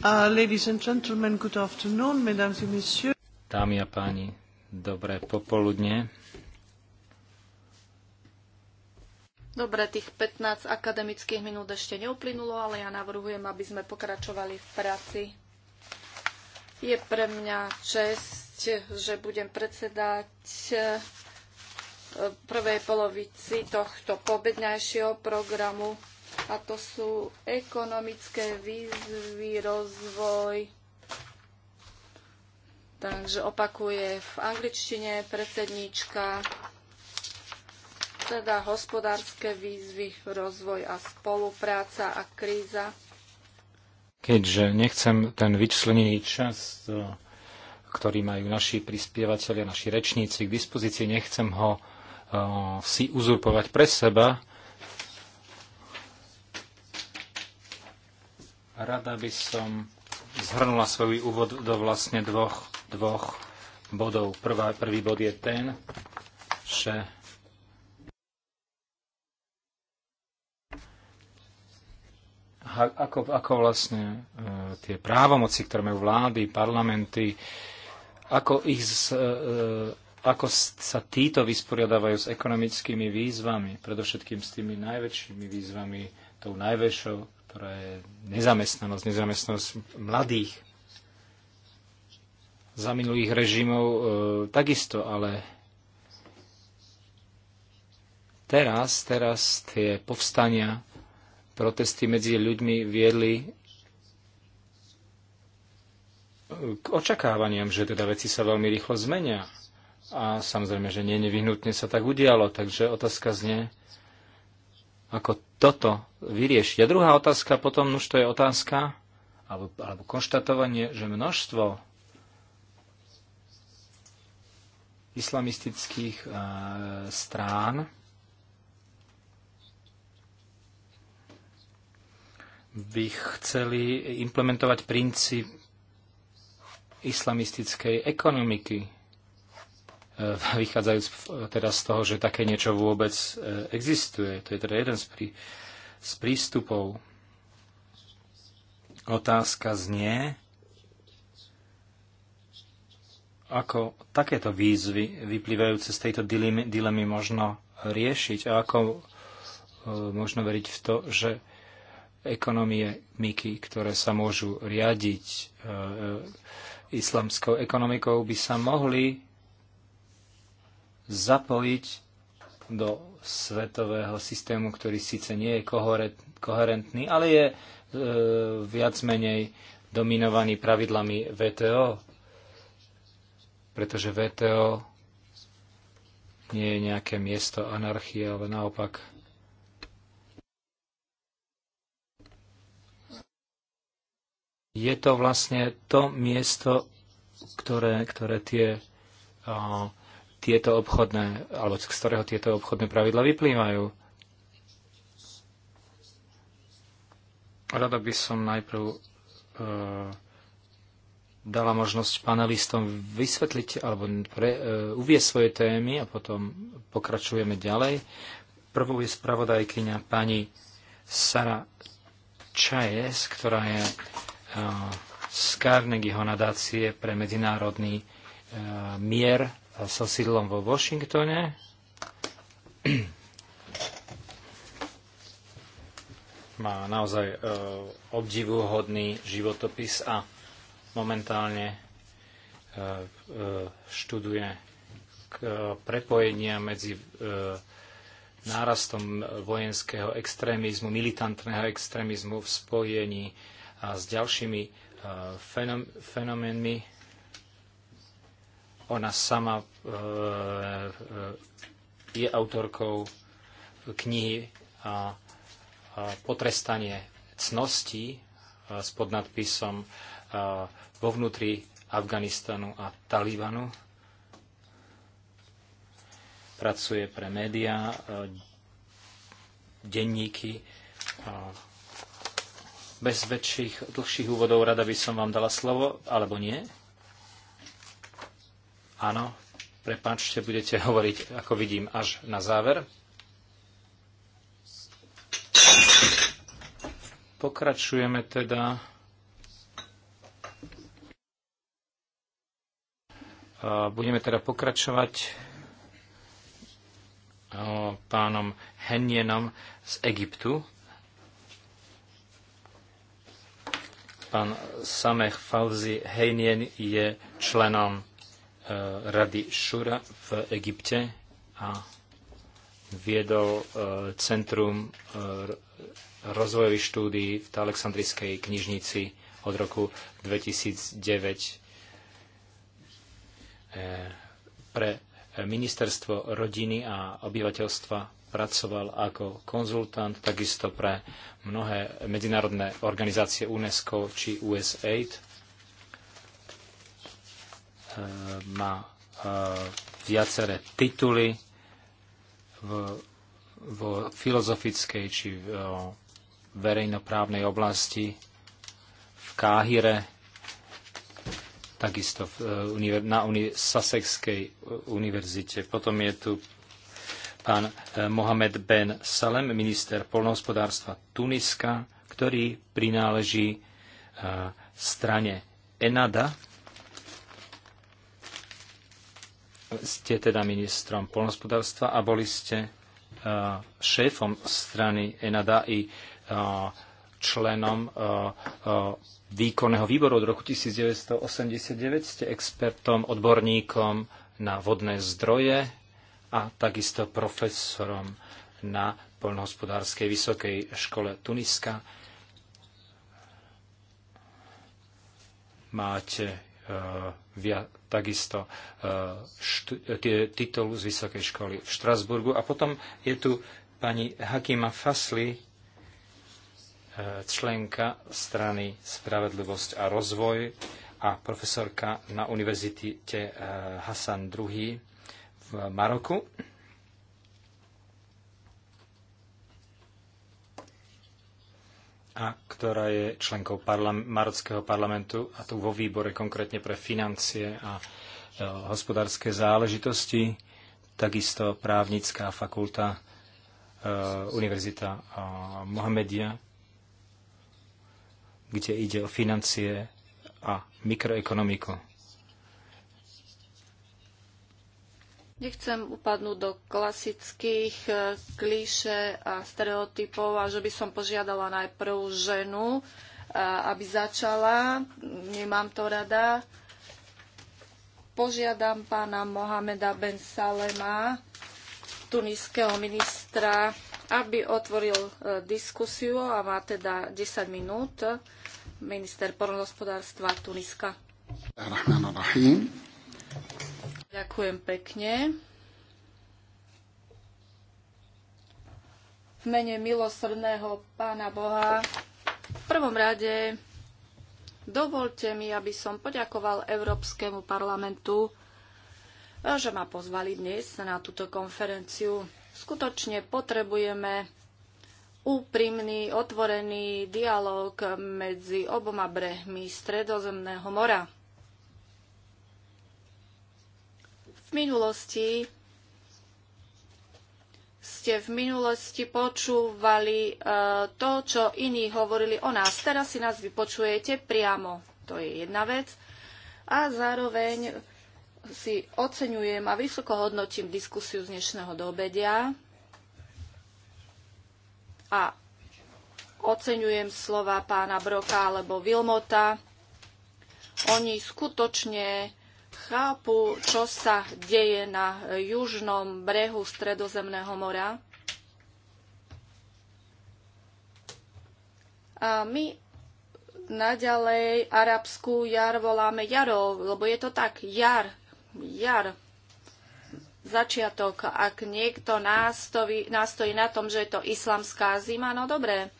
Uh, Dámy a páni, dobré popoludne. Dobre, tých 15 akademických minút ešte neuplynulo, ale ja navrhujem, aby sme pokračovali v práci. Je pre mňa čest, že budem predsedať v eh, prvej polovici tohto pobedňajšieho programu a to sú ekonomické výzvy, rozvoj. Takže opakuje v angličtine predsedníčka teda hospodárske výzvy, rozvoj a spolupráca a kríza. Keďže nechcem ten vyčlenený čas, e, ktorý majú naši a naši rečníci k dispozícii, nechcem ho uh, si uzurpovať pre seba, Rada by som zhrnula svoj úvod do vlastne dvoch, dvoch bodov. Prvá, prvý bod je ten, že ako, ako vlastne e, tie právomoci, ktoré majú vlády, parlamenty, ako, ich z, e, e ako sa títo vysporiadávajú s ekonomickými výzvami, predovšetkým s tými najväčšími výzvami, tou najväčšou pre nezamestnanosť, nezamestnanosť mladých za minulých režimov e, takisto, ale teraz, teraz tie povstania, protesty medzi ľuďmi viedli k očakávaniam, že teda veci sa veľmi rýchlo zmenia. A samozrejme, že nie nevyhnutne sa tak udialo. Takže otázka znie, ako toto vyriešiť. A druhá otázka potom, už to je otázka, alebo, alebo konštatovanie, že množstvo islamistických e, strán by chceli implementovať princíp islamistickej ekonomiky, E, vychádzajúc teda z toho, že také niečo vôbec e, existuje. To je teda jeden z, prí, z prístupov. Otázka znie, ako takéto výzvy vyplývajúce z tejto dilemy, dilemy možno riešiť a ako e, možno veriť v to, že ekonomie myky, ktoré sa môžu riadiť e, islamskou ekonomikou, by sa mohli zapojiť do svetového systému, ktorý síce nie je koherentný, ale je e, viac menej dominovaný pravidlami VTO, pretože VTO nie je nejaké miesto anarchie, ale naopak je to vlastne to miesto, ktoré, ktoré tie uh, tieto obchodné, alebo z ktorého tieto obchodné pravidla vyplývajú. Rada by som najprv e, dala možnosť panelistom vysvetliť alebo pre, e, uvieť svoje témy a potom pokračujeme ďalej. Prvou je spravodajkyňa pani Sara Čajes, ktorá je e, z Carnegieho nadácie pre medzinárodný e, mier so sídlom vo Washingtone. Má naozaj e, obdivuhodný životopis a momentálne e, e, študuje prepojenia medzi nárastom vojenského extrémizmu, militantného extrémizmu v spojení a s ďalšími fenoménmi ona sama e, e, je autorkou knihy a Potrestanie cností e, s podnadpisom vo vnútri Afganistanu a Talibanu. Pracuje pre médiá, denníky. Bez väčších, dlhších úvodov rada by som vám dala slovo, alebo nie? Áno, prepáčte, budete hovoriť, ako vidím, až na záver. Pokračujeme teda Budeme teda pokračovať pánom Henienom z Egyptu. Pán Samech Fauzi Henien je členom Eh, rady Šura v Egypte a viedol eh, Centrum eh, rozvojových štúdií v Alexandrijskej knižnici od roku 2009 pre ministerstvo rodiny a obyvateľstva pracoval ako konzultant, takisto pre mnohé medzinárodné organizácie UNESCO či USAID Eh, má eh, viaceré tituly vo filozofickej či eh, verejnoprávnej oblasti v Káhire, takisto na uni- Sasekskej univerzite. Potom je tu pán Mohamed Ben Salem, minister polnohospodárstva Tuniska, ktorý prináleží strane Enada, ste teda ministrom polnospodárstva a boli ste e, šéfom strany Enada i e, členom e, výkonného výboru od roku 1989. Ste expertom, odborníkom na vodné zdroje a takisto profesorom na Poľnohospodárskej vysokej škole Tuniska. Máte E, via, takisto e, št, e, tie, titulu z vysokej školy v Štrasburgu. A potom je tu pani Hakima Fasli, členka strany Spravedlivosť a rozvoj a profesorka na univerzite Hassan II v Maroku a ktorá je členkou parlam- Marockého parlamentu a tu vo výbore konkrétne pre financie a e, hospodárske záležitosti, takisto právnická fakulta e, Univerzita e, Mohamedia, kde ide o financie a mikroekonomiku. Nechcem upadnúť do klasických e, klíše a stereotypov a že by som požiadala najprv ženu, e, aby začala. Nemám to rada. Požiadam pána Mohameda Ben Salema, tuniského ministra, aby otvoril e, diskusiu a má teda 10 minút minister poľnohospodárstva Tuniska. Rahman Rahim. Ďakujem pekne. V mene milosrdného Pána Boha v prvom rade dovolte mi, aby som poďakoval Európskemu parlamentu, že ma pozvali dnes na túto konferenciu. Skutočne potrebujeme úprimný, otvorený dialog medzi oboma brehmi Stredozemného mora. V minulosti ste v minulosti počúvali e, to, čo iní hovorili o nás. Teraz si nás vypočujete priamo. To je jedna vec. A zároveň si oceňujem a vysoko hodnotím diskusiu z dnešného dobedia. A oceňujem slova pána Broka alebo Vilmota. Oni skutočne chápu, čo sa deje na južnom brehu Stredozemného mora. A my naďalej arabskú jar voláme jarov, lebo je to tak, jar, jar, začiatok. Ak niekto nástoví, nástojí na tom, že je to islamská zima, no dobré.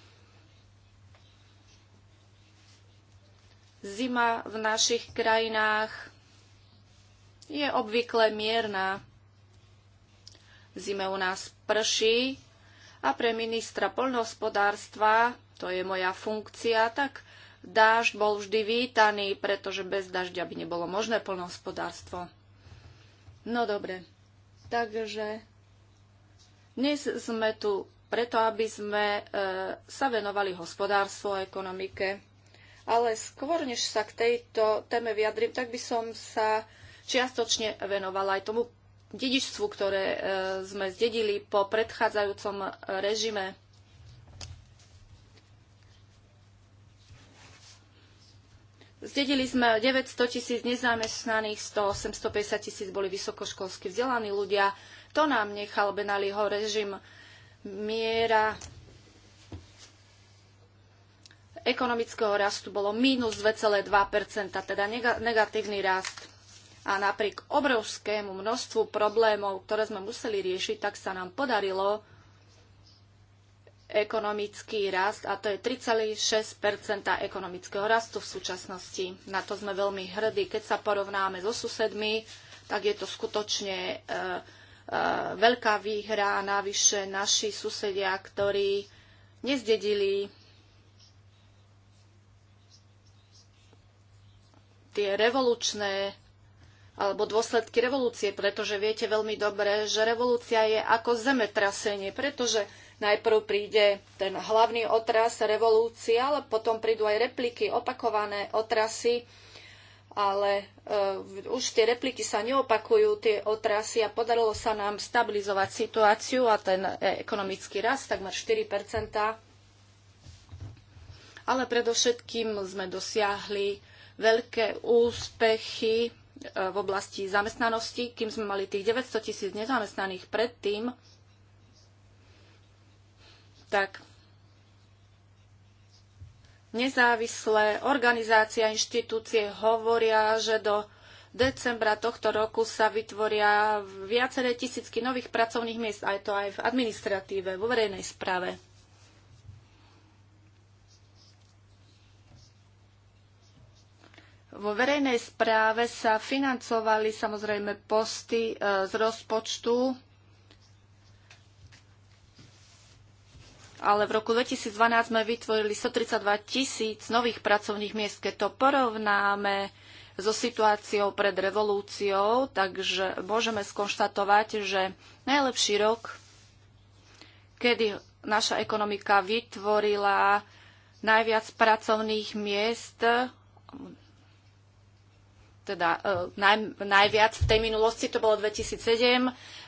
Zima v našich krajinách je obvykle mierna. Zime u nás prší a pre ministra poľnohospodárstva, to je moja funkcia, tak dážď bol vždy vítaný, pretože bez dažďa by nebolo možné poľnohospodárstvo. No dobre, takže dnes sme tu preto, aby sme e, sa venovali hospodárstvu a ekonomike. Ale skôr, než sa k tejto téme vyjadrím, tak by som sa čiastočne venovala aj tomu dedičstvu, ktoré e, sme zdedili po predchádzajúcom e, režime. Zdedili sme 900 tisíc nezamestnaných, 100, 850 tisíc boli vysokoškolsky vzdelaní ľudia. To nám nechal Benaliho režim miera ekonomického rastu bolo mínus 2,2%, teda negatívny rast. A napriek obrovskému množstvu problémov, ktoré sme museli riešiť, tak sa nám podarilo ekonomický rast a to je 3,6 ekonomického rastu v súčasnosti. Na to sme veľmi hrdí. Keď sa porovnáme so susedmi, tak je to skutočne e, e, veľká výhra navyše naši susedia, ktorí nezdedili tie revolučné alebo dôsledky revolúcie, pretože viete veľmi dobre, že revolúcia je ako zemetrasenie, pretože najprv príde ten hlavný otras revolúcia, ale potom prídu aj repliky, opakované otrasy, ale e, už tie repliky sa neopakujú, tie otrasy a podarilo sa nám stabilizovať situáciu a ten e, ekonomický rast takmer 4 ale predovšetkým sme dosiahli veľké úspechy E, v oblasti zamestnanosti, kým sme mali tých 900 tisíc nezamestnaných predtým, tak nezávislé organizácie a inštitúcie hovoria, že do decembra tohto roku sa vytvoria viaceré tisícky nových pracovných miest, aj to aj v administratíve, vo verejnej správe. Vo verejnej správe sa financovali samozrejme posty e, z rozpočtu, ale v roku 2012 sme vytvorili 132 tisíc nových pracovných miest. Keď to porovnáme so situáciou pred revolúciou, takže môžeme skonštatovať, že najlepší rok, kedy naša ekonomika vytvorila najviac pracovných miest, teda e, naj, najviac v tej minulosti to bolo 2007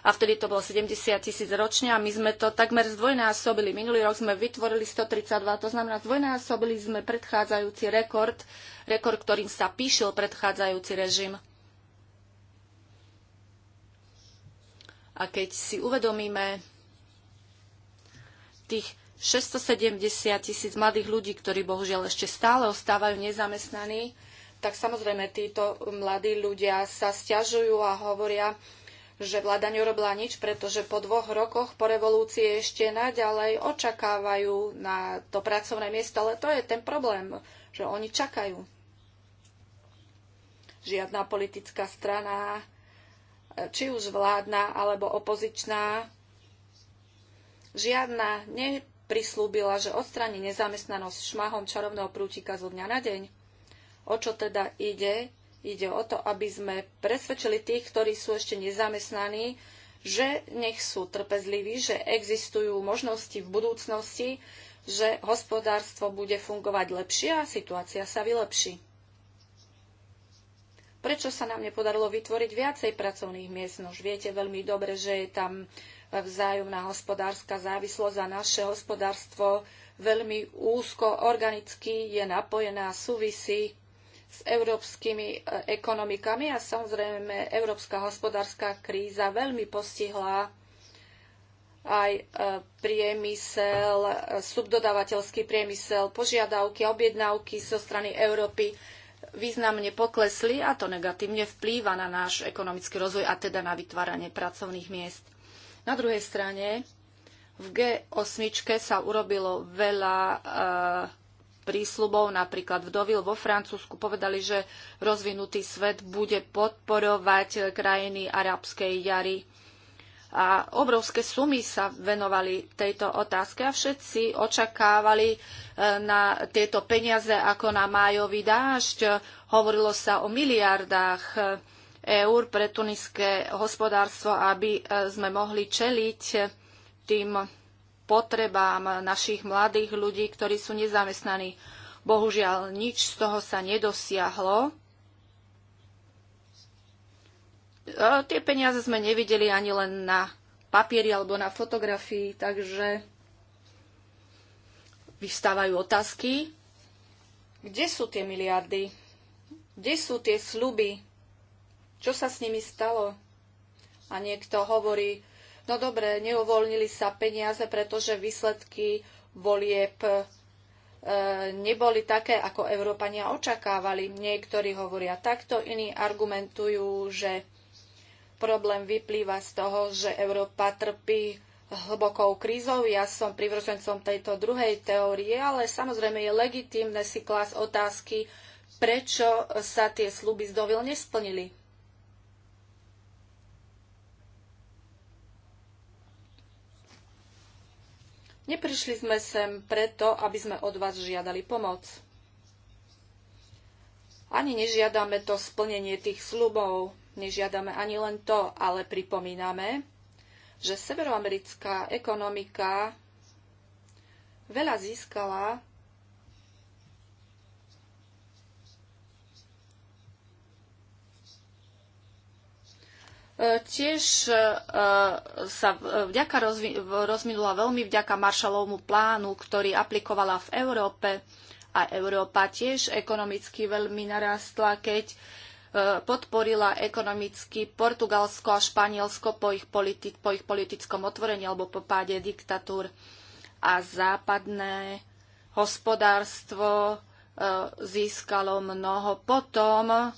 a vtedy to bolo 70 tisíc ročne a my sme to takmer zdvojnásobili. Minulý rok sme vytvorili 132, to znamená zdvojnásobili sme predchádzajúci rekord, rekord, ktorým sa píšil predchádzajúci režim. A keď si uvedomíme tých 670 tisíc mladých ľudí, ktorí bohužiaľ ešte stále ostávajú nezamestnaní, tak samozrejme títo mladí ľudia sa stiažujú a hovoria, že vláda neurobila nič, pretože po dvoch rokoch po revolúcii ešte naďalej očakávajú na to pracovné miesto, ale to je ten problém, že oni čakajú. Žiadna politická strana, či už vládna alebo opozičná, žiadna neprislúbila, že odstráni nezamestnanosť šmahom čarovného prútika zo dňa na deň O čo teda ide? Ide o to, aby sme presvedčili tých, ktorí sú ešte nezamestnaní, že nech sú trpezliví, že existujú možnosti v budúcnosti, že hospodárstvo bude fungovať lepšie a situácia sa vylepší. Prečo sa nám nepodarilo vytvoriť viacej pracovných miest? Nož viete veľmi dobre, že je tam vzájomná hospodárska závislosť a naše hospodárstvo veľmi úzko organicky je napojená a súvisí s európskymi e, ekonomikami a samozrejme európska hospodárska kríza veľmi postihla aj e, priemysel, e, subdodávateľský priemysel, požiadavky, objednávky zo strany Európy významne poklesli a to negatívne vplýva na náš ekonomický rozvoj a teda na vytváranie pracovných miest. Na druhej strane v G8 sa urobilo veľa prísľubov, napríklad v Dovil vo Francúzsku povedali, že rozvinutý svet bude podporovať krajiny arabskej jary. A obrovské sumy sa venovali tejto otázke a všetci očakávali e, na tieto peniaze ako na májový dážď. Hovorilo sa o miliardách eur pre tuniské hospodárstvo, aby e, sme mohli čeliť tým potrebám našich mladých ľudí, ktorí sú nezamestnaní. Bohužiaľ, nič z toho sa nedosiahlo. E, tie peniaze sme nevideli ani len na papieri alebo na fotografii, takže vyvstávajú otázky. Kde sú tie miliardy? Kde sú tie sluby? Čo sa s nimi stalo? A niekto hovorí, No dobre, neuvoľnili sa peniaze, pretože výsledky volieb e, neboli také, ako Európania očakávali. Niektorí hovoria takto, iní argumentujú, že problém vyplýva z toho, že Európa trpí hlbokou krízou. Ja som privržencom tejto druhej teórie, ale samozrejme je legitímne si klásť otázky, prečo sa tie sluby z Dovil nesplnili. Neprišli sme sem preto, aby sme od vás žiadali pomoc. Ani nežiadame to splnenie tých slubov, nežiadame ani len to, ale pripomíname, že severoamerická ekonomika veľa získala E, tiež e, e, sa vďaka rozvinula veľmi vďaka Marshallovmu plánu, ktorý aplikovala v Európe a Európa tiež ekonomicky veľmi narastla, keď podporila ekonomicky Portugalsko a Španielsko po ich, politi- po ich politickom otvorení alebo po páde diktatúr a západné hospodárstvo získalo mnoho potom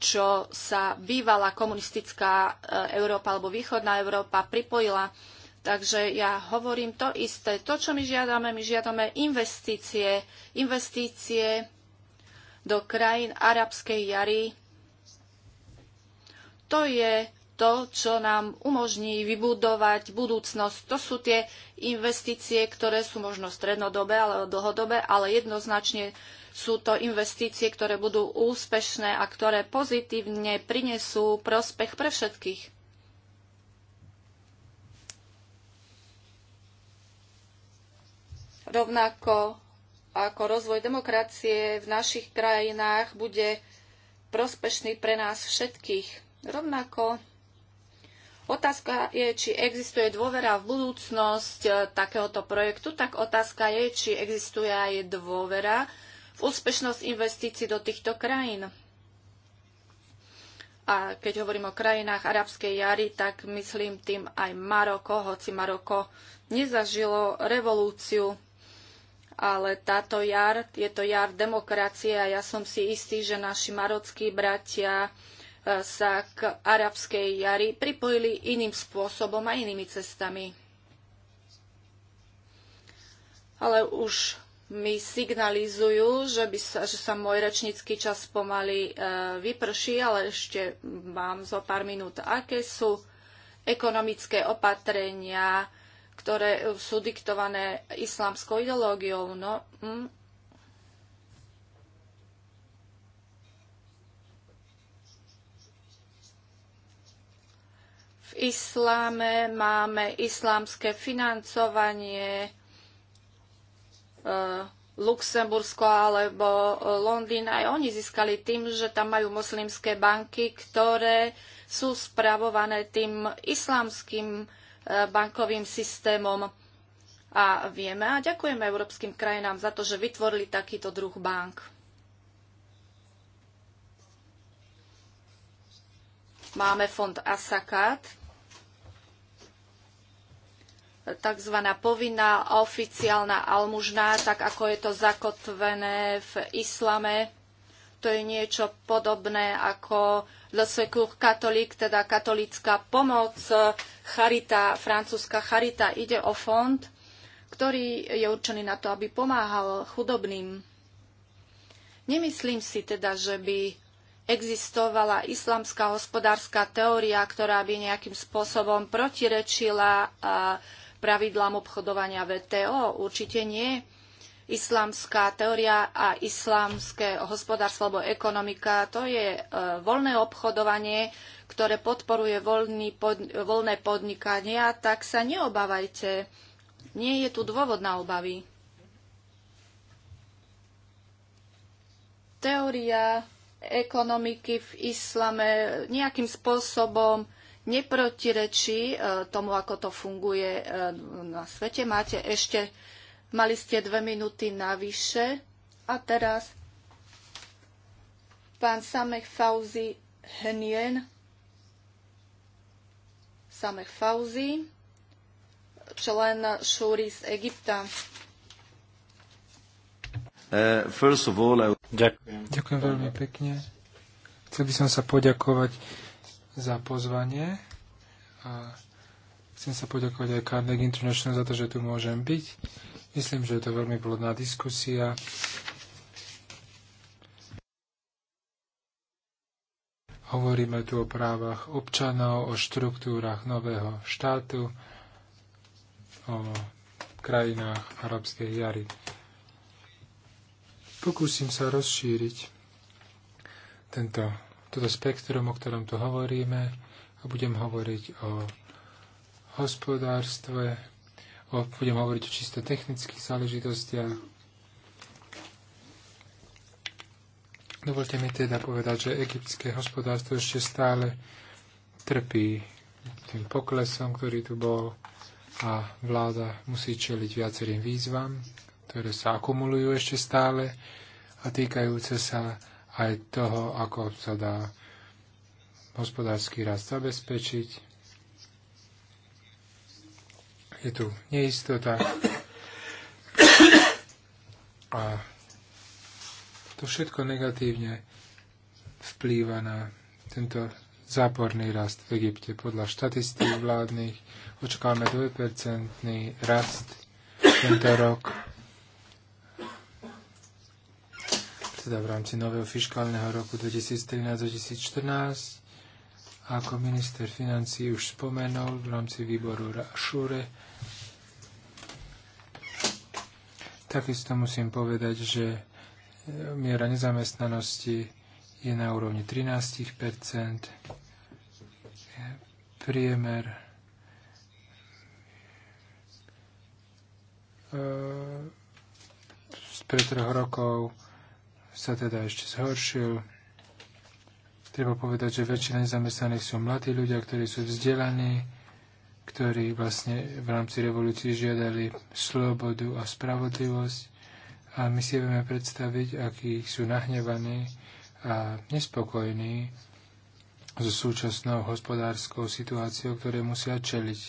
čo sa bývalá komunistická e, Európa alebo východná Európa pripojila. Takže ja hovorím to isté. To, čo my žiadame, my žiadame investície, investície do krajín arabskej jary. To je to, čo nám umožní vybudovať budúcnosť. To sú tie investície, ktoré sú možno strednodobé alebo dlhodobé, ale jednoznačne sú to investície, ktoré budú úspešné a ktoré pozitívne prinesú prospech pre všetkých. Rovnako ako rozvoj demokracie v našich krajinách bude prospešný pre nás všetkých. Rovnako Otázka je, či existuje dôvera v budúcnosť eh, takéhoto projektu, tak otázka je, či existuje aj dôvera úspešnosť investícií do týchto krajín. A keď hovorím o krajinách arabskej jary, tak myslím tým aj Maroko, hoci Maroko nezažilo revolúciu, ale táto jar, je to jar demokracie a ja som si istý, že naši marockí bratia e, sa k arabskej jari pripojili iným spôsobom a inými cestami. Ale už mi signalizujú, že, by sa, že sa môj rečnícky čas pomaly e, vyprší, ale ešte mám zo pár minút. Aké sú ekonomické opatrenia, ktoré sú diktované islamskou ideológiou? No, mm. V islame máme islamské financovanie, E, Luxembursko alebo e, Londýn, aj oni získali tým, že tam majú moslimské banky, ktoré sú spravované tým islamským e, bankovým systémom. A vieme a ďakujeme európskym krajinám za to, že vytvorili takýto druh bank. Máme fond Asakat, tzv. povinná oficiálna almužná, tak ako je to zakotvené v islame. To je niečo podobné ako Le Secours Catholique, teda katolická pomoc, charita, francúzska charita. Ide o fond, ktorý je určený na to, aby pomáhal chudobným. Nemyslím si teda, že by existovala islamská hospodárska teória, ktorá by nejakým spôsobom protirečila uh, pravidlám obchodovania VTO? Určite nie. Islamská teória a islamské hospodárstvo alebo ekonomika, to je e, voľné obchodovanie, ktoré podporuje voľný pod, voľné podnikania, tak sa neobávajte. Nie je tu dôvod na obavy. Teória ekonomiky v islame nejakým spôsobom neprotirečí e, tomu, ako to funguje e, na svete. Máte ešte, mali ste dve minúty navyše a teraz pán Samech Fauzi Henien. Samech Fauzi, člen Šúry z Egypta. E, all, I... Ďakujem. Ďakujem veľmi pekne. Chcel by som sa poďakovať za pozvanie a chcem sa poďakovať aj Carnegie International za to, že tu môžem byť. Myslím, že je to veľmi plodná diskusia. Hovoríme tu o právach občanov, o štruktúrach nového štátu, o krajinách arabskej jary. Pokúsim sa rozšíriť tento toto spektrum, o ktorom tu hovoríme a budem hovoriť o hospodárstve, o, budem hovoriť o čisto technických záležitostiach. Dovolte mi teda povedať, že egyptské hospodárstvo ešte stále trpí tým poklesom, ktorý tu bol a vláda musí čeliť viacerým výzvam, ktoré sa akumulujú ešte stále a týkajúce sa aj toho, ako sa dá hospodársky rast zabezpečiť. Je tu neistota. A to všetko negatívne vplýva na tento záporný rast v Egypte. Podľa štatistík vládnych očakávame 2% rast tento rok teda v rámci nového fiskálneho roku 2013-2014. Ako minister financí už spomenul v rámci výboru Šúre, takisto musím povedať, že e, miera nezamestnanosti je na úrovni 13 priemer e, z pred troch rokov sa teda ešte zhoršil. Treba povedať, že väčšina nezamestnaných sú mladí ľudia, ktorí sú vzdelaní, ktorí vlastne v rámci revolúcie žiadali slobodu a spravodlivosť. A my si vieme predstaviť, akí sú nahnevaní a nespokojní so súčasnou hospodárskou situáciou, ktoré musia čeliť.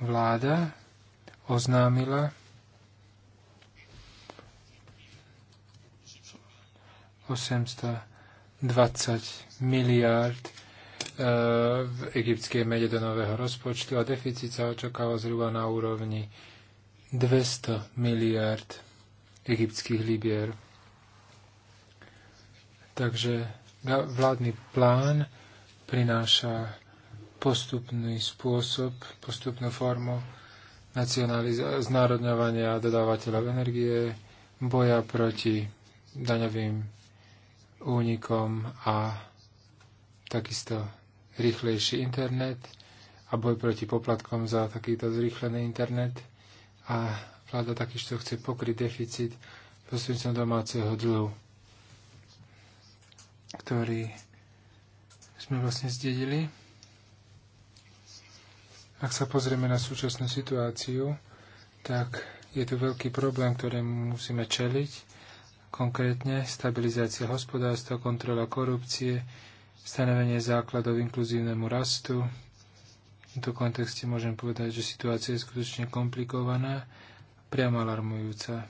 Vláda oznámila, 820 miliárd e, v egyptskej mede do nového rozpočtu a deficit sa očakáva zhruba na úrovni 200 miliárd egyptských libier. Takže vládny plán prináša postupný spôsob, postupnú formu znárodňovania dodávateľov energie, boja proti daňovým únikom a takisto rýchlejší internet a boj proti poplatkom za takýto zrýchlený internet a vláda takisto chce pokryť deficit prostredníctvom domáceho dlhu, ktorý sme vlastne zdedili. Ak sa pozrieme na súčasnú situáciu, tak je to veľký problém, ktorému musíme čeliť konkrétne stabilizácia hospodárstva, kontrola korupcie, stanovenie základov inkluzívnemu rastu. V tomto kontexte môžem povedať, že situácia je skutočne komplikovaná, priamo alarmujúca.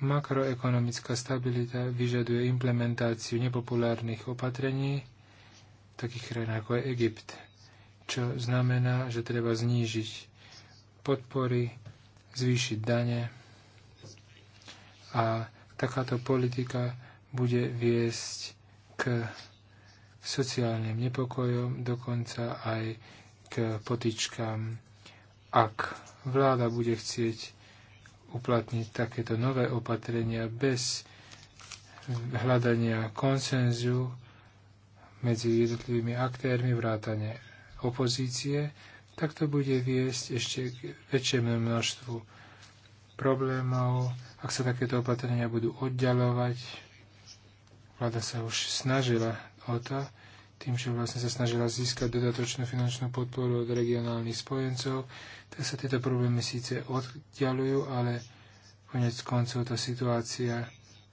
Makroekonomická stabilita vyžaduje implementáciu nepopulárnych opatrení v takých krajinách ako je Egypt, čo znamená, že treba znížiť podpory, zvýšiť dane, a takáto politika bude viesť k sociálnym nepokojom, dokonca aj k potičkám. Ak vláda bude chcieť uplatniť takéto nové opatrenia bez hľadania konsenzu medzi jednotlivými aktérmi vrátane opozície, tak to bude viesť ešte k väčšiemu množstvu problémov, ak sa takéto opatrenia budú oddialovať, vláda sa už snažila o to, tým, že vlastne sa snažila získať dodatočnú finančnú podporu od regionálnych spojencov, tak sa tieto problémy síce oddialujú, ale konec koncov tá situácia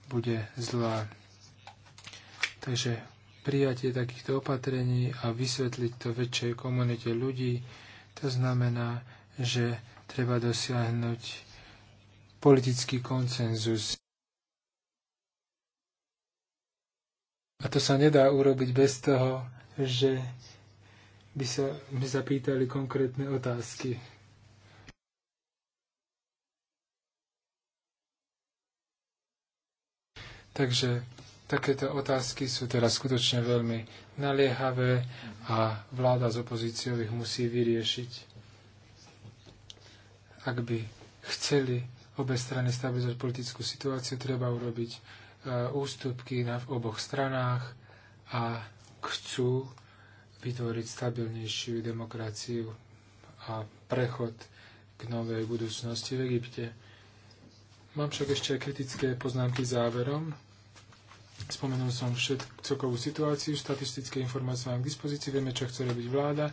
bude zlá. Takže prijatie takýchto opatrení a vysvetliť to väčšej komunite ľudí, to znamená, že treba dosiahnuť politický koncenzus. A to sa nedá urobiť bez toho, že by sa my zapýtali konkrétne otázky. Takže takéto otázky sú teraz skutočne veľmi naliehavé a vláda s opozíciou ich musí vyriešiť. Ak by chceli obe strany stabilizovať politickú situáciu, treba urobiť e, ústupky na v oboch stranách a chcú vytvoriť stabilnejšiu demokraciu a prechod k novej budúcnosti v Egypte. Mám však ešte aj kritické poznámky záverom. Spomenul som všetkovú situáciu, štatistické informácie mám k dispozícii, vieme, čo chce robiť vláda,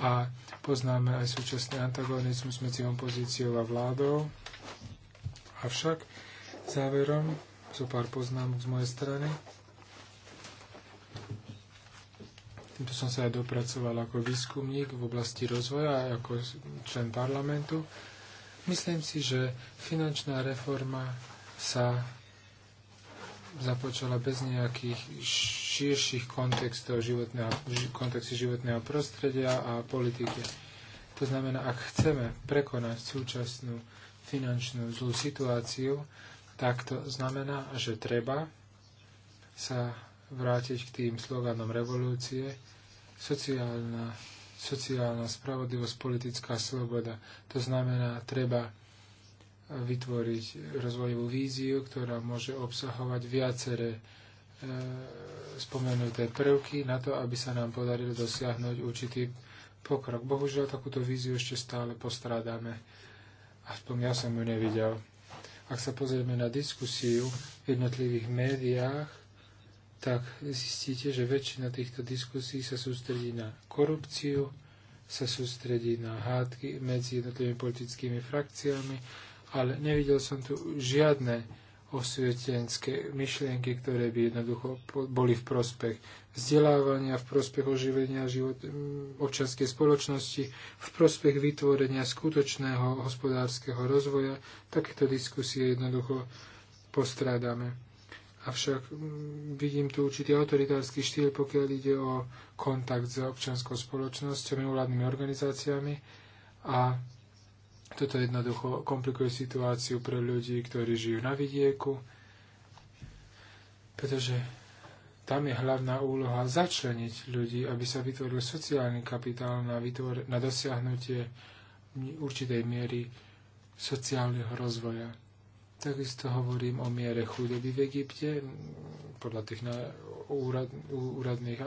a poznáme aj súčasný antagonizmus medzi opozíciou a vládou. Avšak záverom zo pár poznámok z mojej strany. Týmto som sa aj dopracoval ako výskumník v oblasti rozvoja a ako člen parlamentu. Myslím si, že finančná reforma sa započala bez nejakých širších kontextov životného, kontextu životného prostredia a politiky. To znamená, ak chceme prekonať súčasnú finančnú zlú situáciu, tak to znamená, že treba sa vrátiť k tým sloganom revolúcie, sociálna, sociálna spravodlivosť, politická sloboda. To znamená, treba vytvoriť rozvojovú víziu, ktorá môže obsahovať viaceré e, spomenuté prvky na to, aby sa nám podarilo dosiahnuť určitý pokrok. Bohužiaľ, takúto víziu ešte stále postrádame. Aspoň ja som ju nevidel. Ak sa pozrieme na diskusiu v jednotlivých médiách, tak zistíte, že väčšina týchto diskusí sa sústredí na korupciu, sa sústredí na hádky medzi jednotlivými politickými frakciami, ale nevidel som tu žiadne osvietenské myšlienky, ktoré by jednoducho boli v prospech vzdelávania, v prospech oživenia život, občanskej spoločnosti, v prospech vytvorenia skutočného hospodárskeho rozvoja. Takéto diskusie jednoducho postrádame. Avšak vidím tu určitý autoritársky štýl, pokiaľ ide o kontakt s občanskou spoločnosťou, mimovládnymi organizáciami a toto jednoducho komplikuje situáciu pre ľudí, ktorí žijú na vidieku, pretože tam je hlavná úloha začleniť ľudí, aby sa vytvoril sociálny kapitál na, vytvor- na dosiahnutie určitej miery sociálneho rozvoja. Takisto hovorím o miere chudoby v Egypte. Podľa tých úrad, úradných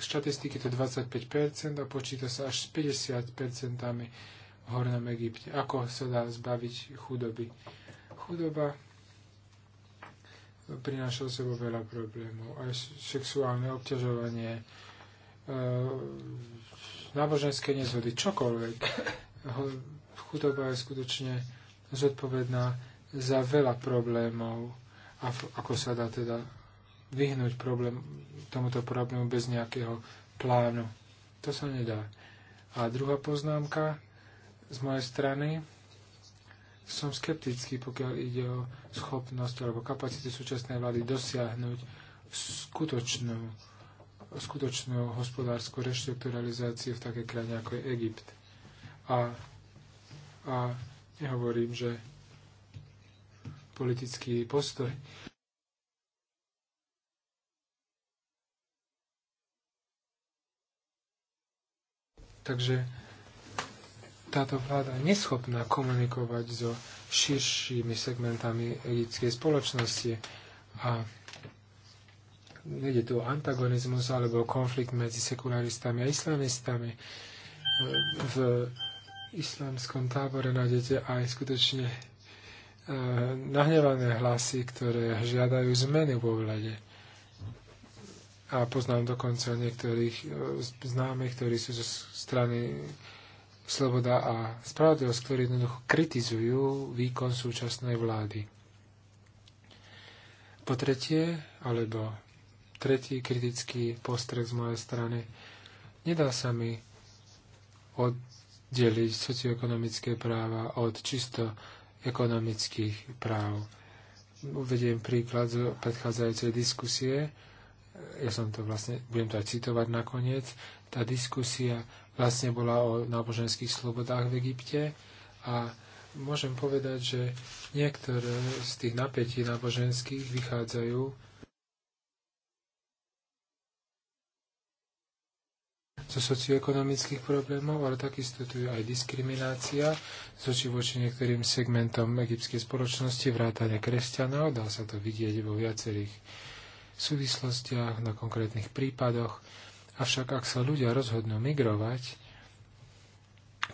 štatistiky to 25% a počíta sa až s 50% Hornom Egypte. Ako sa dá zbaviť chudoby? Chudoba prináša sebo veľa problémov. Aj sexuálne obťažovanie, e, náboženské nezhody, čokoľvek. Chudoba je skutočne zodpovedná za veľa problémov a ako sa dá teda vyhnúť problém, tomuto problému bez nejakého plánu. To sa nedá. A druhá poznámka, z mojej strany som skeptický, pokiaľ ide o schopnosť alebo kapacity súčasnej vlády dosiahnuť skutočnú, skutočnú hospodárskú reštrukturalizáciu v takej krajine ako je Egypt. A, a nehovorím, že politický postoj Takže táto vláda neschopná komunikovať so širšími segmentami egyptskej spoločnosti a nejde tu o antagonizmus alebo konflikt medzi sekularistami a islamistami. V islamskom tábore nájdete aj skutočne e, nahnevané hlasy, ktoré žiadajú zmeny vo vlade. A poznám dokonca niektorých e, známych, ktorí sú zo strany sloboda a spravodlivosť, ktorí jednoducho kritizujú výkon súčasnej vlády. Po tretie, alebo tretí kritický postrek z mojej strany, nedá sa mi oddeliť socioekonomické práva od čisto ekonomických práv. Uvediem príklad z predchádzajúcej diskusie, ja som to vlastne, budem to aj citovať nakoniec, tá diskusia vlastne bola o náboženských slobodách v Egypte a môžem povedať, že niektoré z tých napätí náboženských vychádzajú zo socioekonomických problémov, ale takisto tu je aj diskriminácia zoči voči niektorým segmentom egyptskej spoločnosti, vrátane kresťanov. Dá sa to vidieť vo viacerých súvislostiach, na konkrétnych prípadoch. Avšak ak sa ľudia rozhodnú migrovať,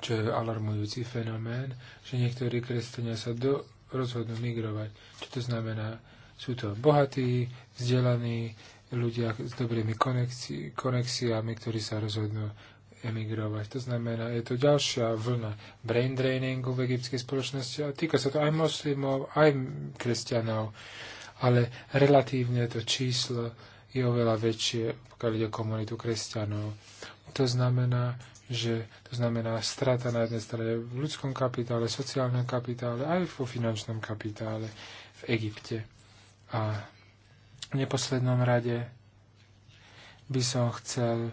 čo je alarmujúci fenomén, že niektorí kresťania sa do, rozhodnú migrovať. Čo to znamená? Sú to bohatí, vzdelaní ľudia s dobrými konexi- konexiami, ktorí sa rozhodnú emigrovať. To znamená, je to ďalšia vlna brain drainingu v egyptskej spoločnosti a týka sa to aj moslimov, aj kresťanov, ale relatívne to číslo je oveľa väčšie, pokiaľ ide o komunitu kresťanov. To znamená, že to znamená strata na jednej strane v ľudskom kapitále, sociálnom kapitále, aj vo finančnom kapitále v Egypte. A v neposlednom rade by som chcel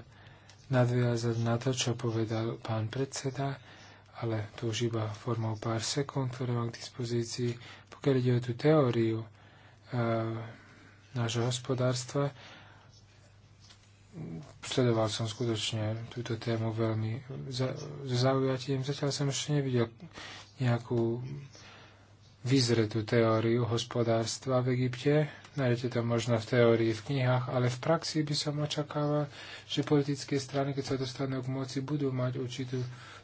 nadviazať na to, čo povedal pán predseda, ale to už iba formou pár sekúnd, ktoré mám k dispozícii. Pokiaľ ide o tú teóriu, eh, nášho hospodárstva. Sledoval som skutočne túto tému veľmi za, zaujatím. Zatiaľ som ešte nevidel nejakú vyzretú teóriu hospodárstva v Egypte. Nájdete to možno v teórii, v knihách, ale v praxi by som očakával, že politické strany, keď sa dostanú k moci, budú mať určitú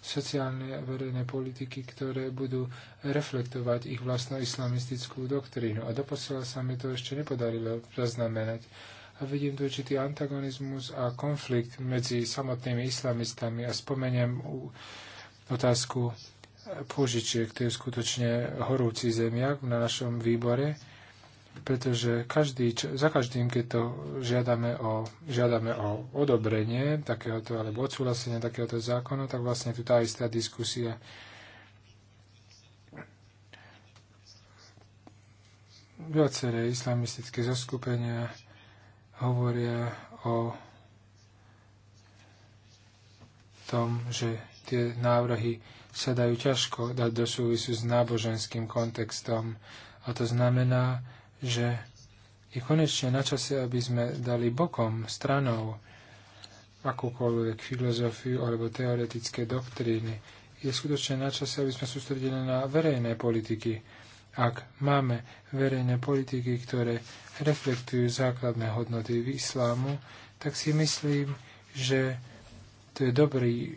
sociálne verejné politiky, ktoré budú reflektovať ich vlastnú islamistickú doktrínu. A doposiaľ sa mi to ešte nepodarilo zaznamenať. A vidím tu určitý antagonizmus a konflikt medzi samotnými islamistami a spomeniem otázku požičiek. To je skutočne horúci zemiak na našom výbore pretože každý, za každým, keď to žiadame o, žiadame o odobrenie takéhoto alebo odsúhlasenie takéhoto zákona, tak vlastne tu tá istá diskusia viaceré islamistické zoskupenia hovoria o tom, že tie návrhy sa dajú ťažko dať do súvisu s náboženským kontextom. A to znamená, že je konečne na čase, aby sme dali bokom, stranou, akúkoľvek filozofiu alebo teoretické doktríny. Je skutočne na čase, aby sme sústredili na verejné politiky. Ak máme verejné politiky, ktoré reflektujú základné hodnoty v islámu, tak si myslím, že to je dobrý,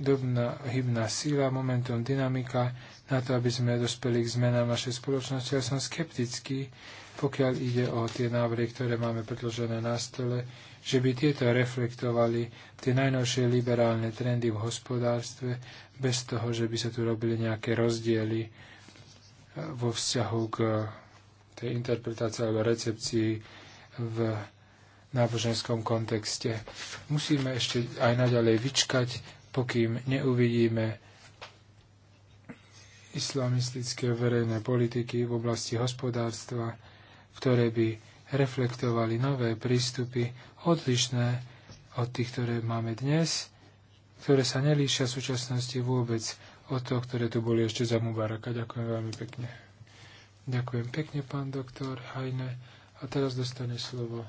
dobná hybná síla, momentum, dynamika na to, aby sme dospeli k zmenám našej spoločnosti. Ja som skeptický, pokiaľ ide o tie návrhy, ktoré máme predložené na stole, že by tieto reflektovali tie najnovšie liberálne trendy v hospodárstve, bez toho, že by sa tu robili nejaké rozdiely eh, vo vzťahu k eh, tej interpretácii alebo recepcii v náboženskom kontexte. Musíme ešte aj naďalej vyčkať, pokým neuvidíme islamistické verejné politiky v oblasti hospodárstva, ktoré by reflektovali nové prístupy, odlišné od tých, ktoré máme dnes, ktoré sa nelíšia v súčasnosti vôbec od toho, ktoré tu boli ešte za Mubaraka. Ďakujem veľmi pekne. Ďakujem pekne, pán doktor Hajne. A teraz dostane slovo.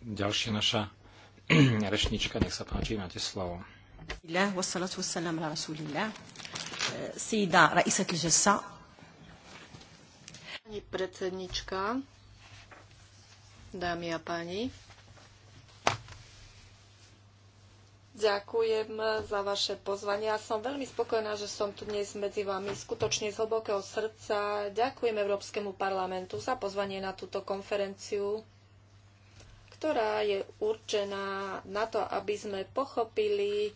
Ďalšia naša rešnička, nech sa páči, máte slovo. والصلاة والسلام على رسول الله سيدة رئيسة الجلسة Pani predsednička, dámy a páni, Ďakujem za vaše pozvanie. Ja som veľmi spokojná, že som tu dnes medzi vami. Skutočne z hlbokého srdca ďakujem Európskemu parlamentu za pozvanie na túto konferenciu, ktorá je určená na to, aby sme pochopili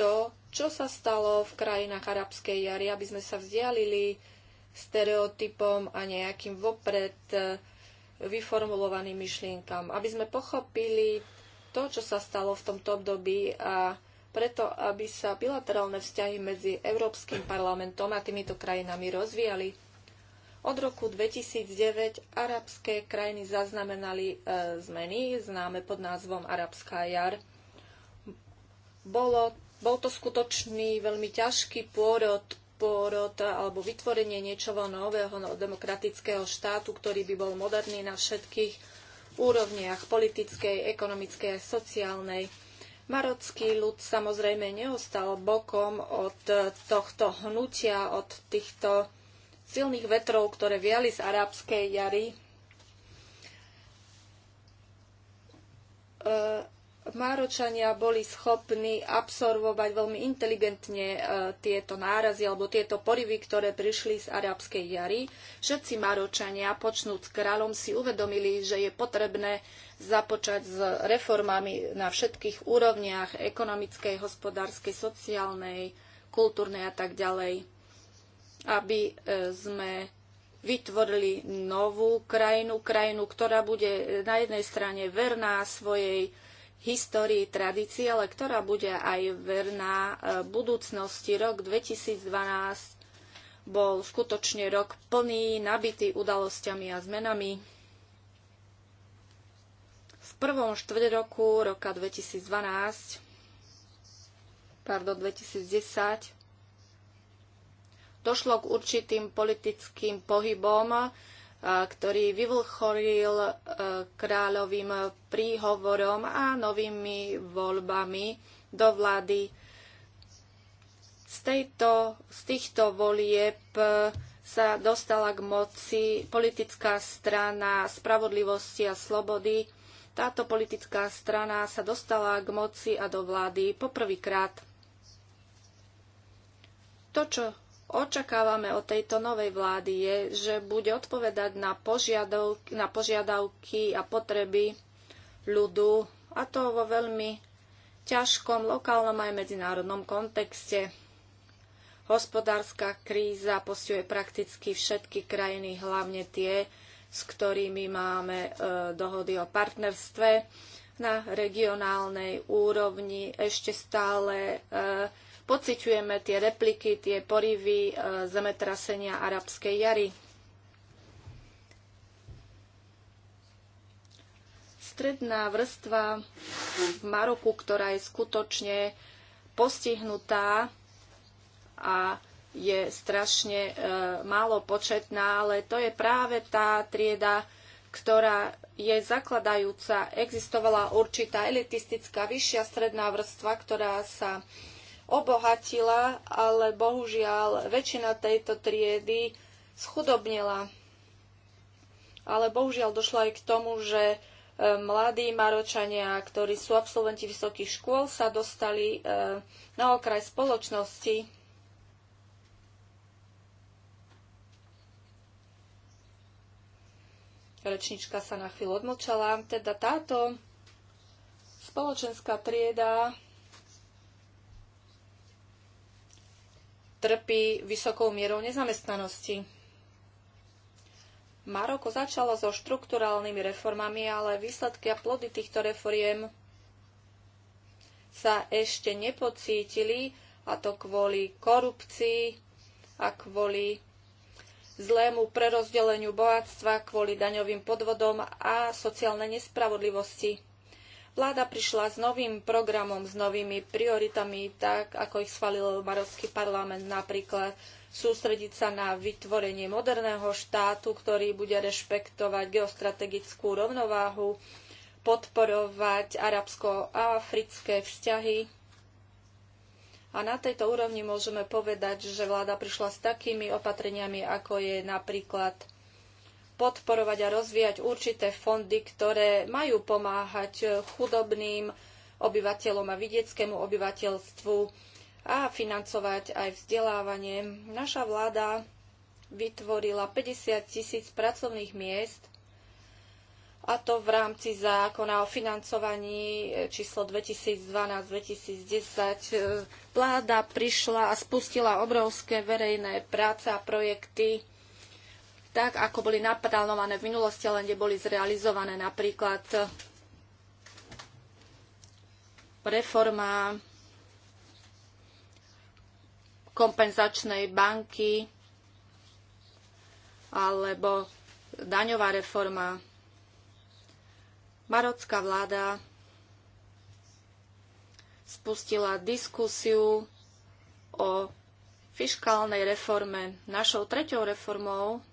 to, čo sa stalo v krajinách arabskej jary, aby sme sa vzdialili stereotypom a nejakým vopred e, vyformulovaným myšlienkam, aby sme pochopili to, čo sa stalo v tomto období a preto, aby sa bilaterálne vzťahy medzi Európskym parlamentom a týmito krajinami rozvíjali. Od roku 2009 arabské krajiny zaznamenali e, zmeny, známe pod názvom Arabská jar. Bolo, bol to skutočný veľmi ťažký pôrod pôrod alebo vytvorenie niečoho nového no, demokratického štátu, ktorý by bol moderný na všetkých úrovniach politickej, ekonomickej a sociálnej. Marocký ľud samozrejme neostal bokom od tohto hnutia, od týchto silných vetrov, ktoré viali z arabskej jary. E, Máročania boli schopní absorbovať veľmi inteligentne e, tieto nárazy alebo tieto porivy, ktoré prišli z arabskej jary. Všetci Máročania, počnúc kráľom, si uvedomili, že je potrebné započať s reformami na všetkých úrovniach ekonomickej, hospodárskej, sociálnej, kultúrnej a tak ďalej, aby e, sme vytvorili novú krajinu, krajinu, ktorá bude e, na jednej strane verná svojej histórii tradície, ale ktorá bude aj verná e, budúcnosti. Rok 2012 bol skutočne rok plný, nabitý udalosťami a zmenami. V prvom štvrť roku roka 2012, pardon, 2010, došlo k určitým politickým pohybom, Eh, ktorý vyvlchoril eh, kráľovým príhovorom a novými voľbami do vlády. Z, tejto, z týchto volieb eh, sa dostala k moci politická strana spravodlivosti a slobody. Táto politická strana sa dostala k moci a do vlády poprvýkrát. To, čo očakávame od tejto novej vlády, je, že bude odpovedať na, požiadavky, na požiadavky a potreby ľudu, a to vo veľmi ťažkom lokálnom aj medzinárodnom kontexte. Hospodárska kríza postihuje prakticky všetky krajiny, hlavne tie, s ktorými máme e, dohody o partnerstve. Na regionálnej úrovni ešte stále e, pociťujeme tie repliky, tie porivy e, zemetrasenia arabskej jary. Stredná vrstva v Maroku, ktorá je skutočne postihnutá a je strašne e, málo početná, ale to je práve tá trieda, ktorá je zakladajúca. Existovala určitá elitistická vyššia stredná vrstva, ktorá sa e, obohatila, ale bohužiaľ väčšina tejto triedy schudobnila. Ale bohužiaľ došlo aj k tomu, že e, mladí Maročania, ktorí sú absolventi vysokých škôl, sa dostali e, na okraj spoločnosti. Rečnička sa na chvíľu odmlčala. Teda táto spoločenská trieda trpí vysokou mierou nezamestnanosti. Maroko začalo so štrukturálnymi reformami, ale výsledky a plody týchto reforiem sa ešte nepocítili, a to kvôli korupcii a kvôli zlému prerozdeleniu bohatstva, kvôli daňovým podvodom a sociálnej nespravodlivosti. Vláda prišla s novým programom, s novými prioritami, tak ako ich schválil Marovský parlament napríklad sústrediť sa na vytvorenie moderného štátu, ktorý bude rešpektovať geostrategickú rovnováhu, podporovať arabsko-africké vzťahy. A na tejto úrovni môžeme povedať, že vláda prišla s takými opatreniami, ako je napríklad podporovať a rozvíjať určité fondy, ktoré majú pomáhať chudobným obyvateľom a vidieckému obyvateľstvu a financovať aj vzdelávanie. Naša vláda vytvorila 50 tisíc pracovných miest a to v rámci zákona o financovaní e, číslo 2012-2010. E, vláda prišla a spustila obrovské verejné práce a projekty tak ako boli naplánované v minulosti, ale neboli zrealizované. Napríklad eh, reforma kompenzačnej banky alebo daňová reforma. Marocká vláda spustila diskusiu o fiškálnej reforme. Našou treťou reformou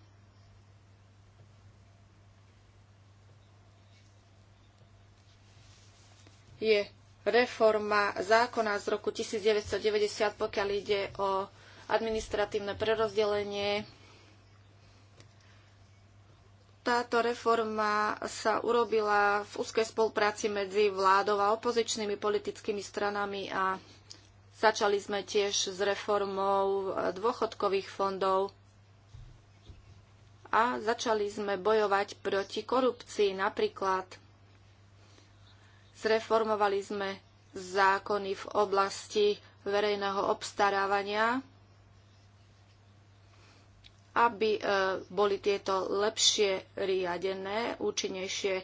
je reforma zákona z roku 1990, pokiaľ ide o administratívne prerozdelenie. Táto reforma sa urobila v úzkej spolupráci medzi vládou a opozičnými politickými stranami a začali sme tiež s reformou dôchodkových fondov a začali sme bojovať proti korupcii napríklad Zreformovali sme zákony v oblasti verejného obstarávania, aby e, boli tieto lepšie riadené, účinnejšie. E,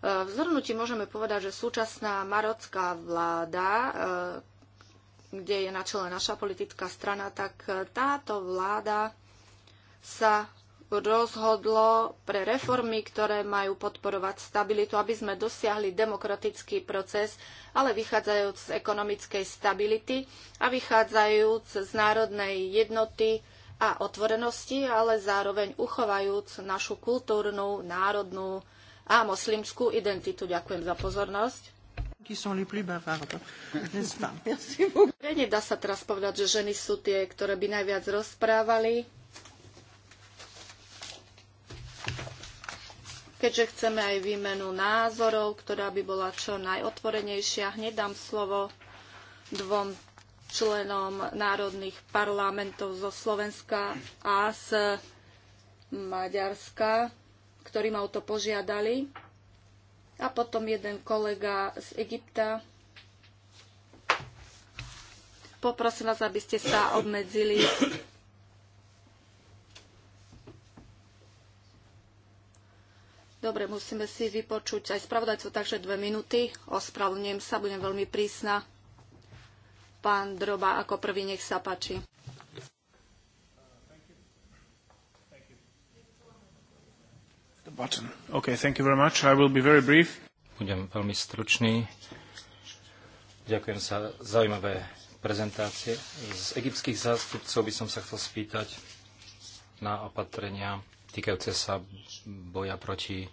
v zhrnutí môžeme povedať, že súčasná marocká vláda, e, kde je na čele naša politická strana, tak táto vláda sa rozhodlo pre reformy, ktoré majú podporovať stabilitu, aby sme dosiahli demokratický proces, ale vychádzajúc z ekonomickej stability a vychádzajúc z národnej jednoty a otvorenosti, ale zároveň uchovajúc našu kultúrnu, národnú a moslimskú identitu. Ďakujem za pozornosť. Nedá sa teraz povedať, že ženy sú tie, ktoré by najviac rozprávali. keďže chceme aj výmenu názorov, ktorá by bola čo najotvorenejšia. Hneď dám slovo dvom členom národných parlamentov zo Slovenska a z Maďarska, ktorí ma o to požiadali. A potom jeden kolega z Egypta. Poprosím vás, aby ste sa obmedzili Dobre, musíme si vypočuť aj spravodajcu, takže dve minúty. Ospravedlňujem sa, budem veľmi prísna. Pán Droba, ako prvý, nech sa páči. Okay, Budem veľmi stručný. Ďakujem za zaujímavé prezentácie. Z egyptských zástupcov by som sa chcel spýtať na opatrenia týkajúce sa boja proti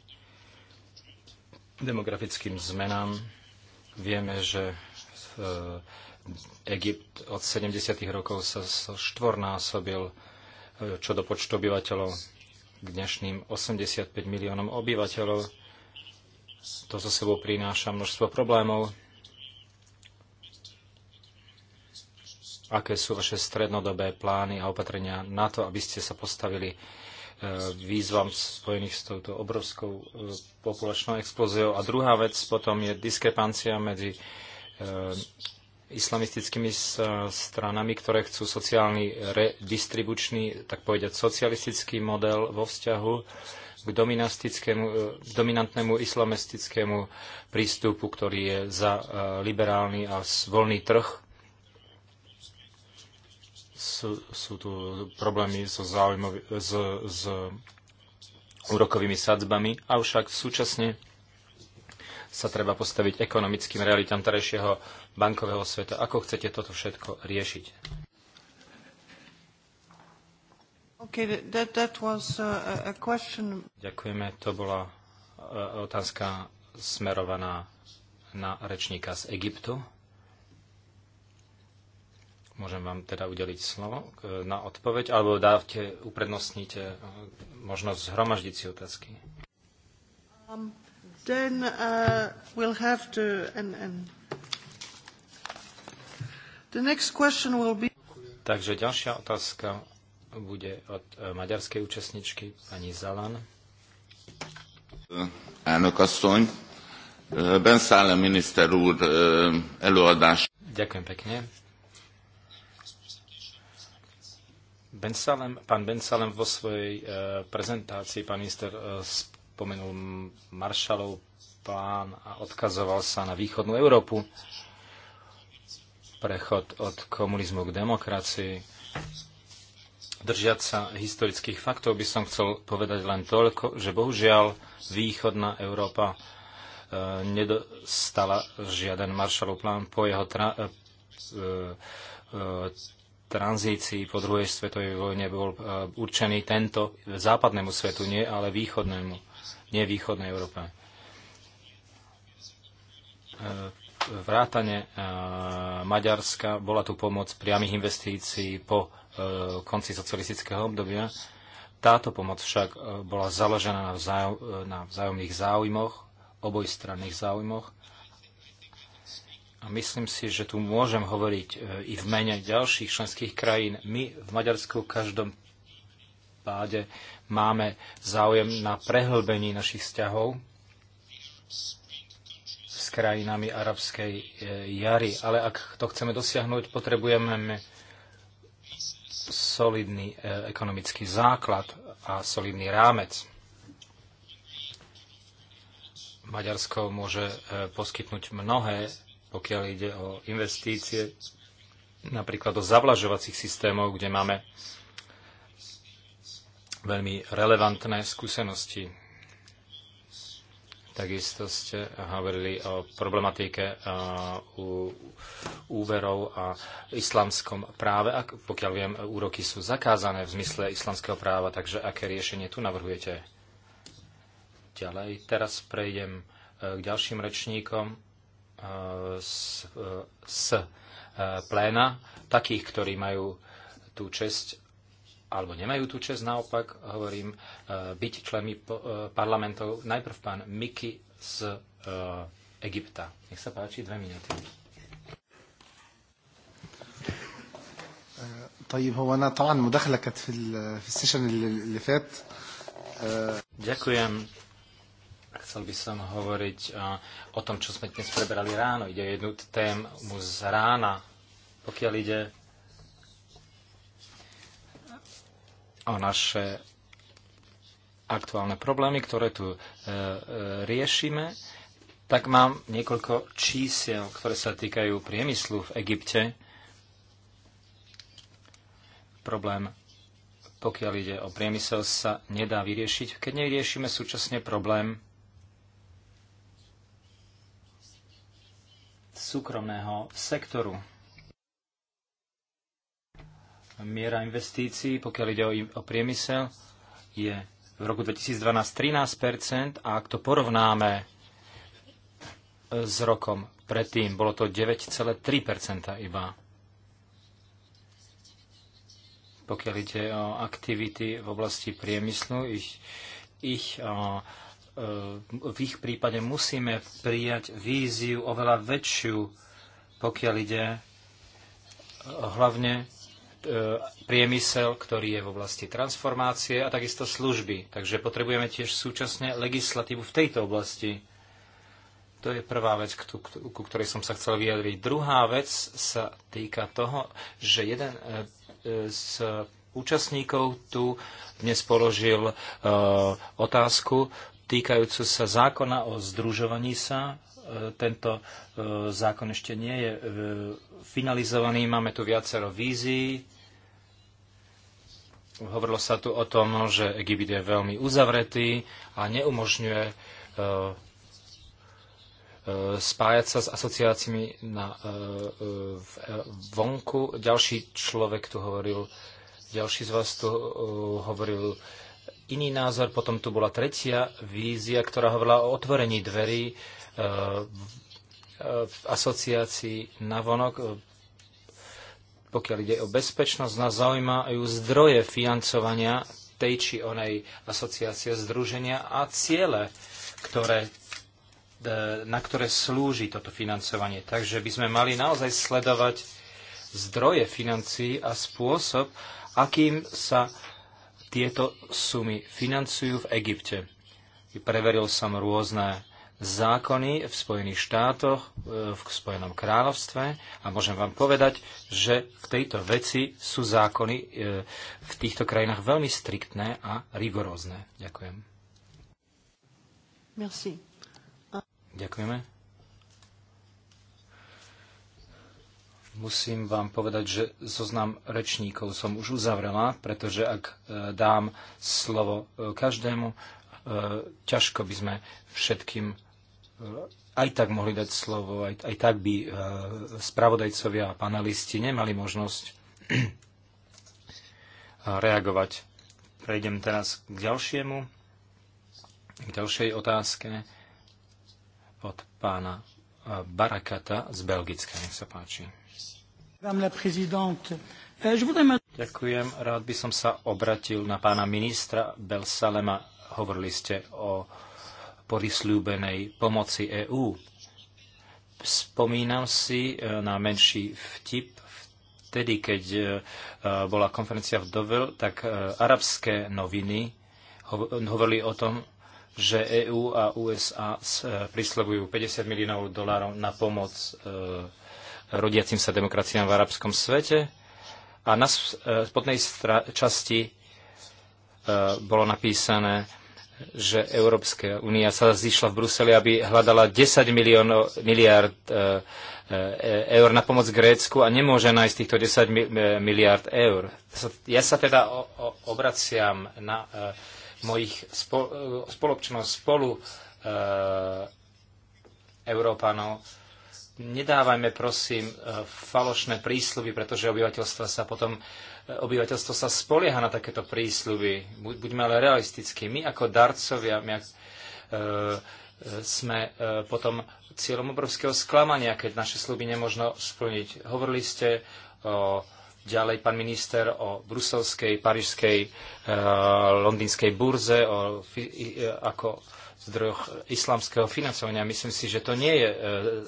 demografickým zmenám. Vieme, že e, Egypt od 70. rokov sa štvornásobil e, čo do počtu obyvateľov k dnešným 85 miliónom obyvateľov. To so sebou prináša množstvo problémov. Aké sú vaše strednodobé plány a opatrenia na to, aby ste sa postavili výzvam spojených s touto obrovskou e, populačnou explóziou. A druhá vec potom je diskrepancia medzi e, islamistickými e, stranami, ktoré chcú sociálny redistribučný, tak povedať socialistický model vo vzťahu k dominantnému islamistickému prístupu, ktorý je za liberálny a voľný trh sú, sú tu problémy so záujmovi, s, s úrokovými sadzbami, avšak súčasne sa treba postaviť ekonomickým realitám terajšieho bankového sveta. Ako chcete toto všetko riešiť? Okay, that, that was a, uh, a question. Ďakujeme, to bola uh, otázka smerovaná na rečníka z Egyptu. Môžem vám teda udeliť slovo na odpoveď, alebo dávte, uprednostnite e, možnosť zhromaždiť si otázky. Um, then uh, we'll have to... And, and... The next question will be... Takže ďalšia otázka bude od e, maďarskej účastničky, pani Zalan. Elnök asszony, e, Ben miniszter úr előadás. Ďakujem pekne Ben Salem, pán Ben Salem vo svojej e, prezentácii, pán minister e, spomenul Maršalov plán a odkazoval sa na východnú Európu, prechod od komunizmu k demokracii. Držiac sa historických faktov by som chcel povedať len toľko, že bohužiaľ východná Európa e, nedostala žiaden Maršalov plán po jeho tra- tranzícii po druhej svetovej vojne bol e, určený tento západnému svetu, nie ale východnému, nie východnej Európe. E, vrátane e, Maďarska bola tu pomoc priamých investícií po konci socialistického obdobia. Táto pomoc však bola založená na, vzájomných záujmoch, obojstranných záujmoch a myslím si, že tu môžem hovoriť e, i v mene ďalších členských krajín. My v Maďarsku v každom páde máme záujem na prehlbení našich vzťahov s krajinami arabskej e, jary. Ale ak to chceme dosiahnuť, potrebujeme solidný e, ekonomický základ a solidný rámec. Maďarsko môže poskytnúť mnohé pokiaľ ide o investície, napríklad do zavlažovacích systémov, kde máme veľmi relevantné skúsenosti. Takisto ste hovorili o problematike u úverov a islamskom práve. Ak, pokiaľ viem, úroky sú zakázané v zmysle islamského práva, takže aké riešenie tu navrhujete? Ďalej, teraz prejdem e, k ďalším rečníkom z, z e, pléna, takých, ktorí majú tú česť alebo nemajú tú čest, naopak hovorím, e, byť členmi e, parlamentov. Najprv pán Miki z Egypta. Nech sa páči, dve minúty. ďakujem Chcel by som hovoriť e, o tom, čo sme dnes prebrali ráno. Ide o jednu tému z rána, pokiaľ ide o naše aktuálne problémy, ktoré tu e, e, riešime, tak mám niekoľko čísiel, ktoré sa týkajú priemyslu v Egypte. Problém, pokiaľ ide o priemysel, sa nedá vyriešiť, keď neriešime súčasne problém súkromného sektoru. Miera investícií, pokiaľ ide o, priemysel, je v roku 2012 13 a ak to porovnáme e, s rokom predtým, bolo to 9,3 iba. Pokiaľ ide o aktivity v oblasti priemyslu, ich, ich uh, E, v ich prípade musíme prijať víziu oveľa väčšiu, pokiaľ ide e, hlavne e, priemysel, ktorý je v oblasti transformácie a takisto služby. Takže potrebujeme tiež súčasne legislatívu v tejto oblasti. To je prvá vec, ku ktorej som sa chcel vyjadriť. Druhá vec sa týka toho, že jeden z účastníkov tu dnes položil otázku, týkajúcu sa zákona o združovaní sa. E, tento e, zákon ešte nie je e, finalizovaný, máme tu viacero vízií. Hovorilo sa tu o tom, že Egypt je veľmi uzavretý a neumožňuje spájať sa s asociáciami na, vonku. Ďalší človek tu hovoril, ďalší z vás tu hovoril iný názor. Potom tu bola tretia vízia, ktorá hovorila o otvorení dverí e, e, v asociácii navonok. E, pokiaľ ide o bezpečnosť, nás zaujímajú zdroje financovania tej či onej asociácie združenia a ciele, ktoré, na ktoré slúži toto financovanie. Takže by sme mali naozaj sledovať zdroje financií a spôsob, akým sa tieto sumy financujú v Egypte. Preveril som rôzne zákony v Spojených štátoch, e, v Spojenom kráľovstve a môžem vám povedať, že v tejto veci sú zákony e, v týchto krajinách veľmi striktné a rigorózne. Ďakujem. Merci. Ďakujeme. musím vám povedať, že zoznam rečníkov som už uzavrela, pretože ak e, dám slovo e, každému, e, ťažko by sme všetkým aj tak mohli dať slovo, aj, aj tak by spravodajcovia a panelisti nemali možnosť reagovať. Prejdem teraz k ďalšiemu, k ďalšej otázke od pána Barakata z Belgicka. Nech sa páči. Euh, Ďakujem. Rád by som sa obratil na pána ministra Belsalema. Hovorili ste o porysľúbenej pomoci EÚ. Spomínam si eh, na menší vtip. Vtedy, keď eh, eh, bola konferencia v Dovel, tak arabské noviny hovorili o tom, že EÚ a USA prislovujú 50 miliónov dolárov na pomoc e, rodiacim sa demokraciám v arabskom svete. A na spodnej e, časti e, bolo napísané, že Európska únia sa zišla v Bruseli, aby hľadala 10 miliónov, miliard e, eur na pomoc Grécku a nemôže nájsť týchto 10 miliard eur. Ja sa teda obraciam na mojich spol, spolobčanov spolu Európanov, nedávajme prosím e, falošné prísľuby, pretože obyvateľstvo sa potom e, obyvateľstvo sa spolieha na takéto prísľuby. Buďme ale realistickí. My ako darcovia my, e, e, sme e, potom cieľom obrovského sklamania, keď naše sluby nemôžno splniť. Hovorili ste o, ďalej, pán minister, o bruselskej, parížskej, e, londýnskej burze, o, ako zdrojoch islamského financovania. Myslím si, že to nie je e,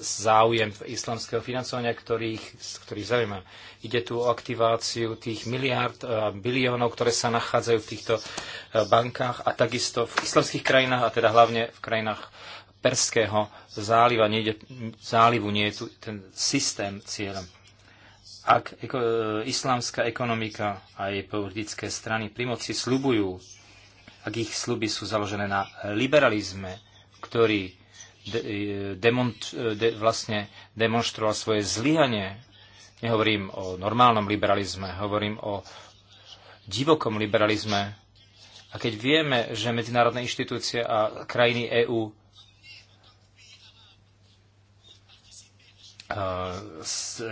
záujem islamského financovania, ktorých, ktorých zaujíma. Ide tu o aktiváciu tých miliárd, e, biliónov, ktoré sa nachádzajú v týchto e, bankách a takisto v islamských krajinách, a teda hlavne v krajinách Perského záliva. Nie ide, zálivu nie je tu ten systém cieľom. Ak islamská ekonomika a jej politické strany pri moci slubujú ak ich sluby sú založené na liberalizme, ktorý de, e, de, e, de, vlastne demonstroval svoje zlyhanie. Nehovorím o normálnom liberalizme, hovorím o divokom liberalizme. A keď vieme, že medzinárodné inštitúcie a krajiny EÚ Eh,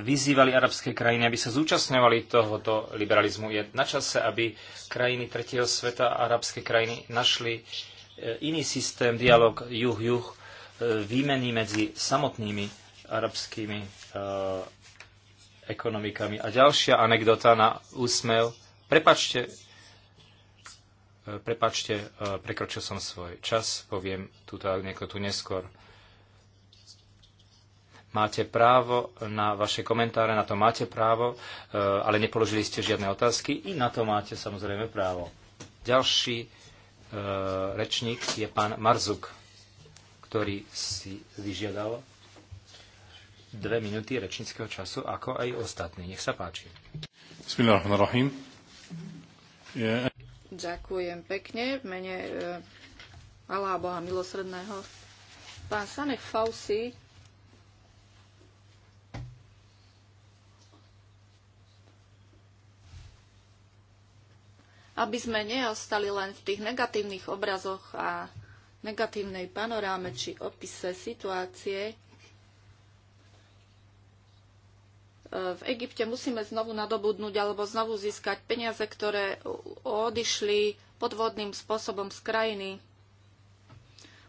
vyzývali arabské krajiny, aby sa zúčastňovali tohoto liberalizmu. Je na čase, aby krajiny tretieho sveta a arabské krajiny našli eh, iný systém, dialog juh-juh, eh, výmeny medzi samotnými arabskými ekonomikami. A ďalšia anekdota na úsmev. Prepačte, prepačte, prekročil som svoj čas, poviem túto anekdotu neskôr máte právo na vaše komentáre, na to máte právo, e, ale nepoložili ste žiadne otázky i na to máte samozrejme právo. Ďalší e, rečník je pán Marzuk, ktorý si vyžiadal dve minúty rečníckého času, ako aj ostatní. Nech sa páči. Ďakujem pekne v mene e, Boha milosredného. Pán Sanek Fausi aby sme neostali len v tých negatívnych obrazoch a negatívnej panoráme či opise situácie. V Egypte musíme znovu nadobudnúť alebo znovu získať peniaze, ktoré odišli podvodným spôsobom z krajiny.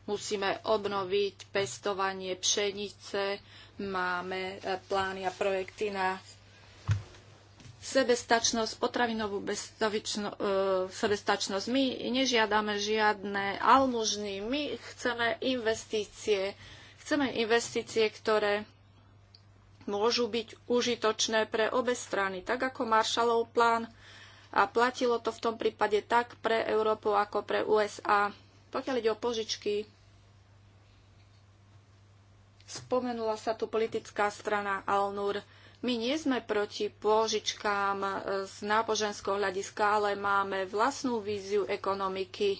Musíme obnoviť pestovanie pšenice, máme plány a projekty na sebestačnosť, potravinovú e, sebestačnosť. My nežiadame žiadne almužny, my chceme investície. Chceme investície, ktoré môžu byť užitočné pre obe strany, tak ako Marshallov plán a platilo to v tom prípade tak pre Európu ako pre USA. Pokiaľ ide o požičky, spomenula sa tu politická strana Al-Nur. My nie sme proti pôžičkám e, z náboženského hľadiska, ale máme vlastnú víziu ekonomiky.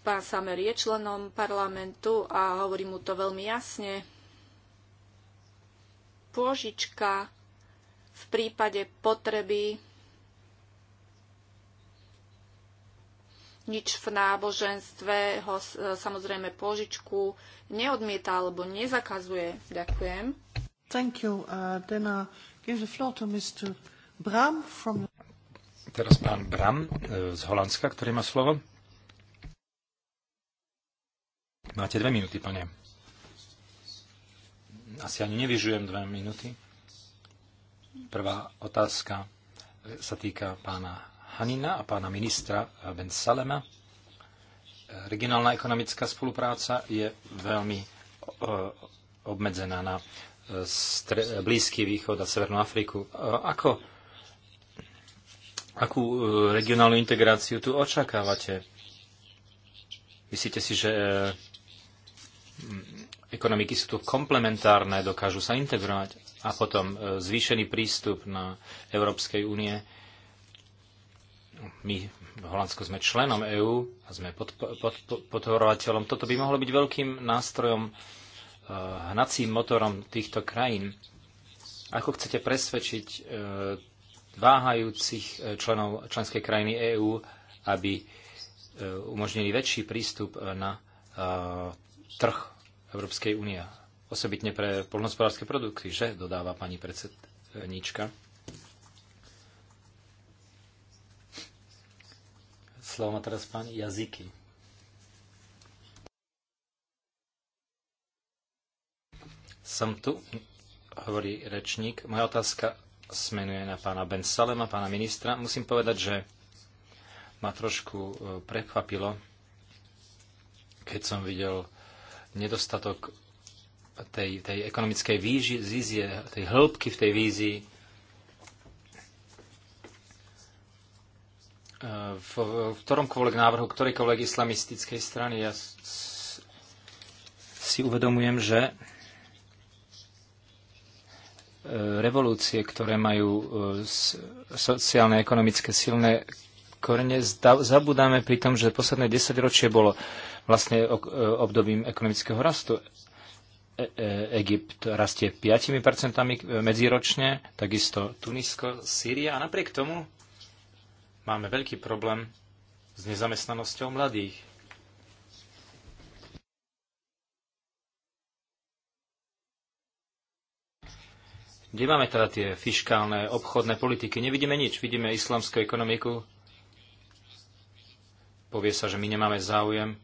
Pán Samer je členom parlamentu a hovorí mu to veľmi jasne. Pôžička v prípade potreby nič v náboženstve ho e, samozrejme pôžičku neodmieta alebo nezakazuje. Ďakujem. Thank you. Uh, then I give the floor to Mr. Bram from... Teraz pán Bram e, z Holandska, ktorý má slovo. Máte dve minúty, pane. Asi ani nevyžujem dve minúty. Prvá otázka e, sa týka pána Hanina a pána ministra Ben Salema. E, regionálna ekonomická spolupráca je veľmi obmedzená na Blízky východ a Severnú Afriku. Ako, akú e, regionálnu integráciu tu očakávate? Myslíte si, že e, ekonomiky sú tu komplementárne, dokážu sa integrovať a potom e, zvýšený prístup na Európskej únie. My v Holandsku sme členom EÚ a sme podporovateľom. Toto by mohlo byť veľkým nástrojom Eh, hnacím motorom týchto krajín. Ako chcete presvedčiť eh, váhajúcich eh, členov členskej krajiny EÚ, aby umožnili väčší prístup na trh Európskej únie, osobitne pre polnospodárske produkty, že dodáva pani predsednička. Slovo má teraz pán Jazyky. Som tu, hovorí rečník. Moja otázka smenuje na pána Ben Salema, pána ministra. Musím povedať, že ma trošku e, prekvapilo, keď som videl nedostatok tej, tej ekonomickej vízie, tej hĺbky v tej vízii. E, v, v ktoromkoľvek návrhu ktorejkoľvek islamistickej strany ja si uvedomujem, že revolúcie, ktoré majú e, sociálne, ekonomické silné korene, zabudáme pri tom, že posledné desaťročie bolo vlastne e, obdobím ekonomického rastu. E, Egypt rastie 5% medziročne, takisto Tunisko, Sýria a napriek tomu máme veľký problém s nezamestnanosťou mladých. Kde máme teda tie fiškálne, obchodné politiky? Nevidíme nič. Vidíme islamskú ekonomiku. Povie sa, že my nemáme záujem.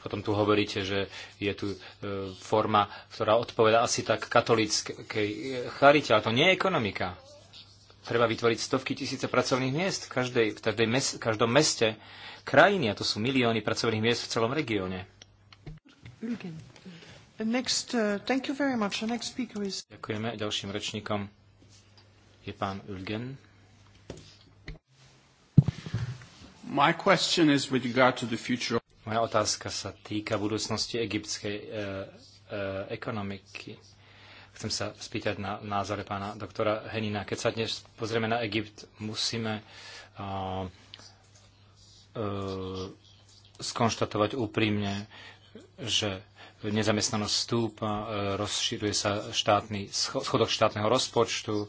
Potom tu hovoríte, že je tu e, forma, ktorá odpoveda asi tak katolíckej charite, ale to nie je ekonomika treba vytvoriť stovky tisíce pracovných miest v, každej, v, každej mes, v každom meste krajiny. A to sú milióny pracovných miest v celom regióne. Next, uh, is... Ďakujeme. Ďalším rečníkom je pán Ulgen. Moja otázka sa týka budúcnosti egyptskej e, e, ekonomiky. Chcem sa spýtať na názore pána doktora Henina. Keď sa dnes pozrieme na Egypt, musíme e, skonštatovať úprimne, že nezamestnanosť stúpa, e, rozširuje sa štátny, schodok štátneho rozpočtu, e,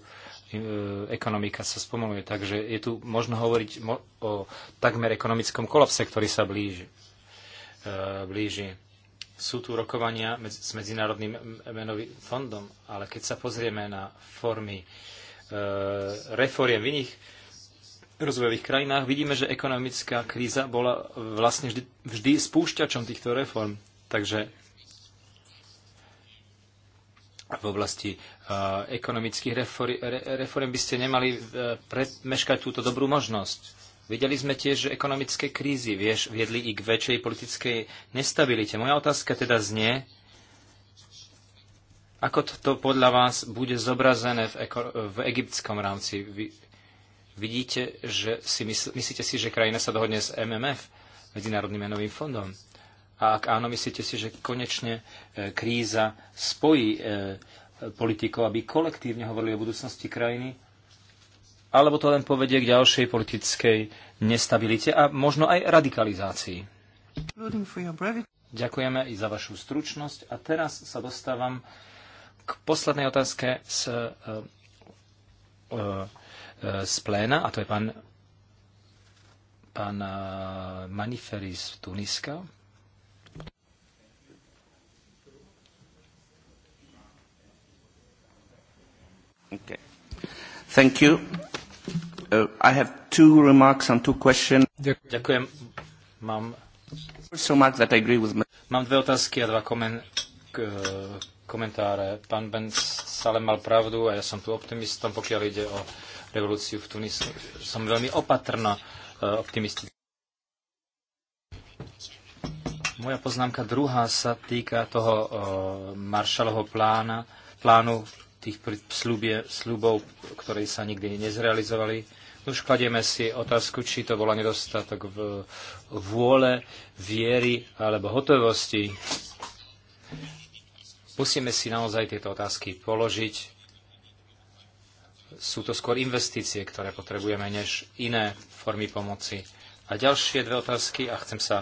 ekonomika sa spomaluje. Takže je tu možno hovoriť o takmer ekonomickom kolapse, ktorý sa blíži. E, blíži. Sú tu rokovania s Medzinárodným menovým fondom, ale keď sa pozrieme na formy reforiem v iných rozvojových krajinách, vidíme, že ekonomická kríza bola vlastne vždy, vždy spúšťačom týchto reform. Takže v oblasti uh, ekonomických reform, by ste nemali uh, predmeškať túto dobrú možnosť. Videli sme tiež, že ekonomické krízy vieš, viedli i k väčšej politickej nestabilite. Moja otázka teda znie, ako to podľa vás bude zobrazené v, eko- v egyptskom rámci. Vy, vidíte, že si mysl- myslíte si, že krajina sa dohodne s MMF, Medzinárodným menovým fondom? A ak áno, myslíte si, že konečne e, kríza spojí e, politikov, aby kolektívne hovorili o budúcnosti krajiny? Alebo to len povedie k ďalšej politickej nestabilite a možno aj radikalizácii? Ďakujeme i za vašu stručnosť. A teraz sa dostávam k poslednej otázke z, e, z pléna, a to je pán, pán Maniferis Tuniska. Okay. Thank you. Uh, I have two remarks and two questions. Ďakujem. Mám, so much that I agree with me. Mám dve otázky a dva komen, k, komentáre. Pán Ben Salem mal pravdu a ja som tu optimistom, pokiaľ ide o revolúciu v Tunisku. Som veľmi opatrno uh, eh, optimistický. Moja poznámka druhá sa týka toho uh, plána, plánu tých slubie, slubov, ktoré sa nikdy nezrealizovali. Už kladieme si otázku, či to bola nedostatok v vôle, viery alebo hotovosti. Musíme si naozaj tieto otázky položiť. Sú to skôr investície, ktoré potrebujeme, než iné formy pomoci. A ďalšie dve otázky, a chcem sa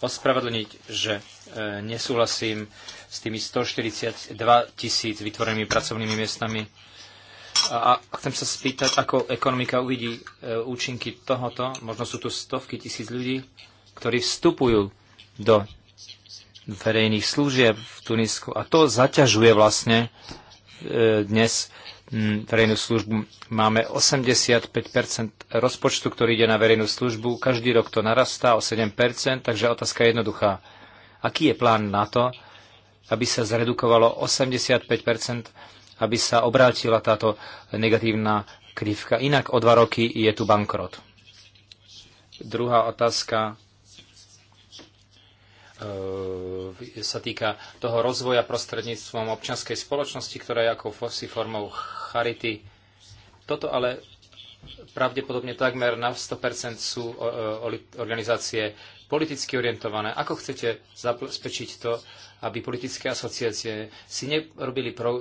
ospravedlniť, že e, nesúhlasím s tými 142 tisíc vytvorenými pracovnými miestami. A chcem sa spýtať, ako ekonomika uvidí e, účinky tohoto. Možno sú tu stovky tisíc ľudí, ktorí vstupujú do verejných služieb v Tunisku. A to zaťažuje vlastne e, dnes Mm, verejnú službu. Máme 85 rozpočtu, ktorý ide na verejnú službu. Každý rok to narastá o 7 takže otázka je jednoduchá. Aký je plán na to, aby sa zredukovalo 85 aby sa obrátila táto negatívna krivka. Inak o dva roky je tu bankrot. Druhá otázka E, sa týka toho rozvoja prostredníctvom občianskej spoločnosti, ktorá je ako si formou charity. Toto ale pravdepodobne takmer na 100% sú e, e, organizácie politicky orientované. Ako chcete zabezpečiť to, aby politické asociácie si nerobili pro,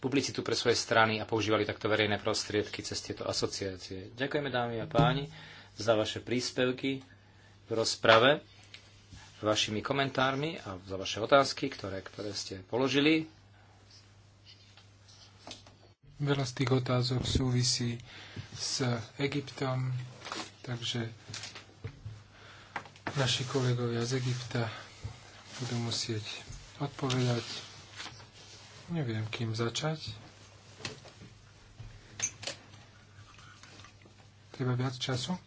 publicitu pre svoje strany a používali takto verejné prostriedky cez tieto asociácie? Ďakujeme dámy a páni za vaše príspevky v rozprave vašimi komentármi a za vaše otázky, ktoré, ktoré ste položili. Veľa z tých otázok súvisí s Egyptom, takže naši kolegovia z Egypta budú musieť odpovedať. Neviem, kým začať. Treba viac času?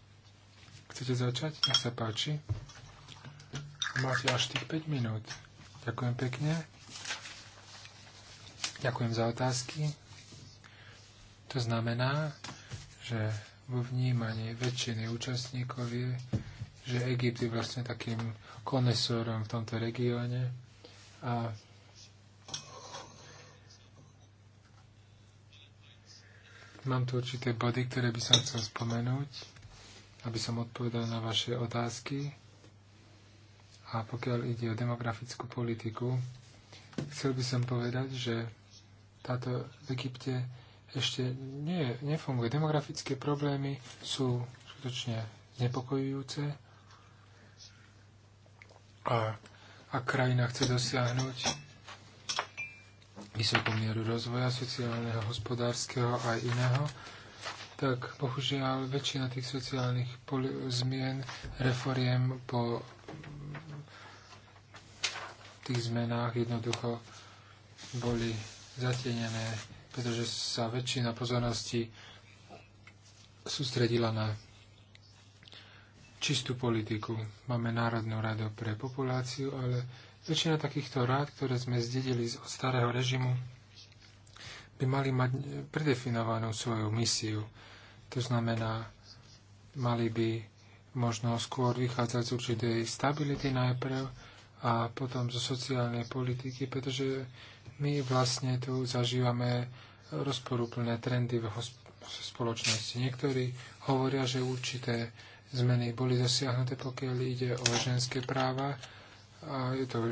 Chcete začať? Nech sa páči. Máte až tých 5 minút. Ďakujem pekne. Ďakujem za otázky. To znamená, že vo vnímaní väčšiny účastníkov je, že Egypt je vlastne takým konesorom v tomto regióne a mám tu určité body, ktoré by som chcel spomenúť, aby som odpovedal na vaše otázky. A pokiaľ ide o demografickú politiku, chcel by som povedať, že táto v Egypte ešte nie, nefunguje. Demografické problémy sú skutočne znepokojujúce a ak krajina chce dosiahnuť vysokú mieru rozvoja sociálneho, hospodárskeho a iného, tak bohužiaľ väčšina tých sociálnych zmien, reforiem po tých zmenách jednoducho boli zatienené, pretože sa väčšina pozornosti sústredila na čistú politiku. Máme Národnú radu pre populáciu, ale väčšina takýchto rád, ktoré sme zdedili od starého režimu, by mali mať predefinovanú svoju misiu. To znamená, mali by možno skôr vychádzať z určitej stability najprv, a potom zo sociálnej politiky, pretože my vlastne tu zažívame rozporúplné trendy v spoločnosti. Niektorí hovoria, že určité zmeny boli dosiahnuté, pokiaľ ide o ženské práva. A je to,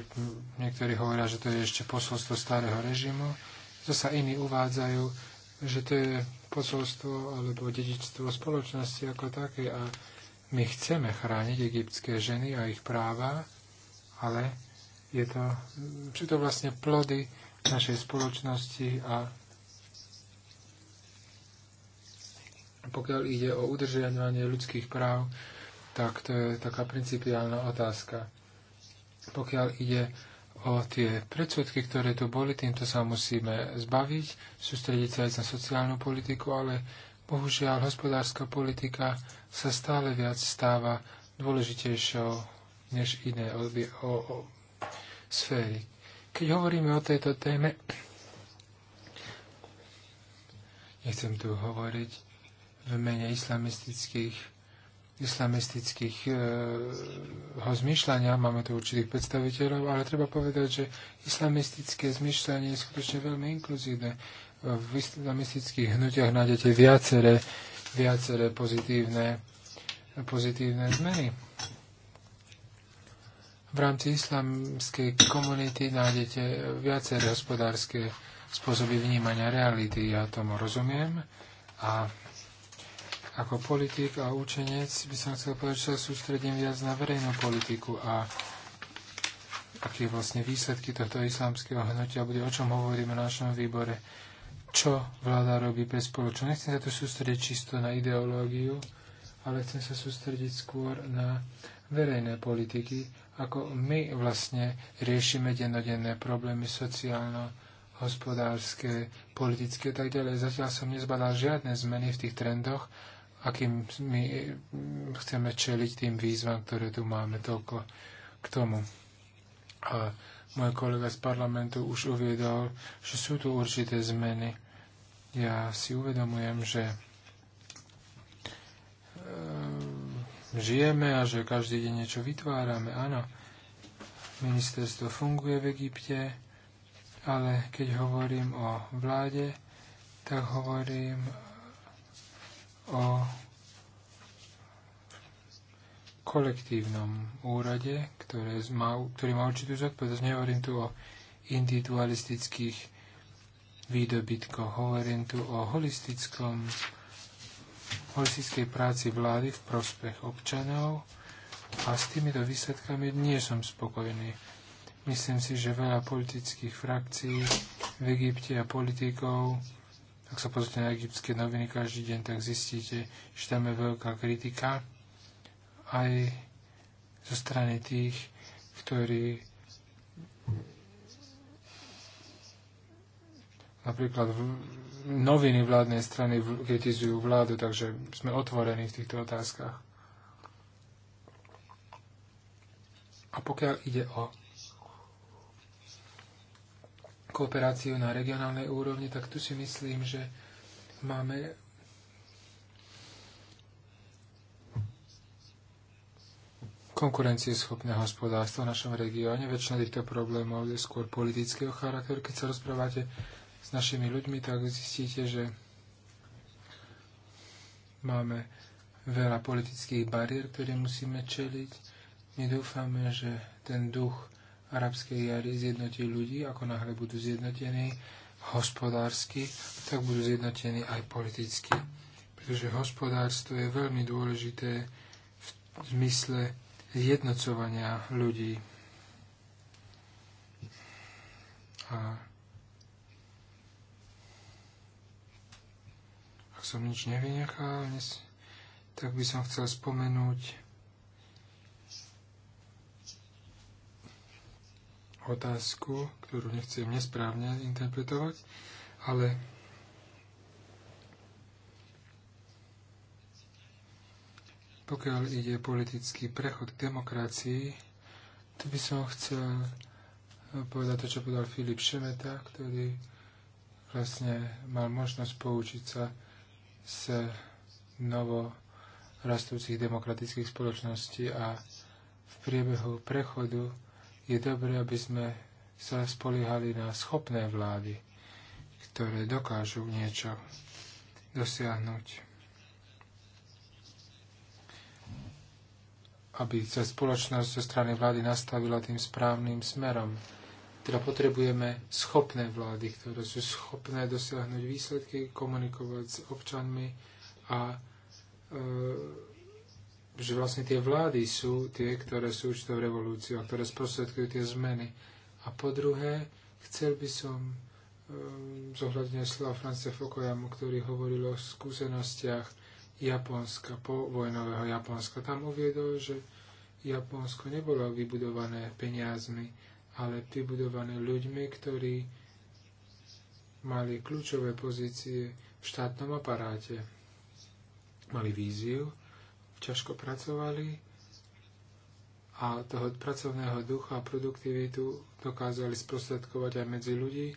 niektorí hovoria, že to je ešte posolstvo starého režimu. Zasa iní uvádzajú, že to je posolstvo alebo dedičstvo spoločnosti ako také a my chceme chrániť egyptské ženy a ich práva ale je to, sú to vlastne plody našej spoločnosti a pokiaľ ide o udržiavanie ľudských práv, tak to je taká principiálna otázka. Pokiaľ ide o tie predsudky, ktoré tu boli, týmto sa musíme zbaviť, sústrediť sa aj na sociálnu politiku, ale bohužiaľ hospodárska politika sa stále viac stáva dôležitejšou než iné o, o, o sféry. Keď hovoríme o tejto téme, nechcem tu hovoriť v mene islamistických islamistických e, ho zmyšľania, máme tu určitých predstaviteľov, ale treba povedať, že islamistické zmyšľanie je skutočne veľmi inkluzívne. V islamistických hnutiach nájdete viaceré, viacere pozitívne, pozitívne zmeny. V rámci islamskej komunity nájdete viaceré hospodárske spôsoby vnímania reality. Ja tomu rozumiem a ako politik a učenec by som chcel povedať, že sa sústredím viac na verejnú politiku a aké vlastne výsledky tohto islamského hnutia bude, o čom hovoríme na našom výbore, čo vláda robí pre spoločnosť. Nechcem sa tu sústrediť čisto na ideológiu, ale chcem sa sústrediť skôr na verejné politiky, ako my vlastne riešime dennodenné problémy sociálno, hospodárske, politické a tak ďalej. Zatiaľ som nezbadal žiadne zmeny v tých trendoch, akým my eh, chceme čeliť tým výzvam, ktoré tu máme toľko k tomu. A môj kolega z parlamentu už uviedol, že sú tu určité zmeny. Ja si uvedomujem, že žijeme a že každý deň niečo vytvárame. Áno, ministerstvo funguje v Egypte, ale keď hovorím o vláde, tak hovorím o kolektívnom úrade, ktoré má, ktorý má určitú zodpovednosť. Nehovorím tu o individualistických výdobytkoch, hovorím tu o holistickom holistickej práci vlády v prospech občanov a s týmito výsledkami nie som spokojný. Myslím si, že veľa politických frakcií v Egypte a politikov, ak sa pozrite na egyptské noviny každý deň, tak zistíte, že tam je veľká kritika aj zo strany tých, ktorí napríklad noviny vládnej strany kritizujú vládu, takže sme otvorení v týchto otázkach. A pokiaľ ide o kooperáciu na regionálnej úrovni, tak tu si myslím, že máme konkurencieschopné hospodárstvo v našom regióne. Väčšina týchto problémov je skôr politického charakteru. Keď sa rozprávate s našimi ľuďmi, tak zistíte, že máme veľa politických bariér, ktoré musíme čeliť. My dúfame, že ten duch arabskej jary zjednotí ľudí, ako náhle budú zjednotení hospodársky, tak budú zjednotení aj politicky. Pretože hospodárstvo je veľmi dôležité v zmysle zjednocovania ľudí. A som nič nevynechal, tak by som chcel spomenúť otázku, ktorú nechcem nesprávne interpretovať, ale pokiaľ ide politický prechod k demokracii, to by som chcel povedať to, čo povedal Filip Šemeta, ktorý vlastne mal možnosť poučiť sa z novo rastúcich demokratických spoločností a v priebehu prechodu je dobré, aby sme sa spoliehali na schopné vlády, ktoré dokážu niečo dosiahnuť. aby sa spoločnosť zo strany vlády nastavila tým správnym smerom. Teda potrebujeme schopné vlády, ktoré sú schopné dosiahnuť výsledky, komunikovať s občanmi a e, že vlastne tie vlády sú tie, ktoré sú určitou revolúciou a ktoré sprostredkujú tie zmeny. A po druhé, chcel by som e, zohľadne slova Francia Fokojamu, ktorý hovoril o skúsenostiach Japonska, povojnového Japonska. Tam uviedol, že Japonsko nebolo vybudované peniazmi Alepty budované ľuďmi, ktorí mali kľúčové pozície v štátnom aparáte. Mali víziu, ťažko pracovali a toho pracovného ducha a produktivitu dokázali sprostredkovať aj medzi ľudí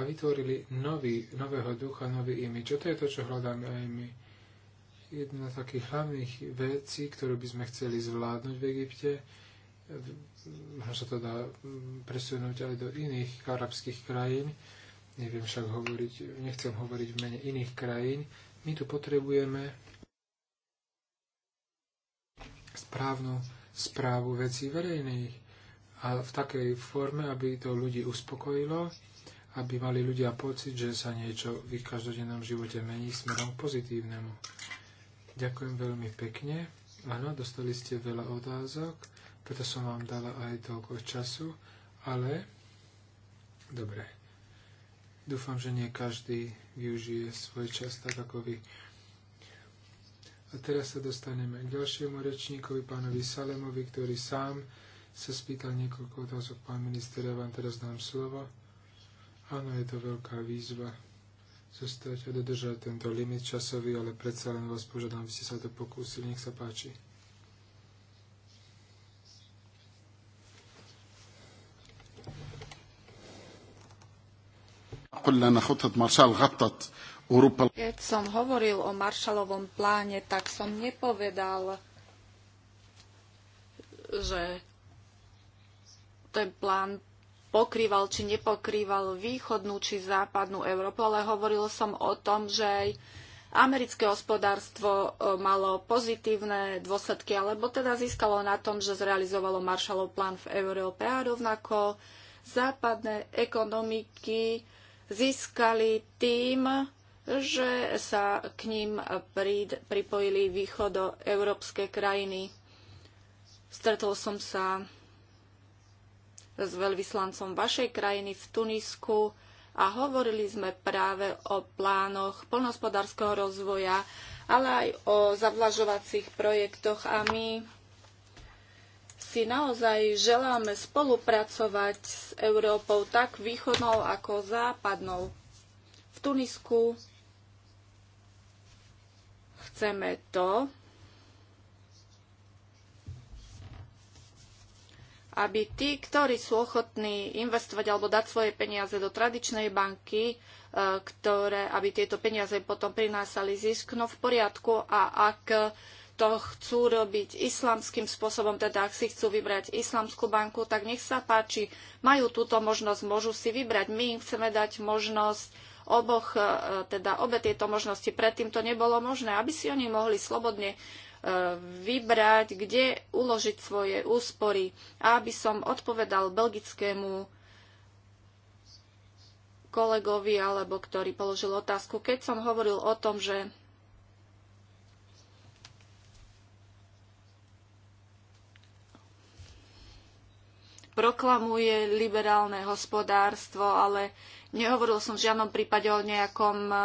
a vytvorili nový, nového ducha, nový imi. A to je to, čo hľadáme aj my. Jedna z takých hlavných vecí, ktorú by sme chceli zvládnuť v Egypte, možno sa to dá mm, presunúť aj do iných arabských krajín. Neviem však hovoriť, nechcem hovoriť v mene iných krajín. My tu potrebujeme správnu správu vecí verejných a v takej forme, aby to ľudí uspokojilo, aby mali ľudia pocit, že sa niečo v ich každodennom živote mení smerom k pozitívnemu. Ďakujem veľmi pekne. Áno, dostali ste veľa otázok preto som vám dala aj toľko času, ale dobre. Dúfam, že nie každý využije svoj čas tak ako vy. A teraz sa dostaneme k ďalšiemu rečníkovi, pánovi Salemovi, ktorý sám sa spýtal niekoľko otázok. Pán minister, ja vám teraz dám slovo. Áno, je to veľká výzva zostať a dodržať tento limit časový, ale predsa len vás požiadam, aby ste sa to pokúsili. Nech sa páči. Keď som hovoril o Maršalovom pláne, tak som nepovedal, že ten plán pokrýval či nepokrýval východnú či západnú Európu, ale hovoril som o tom, že aj americké hospodárstvo e, malo pozitívne dôsledky, alebo teda získalo na tom, že zrealizovalo Marshallov plán v Európe a rovnako západné ekonomiky získali tým, že sa k ním pripojili východoeurópske krajiny. Stretol som sa s veľvyslancom vašej krajiny v Tunisku a hovorili sme práve o plánoch plnohospodárskeho rozvoja, ale aj o zavlažovacích projektoch a my si naozaj želáme spolupracovať s Európou tak východnou ako západnou. V Tunisku chceme to, aby tí, ktorí sú ochotní investovať alebo dať svoje peniaze do tradičnej banky, e, ktoré, aby tieto peniaze potom prinásali, zisk, no v poriadku a ak to chcú robiť islamským spôsobom, teda ak si chcú vybrať islamskú banku, tak nech sa páči, majú túto možnosť, môžu si vybrať. My im chceme dať možnosť oboch, e, teda obe tieto možnosti. Predtým to nebolo možné, aby si oni mohli slobodne e, vybrať, kde uložiť svoje úspory. A aby som odpovedal belgickému kolegovi, alebo ktorý položil otázku, keď som hovoril o tom, že proklamuje liberálne hospodárstvo, ale nehovoril som v žiadnom prípade o nejakom eh,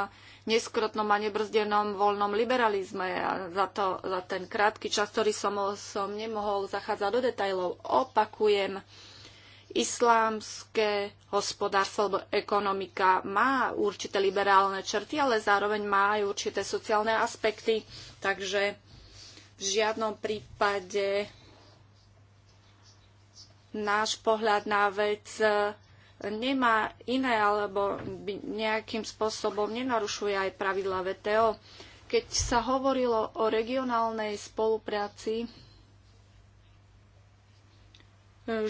neskrotnom a nebrzdenom voľnom liberalizme. A za, to, za ten krátky čas, ktorý som, som nemohol zachádzať do detajlov, opakujem, islámske hospodárstvo alebo ekonomika má určité liberálne črty, ale zároveň má aj určité sociálne aspekty. Takže v žiadnom prípade náš pohľad na vec e, nemá iné alebo nejakým spôsobom nenarušuje aj pravidla VTO. Keď sa hovorilo o regionálnej spolupráci, e,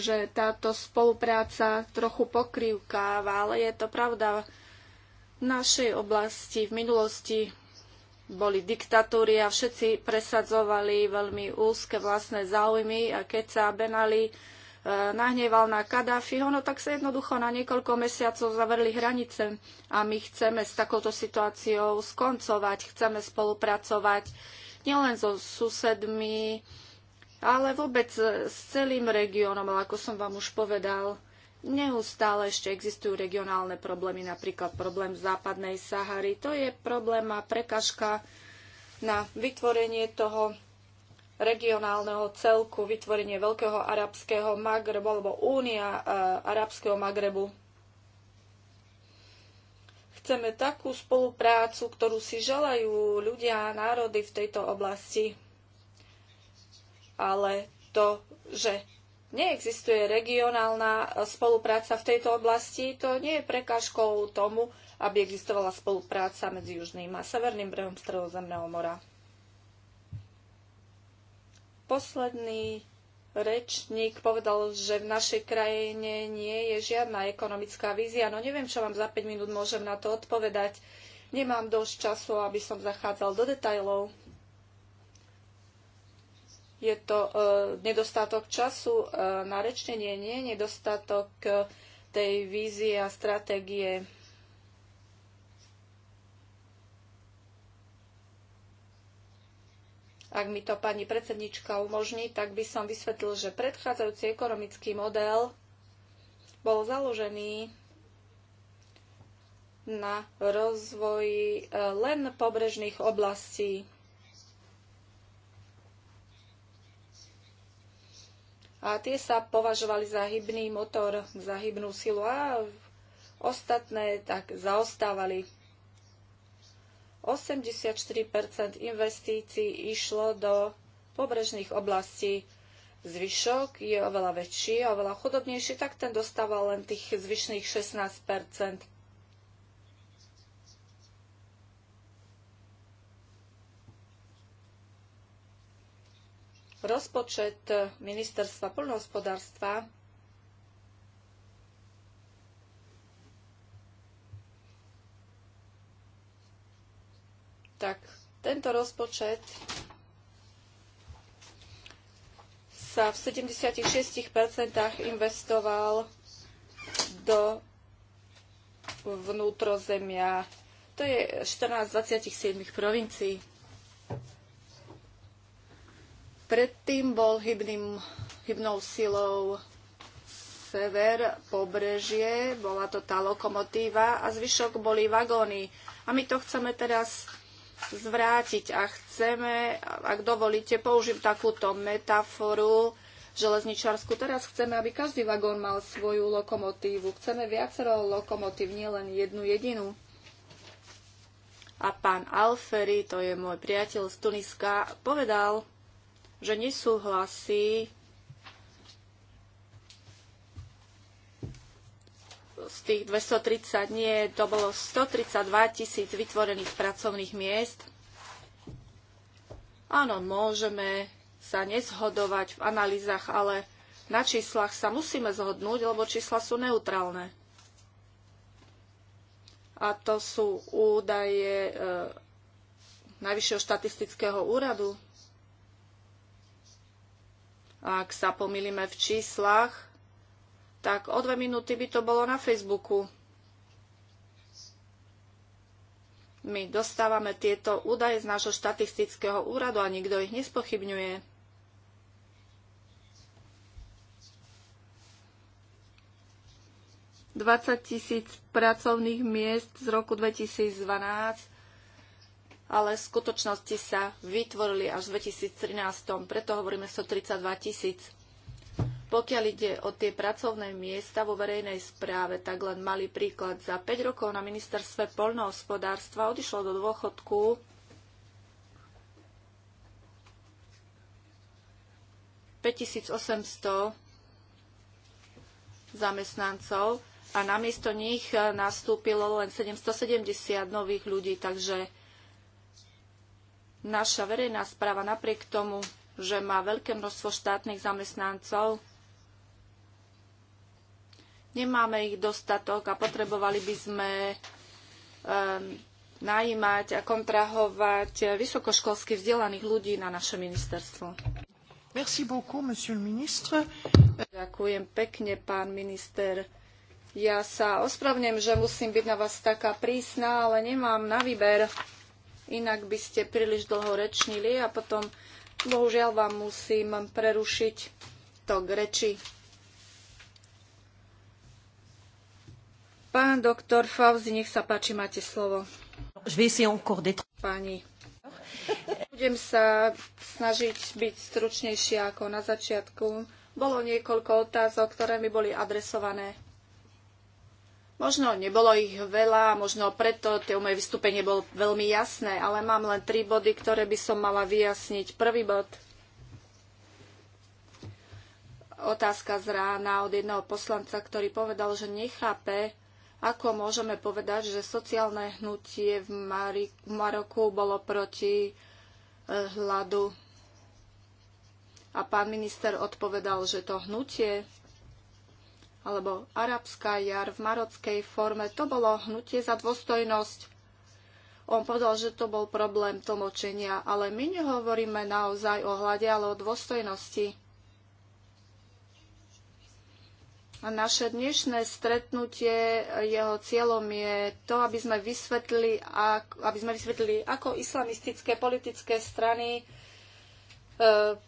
že táto spolupráca trochu pokrývkáva, ale je to pravda. V našej oblasti v minulosti boli diktatúry a všetci presadzovali veľmi úzke vlastné záujmy a keď sa Benali nahneval na Kadáfiho, no tak sa jednoducho na niekoľko mesiacov zavrli hranice a my chceme s takouto situáciou skoncovať, chceme spolupracovať nielen so susedmi, ale vôbec s celým regiónom, ale ako som vám už povedal, neustále ešte existujú regionálne problémy, napríklad problém západnej Sahary. To je problém a prekažka na vytvorenie toho regionálneho celku, vytvorenie Veľkého arabského Magrebu alebo Únia e, arabského Magrebu. Chceme takú spoluprácu, ktorú si želajú ľudia a národy v tejto oblasti. Ale to, že neexistuje regionálna e, spolupráca v tejto oblasti, to nie je prekážkou tomu, aby existovala spolupráca medzi južným a severným brehom Stredozemného mora. Posledný rečník povedal, že v našej krajine nie je žiadna ekonomická vízia. No neviem, čo vám za 5 minút môžem na to odpovedať. Nemám dosť času, aby som zachádzal do detajlov. Je to e, nedostatok času e, na rečnenie, nie nedostatok e, tej vízie a stratégie. ak mi to pani predsednička umožní, tak by som vysvetlil, že predchádzajúci ekonomický model bol založený na rozvoji e, len pobrežných oblastí. A tie sa považovali za hybný motor, za hybnú silu a ostatné tak zaostávali. 84 investícií išlo do pobrežných oblastí. Zvyšok je oveľa väčší a oveľa chudobnejší, tak ten dostával len tých zvyšných 16 Rozpočet ministerstva poľnohospodárstva tak tento rozpočet sa v 76% investoval do vnútrozemia. To je 14 z 27 provincií. Predtým bol hybným, hybnou silou sever, pobrežie, bola to tá lokomotíva a zvyšok boli vagóny. A my to chceme teraz zvrátiť. A chceme, ak dovolíte, použijem takúto metaforu železničarsku. Teraz chceme, aby každý vagón mal svoju lokomotívu. Chceme viacero lokomotív, nielen jednu jedinú. A pán Alferi, to je môj priateľ z Tuniska, povedal, že nesúhlasí z tých 230 nie, to bolo 132 tisíc vytvorených pracovných miest. Áno, môžeme sa nezhodovať v analýzach, ale na číslach sa musíme zhodnúť, lebo čísla sú neutrálne. A to sú údaje e, Najvyššieho štatistického úradu. Ak sa pomýlime v číslach, tak o dve minúty by to bolo na Facebooku. My dostávame tieto údaje z nášho štatistického úradu a nikto ich nespochybňuje. Dvadsať tisíc pracovných miest z roku 2012, ale v skutočnosti sa vytvorili až v 2013. Preto hovoríme 132 tisíc. Pokiaľ ide o tie pracovné miesta vo verejnej správe, tak len malý príklad. Za 5 rokov na ministerstve poľnohospodárstva odišlo do dôchodku zamestnancov a namiesto nich nastúpilo len 770 nových ľudí, takže naša verejná správa napriek tomu, že má veľké množstvo štátnych zamestnancov, Nemáme ich dostatok a potrebovali by sme um, najímať a kontrahovať vysokoškolsky vzdelaných ľudí na naše ministerstvo. Merci beaucoup, monsieur le ministre. Ďakujem pekne, pán minister. Ja sa ospravnem, že musím byť na vás taká prísna, ale nemám na výber. Inak by ste príliš dlho rečnili a potom, bohužiaľ, vám musím prerušiť to k reči. Pán doktor Fauzi, nech sa páči, máte slovo. Pani. Budem sa snažiť byť stručnejšia ako na začiatku. Bolo niekoľko otázok, ktoré mi boli adresované. Možno nebolo ich veľa, možno preto tie moje vystúpenie bolo veľmi jasné, ale mám len tri body, ktoré by som mala vyjasniť. Prvý bod otázka z rána od jedného poslanca, ktorý povedal, že nechápe, ako môžeme povedať, že sociálne hnutie v, Mari- v Maroku bolo proti e, hladu? A pán minister odpovedal, že to hnutie alebo arabská jar v marockej forme, to bolo hnutie za dôstojnosť. On povedal, že to bol problém tlmočenia, ale my nehovoríme naozaj o hlade, ale o dôstojnosti. Naše dnešné stretnutie, jeho cieľom je to, aby sme vysvetlili, aby sme vysvetlili ako islamistické politické strany e,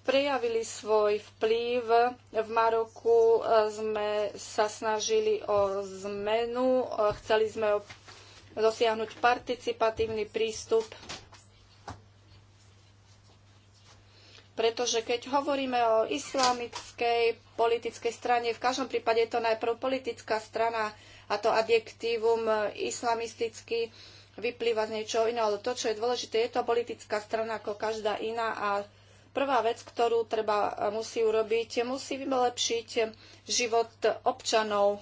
prejavili svoj vplyv. V Maroku e, sme sa snažili o zmenu, e, chceli sme dosiahnuť participatívny prístup pretože keď hovoríme o islamickej politickej strane, v každom prípade je to najprv politická strana a to adjektívum islamistický vyplýva z niečoho iného, ale to, čo je dôležité, je to politická strana ako každá iná a prvá vec, ktorú treba e, musí urobiť, musí vylepšiť život občanov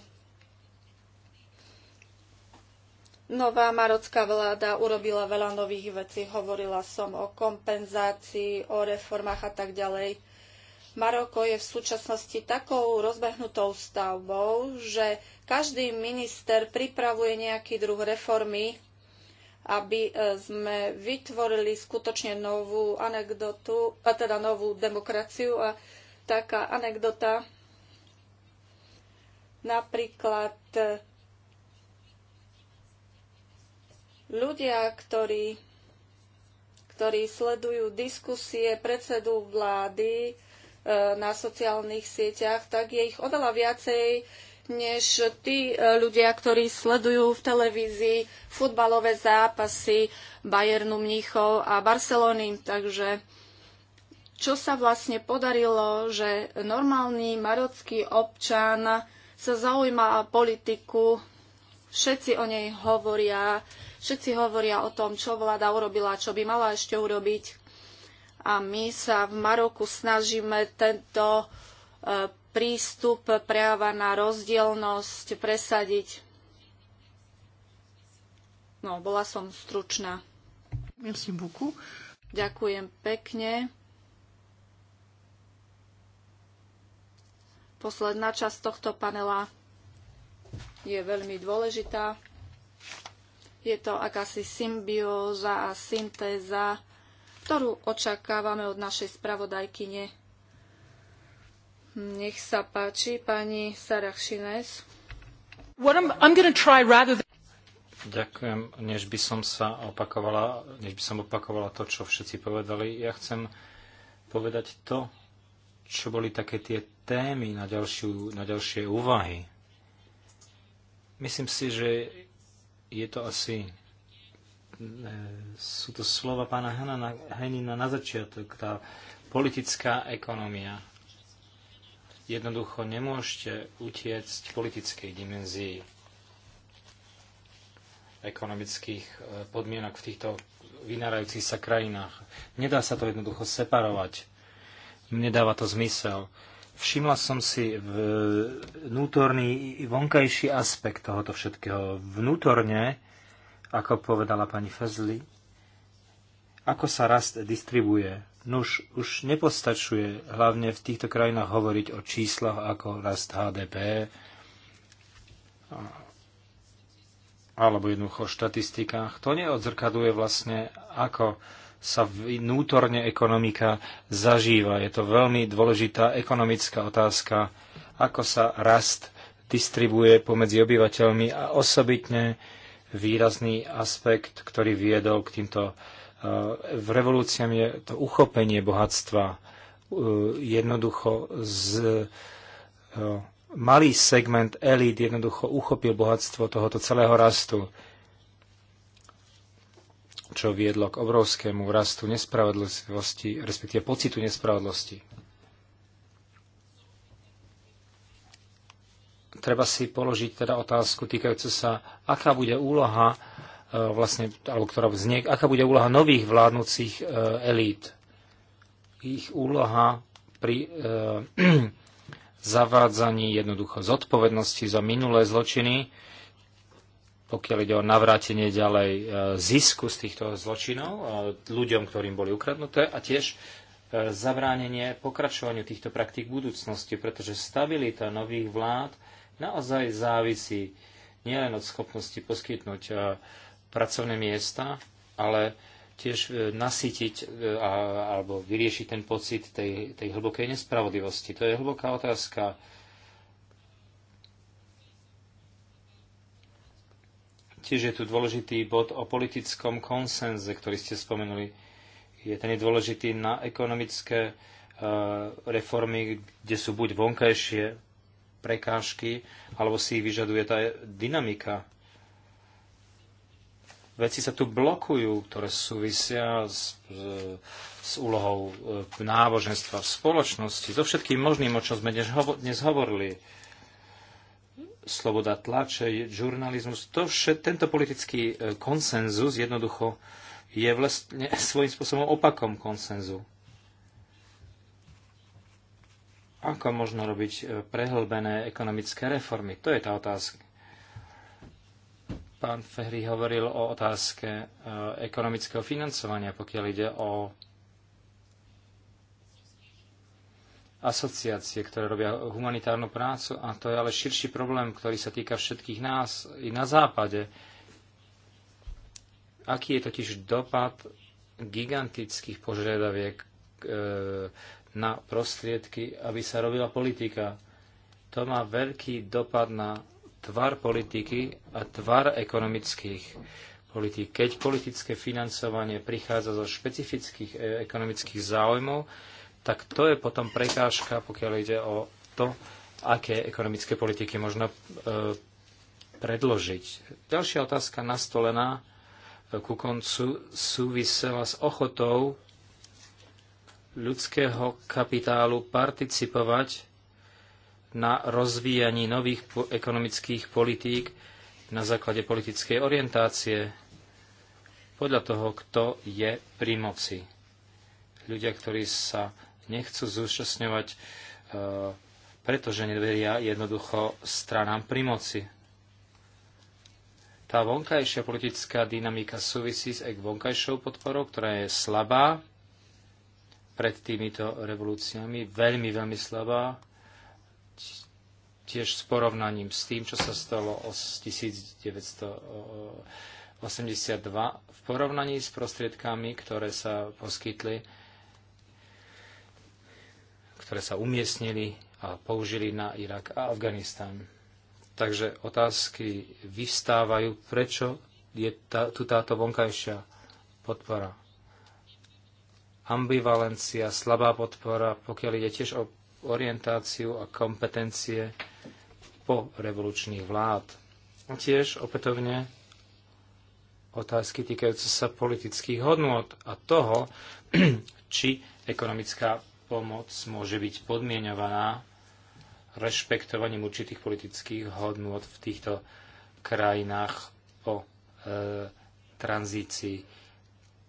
Nová marocká vláda urobila veľa nových vecí. Hovorila som o kompenzácii, o reformách a tak ďalej. Maroko je v súčasnosti takou rozbehnutou stavbou, že každý minister pripravuje nejaký druh reformy, aby e, sme vytvorili skutočne novú anekdotu, a teda novú demokraciu. A taká anekdota napríklad e, Ľudia, ktorí, ktorí sledujú diskusie predsedu vlády e, na sociálnych sieťach, tak je ich oveľa viacej než tí e, ľudia, ktorí sledujú v televízii futbalové zápasy Bayernu Mníchov a Barcelony. Takže čo sa vlastne podarilo, že normálny marocký občan sa zaujíma o politiku, všetci o nej hovoria, Všetci hovoria o tom, čo vláda urobila, čo by mala ešte urobiť. A my sa v Maroku snažíme tento e, prístup práva na rozdielnosť presadiť. No, bola som stručná. Merci beaucoup. Ďakujem pekne. Posledná časť tohto panela je veľmi dôležitá. Je to akási symbióza a syntéza, ktorú očakávame od našej spravodajkyne. Nech sa páči, pani Sarah Šines. Ďakujem, než by som sa opakovala, než by som opakovala to, čo všetci povedali. Ja chcem povedať to, čo boli také tie témy na, ďalšiu, na ďalšie úvahy. Myslím si, že je to asi e, sú to slova pána Henina na začiatok, tá politická ekonomia. Jednoducho nemôžete utiecť politickej dimenzii ekonomických e, podmienok v týchto vynárajúcich sa krajinách. Nedá sa to jednoducho separovať. Nedáva to zmysel. Všimla som si vnútorný i vonkajší aspekt tohoto všetkého. Vnútorne, ako povedala pani Fezli, ako sa rast distribuje. Nuž už nepostačuje hlavne v týchto krajinách hovoriť o číslach ako rast HDP alebo jednoducho o štatistikách. To neodzrkaduje vlastne, ako sa vnútorne ekonomika zažíva. Je to veľmi dôležitá ekonomická otázka, ako sa rast distribuje pomedzi obyvateľmi a osobitne výrazný aspekt, ktorý viedol k týmto eh, v revolúciám je to uchopenie bohatstva. Eh, jednoducho z, eh, malý segment elít jednoducho uchopil bohatstvo tohoto celého rastu čo viedlo k obrovskému rastu nespravodlivosti, respektíve pocitu nespravedlosti. Treba si položiť teda otázku týkajúcu sa, aká bude úloha e, vlastne, alebo ktorá vznie, aká bude úloha nových vládnúcich e, elít. Ich úloha pri e, zavádzaní jednoducho zodpovednosti za minulé zločiny pokiaľ ide o navrátenie ďalej e, zisku z týchto zločinov e, ľuďom, ktorým boli ukradnuté a tiež e, zabránenie pokračovaniu týchto praktík v budúcnosti, pretože stabilita nových vlád naozaj závisí nielen od schopnosti poskytnúť pracovné miesta, ale tiež nasýtiť alebo vyriešiť ten pocit tej, tej hlbokej nespravodlivosti. To je hlboká otázka Tiež je tu dôležitý bod o politickom konsenze, ktorý ste spomenuli. Je ten je dôležitý na ekonomické e, reformy, kde sú buď vonkajšie prekážky, alebo si ich vyžaduje tá dynamika. Veci sa tu blokujú, ktoré súvisia s, s úlohou e, náboženstva v spoločnosti, so všetkým možným, o čom sme dnes hovorili sloboda tlače, žurnalizmus, to všet, tento politický e, konsenzus jednoducho je vlastne svojím spôsobom opakom konsenzu. Ako možno robiť e, prehlbené ekonomické reformy? To je tá otázka. Pán Fehry hovoril o otázke e, ekonomického financovania, pokiaľ ide o asociácie, ktoré robia humanitárnu prácu a to je ale širší problém, ktorý sa týka všetkých nás i na západe. Aký je totiž dopad gigantických požiadaviek e, na prostriedky, aby sa robila politika? To má veľký dopad na tvar politiky a tvar ekonomických politik. Keď politické financovanie prichádza zo špecifických e, ekonomických záujmov, tak to je potom prekážka, pokiaľ ide o to, aké ekonomické politiky možno e, predložiť. Ďalšia otázka nastolená e, ku koncu súvisela s ochotou ľudského kapitálu participovať na rozvíjaní nových ekonomických politík na základe politickej orientácie podľa toho, kto je pri moci. Ľudia, ktorí sa nechcú zúčastňovať, e, pretože neveria jednoducho stranám pri moci. Tá vonkajšia politická dynamika súvisí s vonkajšou podporou, ktorá je slabá pred týmito revolúciami, veľmi, veľmi slabá, tiež s porovnaním s tým, čo sa stalo od 1982, v porovnaní s prostriedkami, ktoré sa poskytli ktoré sa umiestnili a použili na Irak a Afganistán. Takže otázky vystávajú. prečo je tá, tu táto vonkajšia podpora. Ambivalencia, slabá podpora, pokiaľ ide tiež o orientáciu a kompetencie po revolučných vlád. A tiež opätovne otázky týkajúce sa politických hodnôt a toho, či ekonomická pomoc môže byť podmienovaná rešpektovaním určitých politických hodnôt v týchto krajinách po e, tranzícii.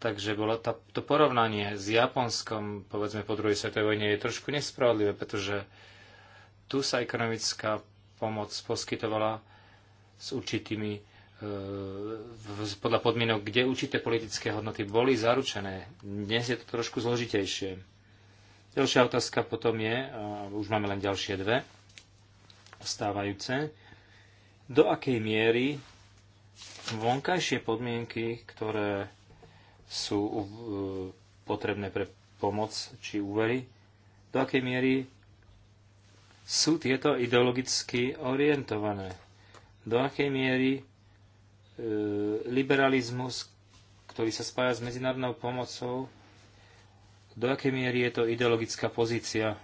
Takže bolo to, to porovnanie s Japonskom, povedzme po druhej svetovej vojne, je trošku nespravodlivé, pretože tu sa ekonomická pomoc poskytovala s určitými, e, podľa podmienok, kde určité politické hodnoty boli zaručené. Dnes je to trošku zložitejšie. Ďalšia otázka potom je, už máme len ďalšie dve stávajúce, do akej miery vonkajšie podmienky, ktoré sú e, potrebné pre pomoc či úvery, do akej miery sú tieto ideologicky orientované, do akej miery e, liberalizmus, ktorý sa spája s medzinárodnou pomocou, do akej miery je to ideologická pozícia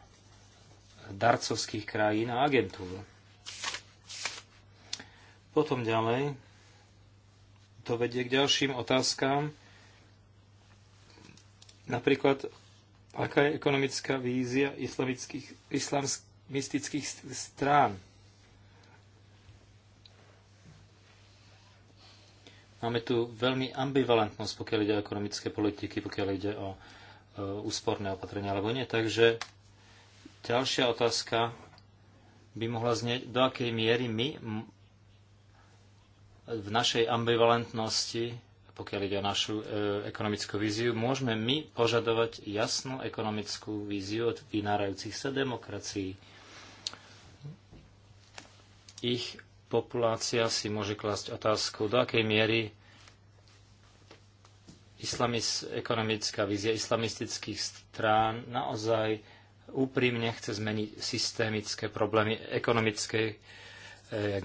darcovských krajín a agentúr. Potom ďalej to vedie k ďalším otázkám. Napríklad, aká je ekonomická vízia islamických, islamistických strán? Máme tu veľmi ambivalentnosť, pokiaľ ide o ekonomické politiky, pokiaľ ide o E, úsporné opatrenia alebo nie. Takže ďalšia otázka by mohla znieť, do akej miery my v našej ambivalentnosti, pokiaľ ide o našu e, ekonomickú víziu, môžeme my požadovať jasnú ekonomickú víziu od vynárajúcich sa demokracií. Ich populácia si môže klásť otázku, do akej miery islamis, ekonomická vízia islamistických strán naozaj úprimne chce zmeniť systémické problémy ekonomickej e,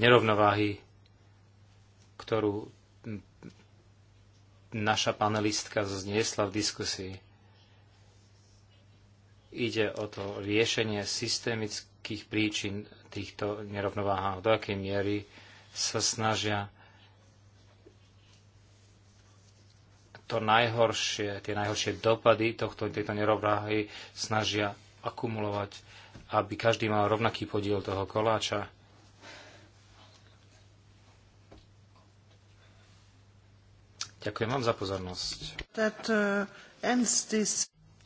nerovnováhy, ktorú hm, naša panelistka zniesla v diskusii. Ide o to riešenie systémických príčin týchto nerovnováhách, do akej miery sa snažia to najhoršie, tie najhoršie dopady tohto, tejto nerovnáhy snažia akumulovať, aby každý mal rovnaký podiel toho koláča. Ďakujem vám za pozornosť. That, uh,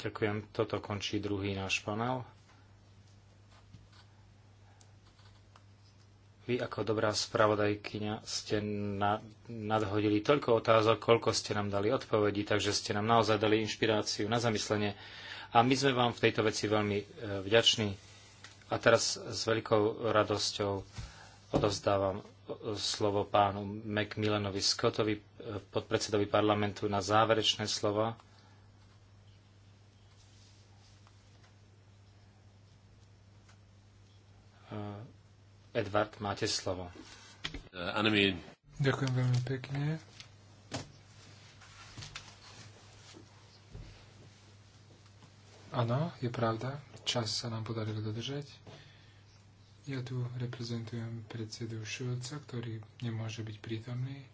Ďakujem, toto končí druhý náš panel. Vy ako dobrá spravodajkyňa ste na, nadhodili toľko otázok, koľko ste nám dali odpovedí, takže ste nám naozaj dali inšpiráciu na zamyslenie. A my sme vám v tejto veci veľmi e, vďační. A teraz s veľkou radosťou odovzdávam e, slovo pánu Macmillanovi Scottovi, e, podpredsedovi parlamentu, na záverečné slova. Edward, máte slovo. Eh, Ďakujem veľmi pekne. Áno, je pravda. Čas sa nám podarilo dodržať. Ja tu reprezentujem predsedu Šulca, ktorý nemôže byť prítomný.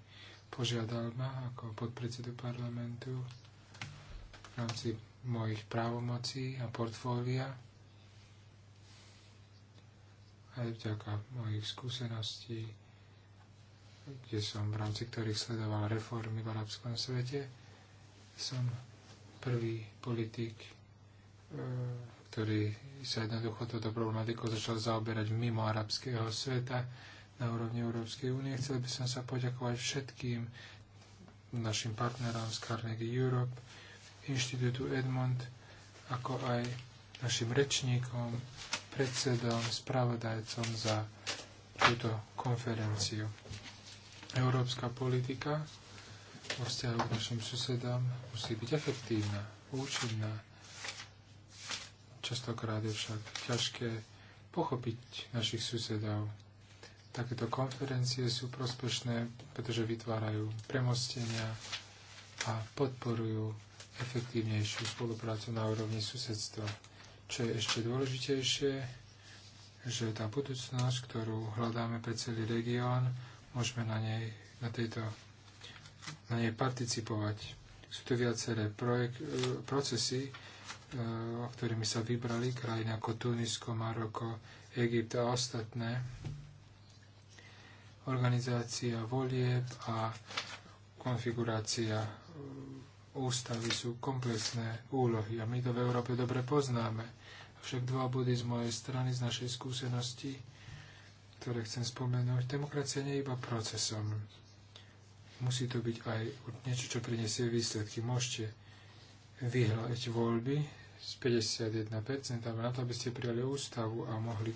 Požiadal ma ako podpredsedu parlamentu v rámci mojich právomocí a portfólia aj vďaka mojich skúseností, kde som v rámci ktorých sledoval reformy v arabskom svete, som prvý politik, e, ktorý sa jednoducho toto problematiku začal zaoberať mimo arabského sveta na úrovni Európskej únie. Chcel by som sa poďakovať všetkým našim partnerom z Carnegie Europe, Inštitútu Edmond, ako aj našim rečníkom, predsedom, spravodajcom za túto konferenciu. Európska politika vo vzťahu k našim susedom musí byť efektívna, účinná. Častokrát je však ťažké pochopiť našich susedov. Takéto konferencie sú prospešné, pretože vytvárajú premostenia a podporujú efektívnejšiu spoluprácu na úrovni susedstva čo je ešte dôležitejšie, že tá budúcnosť, ktorú hľadáme pre celý región, môžeme na nej, na tejto, na nej participovať. Sú tu viaceré projekt, procesy, e, o ktorými sa vybrali krajiny ako Tunisko, Maroko, Egypt a ostatné. Organizácia volieb a konfigurácia ústavy sú komplexné úlohy a my to v Európe dobre poznáme. Avšak dva body z mojej strany, z našej skúsenosti, ktoré chcem spomenúť. Demokracia nie je iba procesom. Musí to byť aj niečo, čo prinesie výsledky. Môžete vyhľať voľby z 51%, ale na to, aby ste prijali ústavu a mohli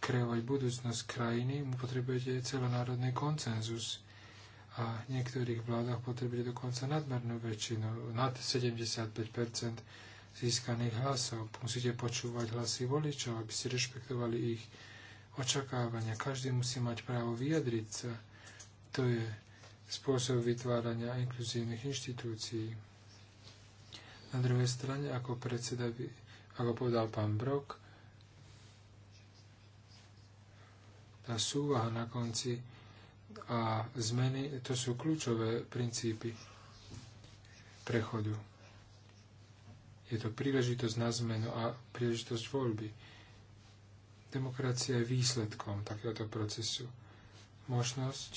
kreovať budúcnosť krajiny, mu potrebujete celonárodný koncenzus a v niektorých vládach potrebuje dokonca nadmernú väčšinu, nad 75 získaných hlasov. Musíte počúvať hlasy voličov, aby ste rešpektovali ich očakávania. Každý musí mať právo vyjadriť sa. To je spôsob vytvárania inkluzívnych inštitúcií. Na druhej strane, ako predseda, ako povedal pán Brok, tá súvaha na konci a zmeny, to sú kľúčové princípy prechodu. Je to príležitosť na zmenu a príležitosť voľby. Demokracia je výsledkom takéhoto procesu. Možnosť,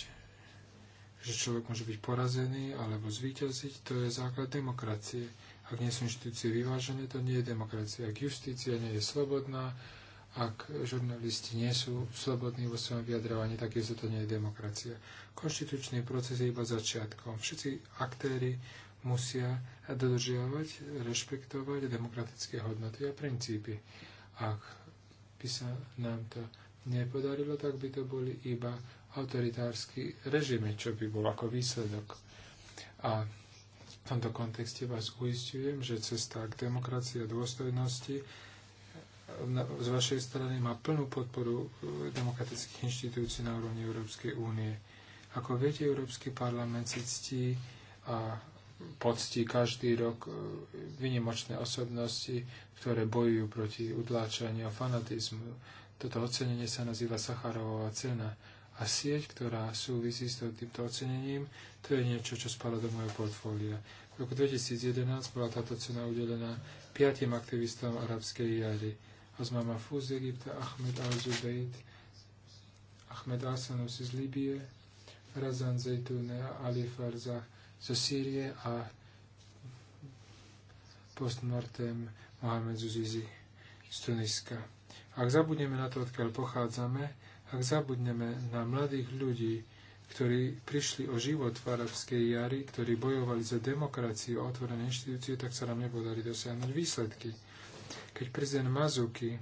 že človek môže byť porazený alebo zvíťaziť, to je základ demokracie. Ak nie sú inštitúcie vyvážené, to nie je demokracia. Ak justícia nie je slobodná, ak žurnalisti nie sú slobodní vo svojom vyjadrovaní, tak je to nie je demokracia. Konštitučný proces je iba začiatkom. Všetci aktéry musia dodržiavať, rešpektovať demokratické hodnoty a princípy. Ak by sa nám to nepodarilo, tak by to boli iba autoritársky režimy, čo by bol ako výsledok. A v tomto kontexte vás uistujem, že cesta k demokracii a dôstojnosti z vašej strany má plnú podporu eh, demokratických inštitúcií na úrovni Európskej únie. Ako viete, Európsky parlament si ctí a poctí každý rok eh, vynimočné osobnosti, ktoré bojujú proti utláčaniu a fanatizmu. Toto ocenenie sa nazýva Sacharová cena a sieť, ktorá súvisí s týmto ocenením, to je niečo, čo spadlo do mojej portfólia. V roku 2011 bola táto cena udelená piatim aktivistom arabskej jary was Poznám Afuz Egypta, Ahmed Al-Zubayt, Ahmed Asanusi aus Libyen, Razan Zejtune Ali Farzah so Syrien, a postmortem Mohamed Zuzizi z Tuniska. Ak zabudneme na to, odkiaľ pochádzame, ak zabudneme na mladých ľudí, ktorí prišli o život v arabskej jari, ktorí bojovali za demokraciu a otvorené inštitúcie, tak sa nám nepodarí dosiahnuť výsledky. Keď prezident Mazuki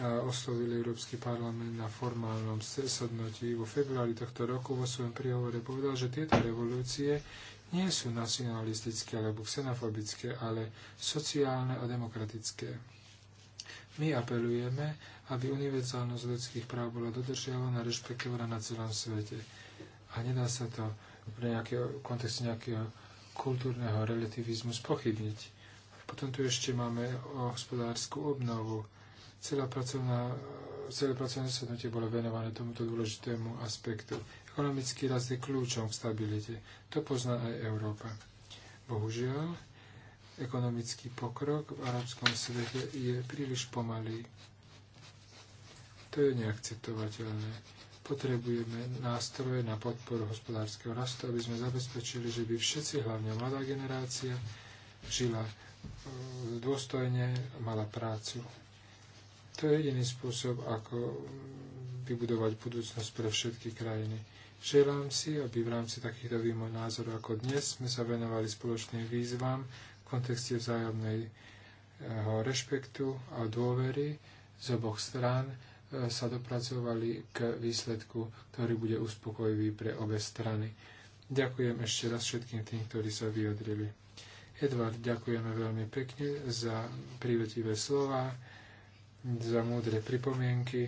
oslovil Európsky parlament na formálnom sadnutí vo februári tohto roku, vo svojom príhovore povedal, že tieto revolúcie nie sú nacionalistické alebo xenofobické, ale sociálne a demokratické. My apelujeme, aby univerzálnosť ľudských práv bola dodržiavaná a rešpektovaná na celom svete. A nedá sa to v, nejakého, v kontexte nejakého kultúrneho relativizmu spochybniť. Potom tu ešte máme hospodárskú obnovu. Celá pracovná, celé pracovné zasadnutie bolo venované tomuto dôležitému aspektu. Ekonomický rast je kľúčom k stabilite. To pozná aj Európa. Bohužiaľ, ekonomický pokrok v arabskom svete je príliš pomalý. To je neakceptovateľné. Potrebujeme nástroje na podporu hospodárskeho rastu, aby sme zabezpečili, že by všetci, hlavne mladá generácia, žila dôstojne mala prácu. To je jediný spôsob, ako vybudovať budúcnosť pre všetky krajiny. Želám si, aby v rámci takýchto výmov názorov ako dnes sme sa venovali spoločným výzvam v kontexte vzájomného rešpektu a dôvery z oboch strán e, sa dopracovali k výsledku, ktorý bude uspokojivý pre obe strany. Ďakujem ešte raz všetkým tým, ktorí sa vyjadrili. Edward, ďakujeme veľmi pekne za privetivé slova, za múdre pripomienky.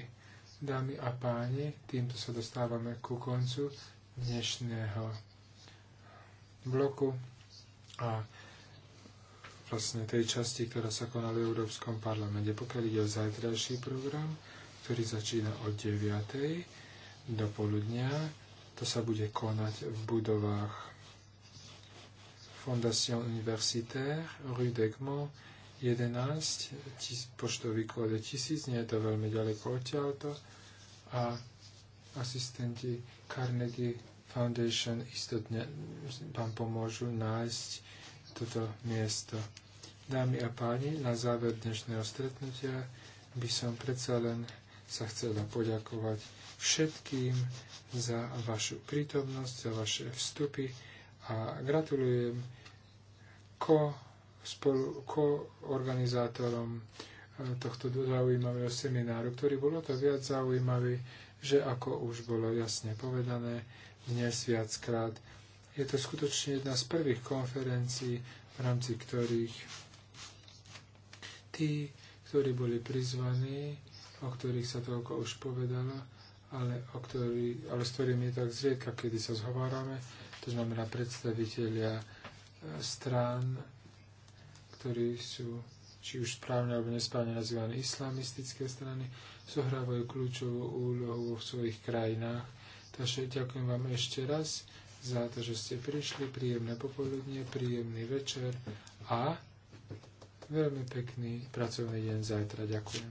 Dámy a páni, týmto sa dostávame ku koncu dnešného bloku a vlastne tej časti, ktorá sa konala v Európskom parlamente. Pokiaľ ide o zajtrajší program, ktorý začína od 9. do poludnia, to sa bude konať v budovách Fondation Universitaire, rue d'Egmont, 11, tis, poštový kód je 1000, nie je to veľmi ďaleko odtiaľto. A asistenti Carnegie Foundation istotne vám pomôžu nájsť toto miesto. Dámy a páni, na záver dnešného stretnutia by som predsa len sa chcela poďakovať všetkým za vašu prítomnosť, za vaše vstupy a gratulujem ko, spolu, ko organizátorom e, tohto zaujímavého semináru, ktorý bolo to viac zaujímavý, že ako už bolo jasne povedané dnes viackrát, je to skutočne jedna z prvých konferencií, v rámci ktorých tí, ktorí boli prizvaní, o ktorých sa toľko už povedalo, ale, o ktorý, ale s ktorými tak zriedka, kedy sa zhovárame, to znamená predstavitelia e, strán, ktorí sú či už správne alebo nesprávne nazývané islamistické strany, zohrávajú kľúčovú úlohu v svojich krajinách. Takže ďakujem vám ešte raz za to, že ste prišli. Príjemné popoludnie, príjemný večer a veľmi pekný pracovný deň zajtra. Ďakujem.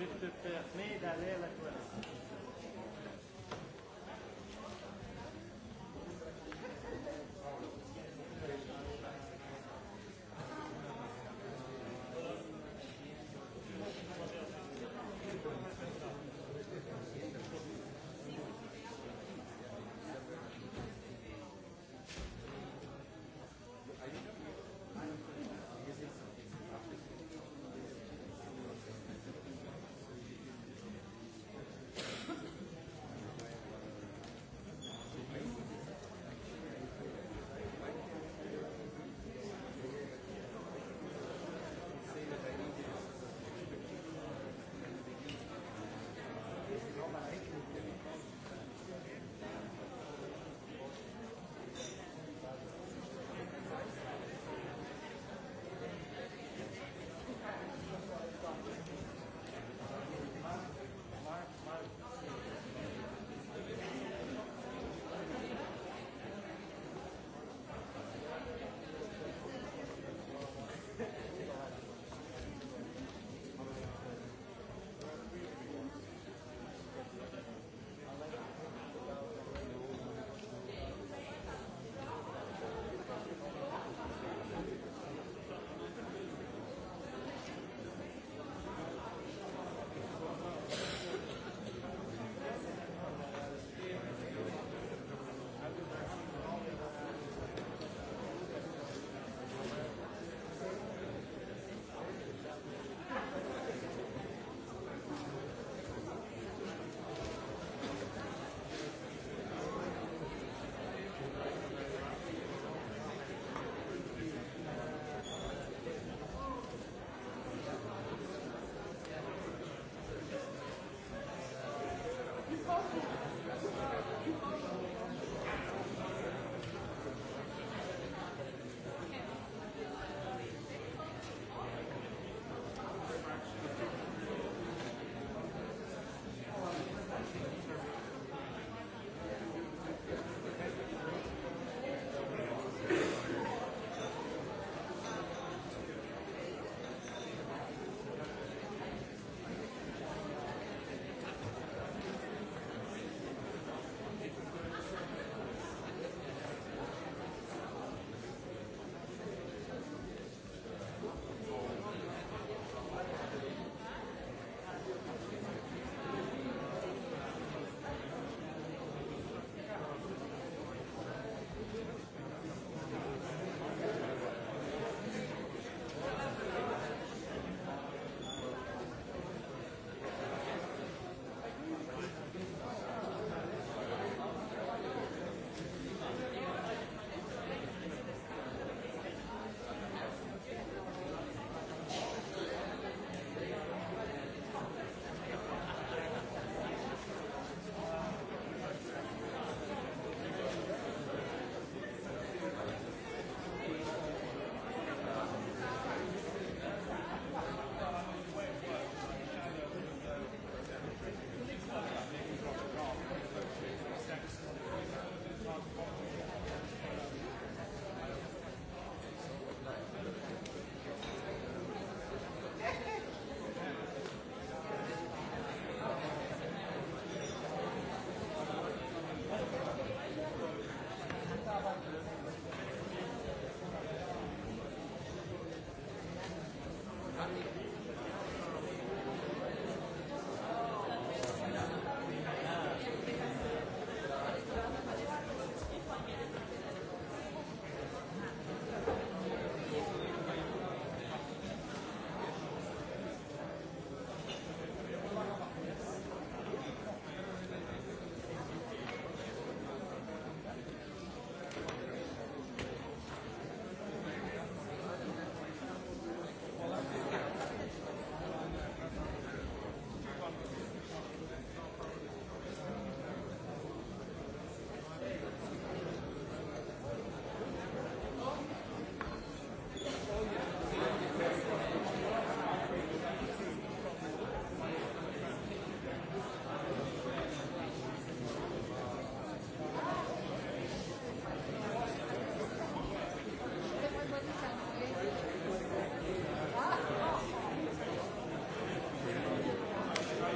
je te permets d'aller à la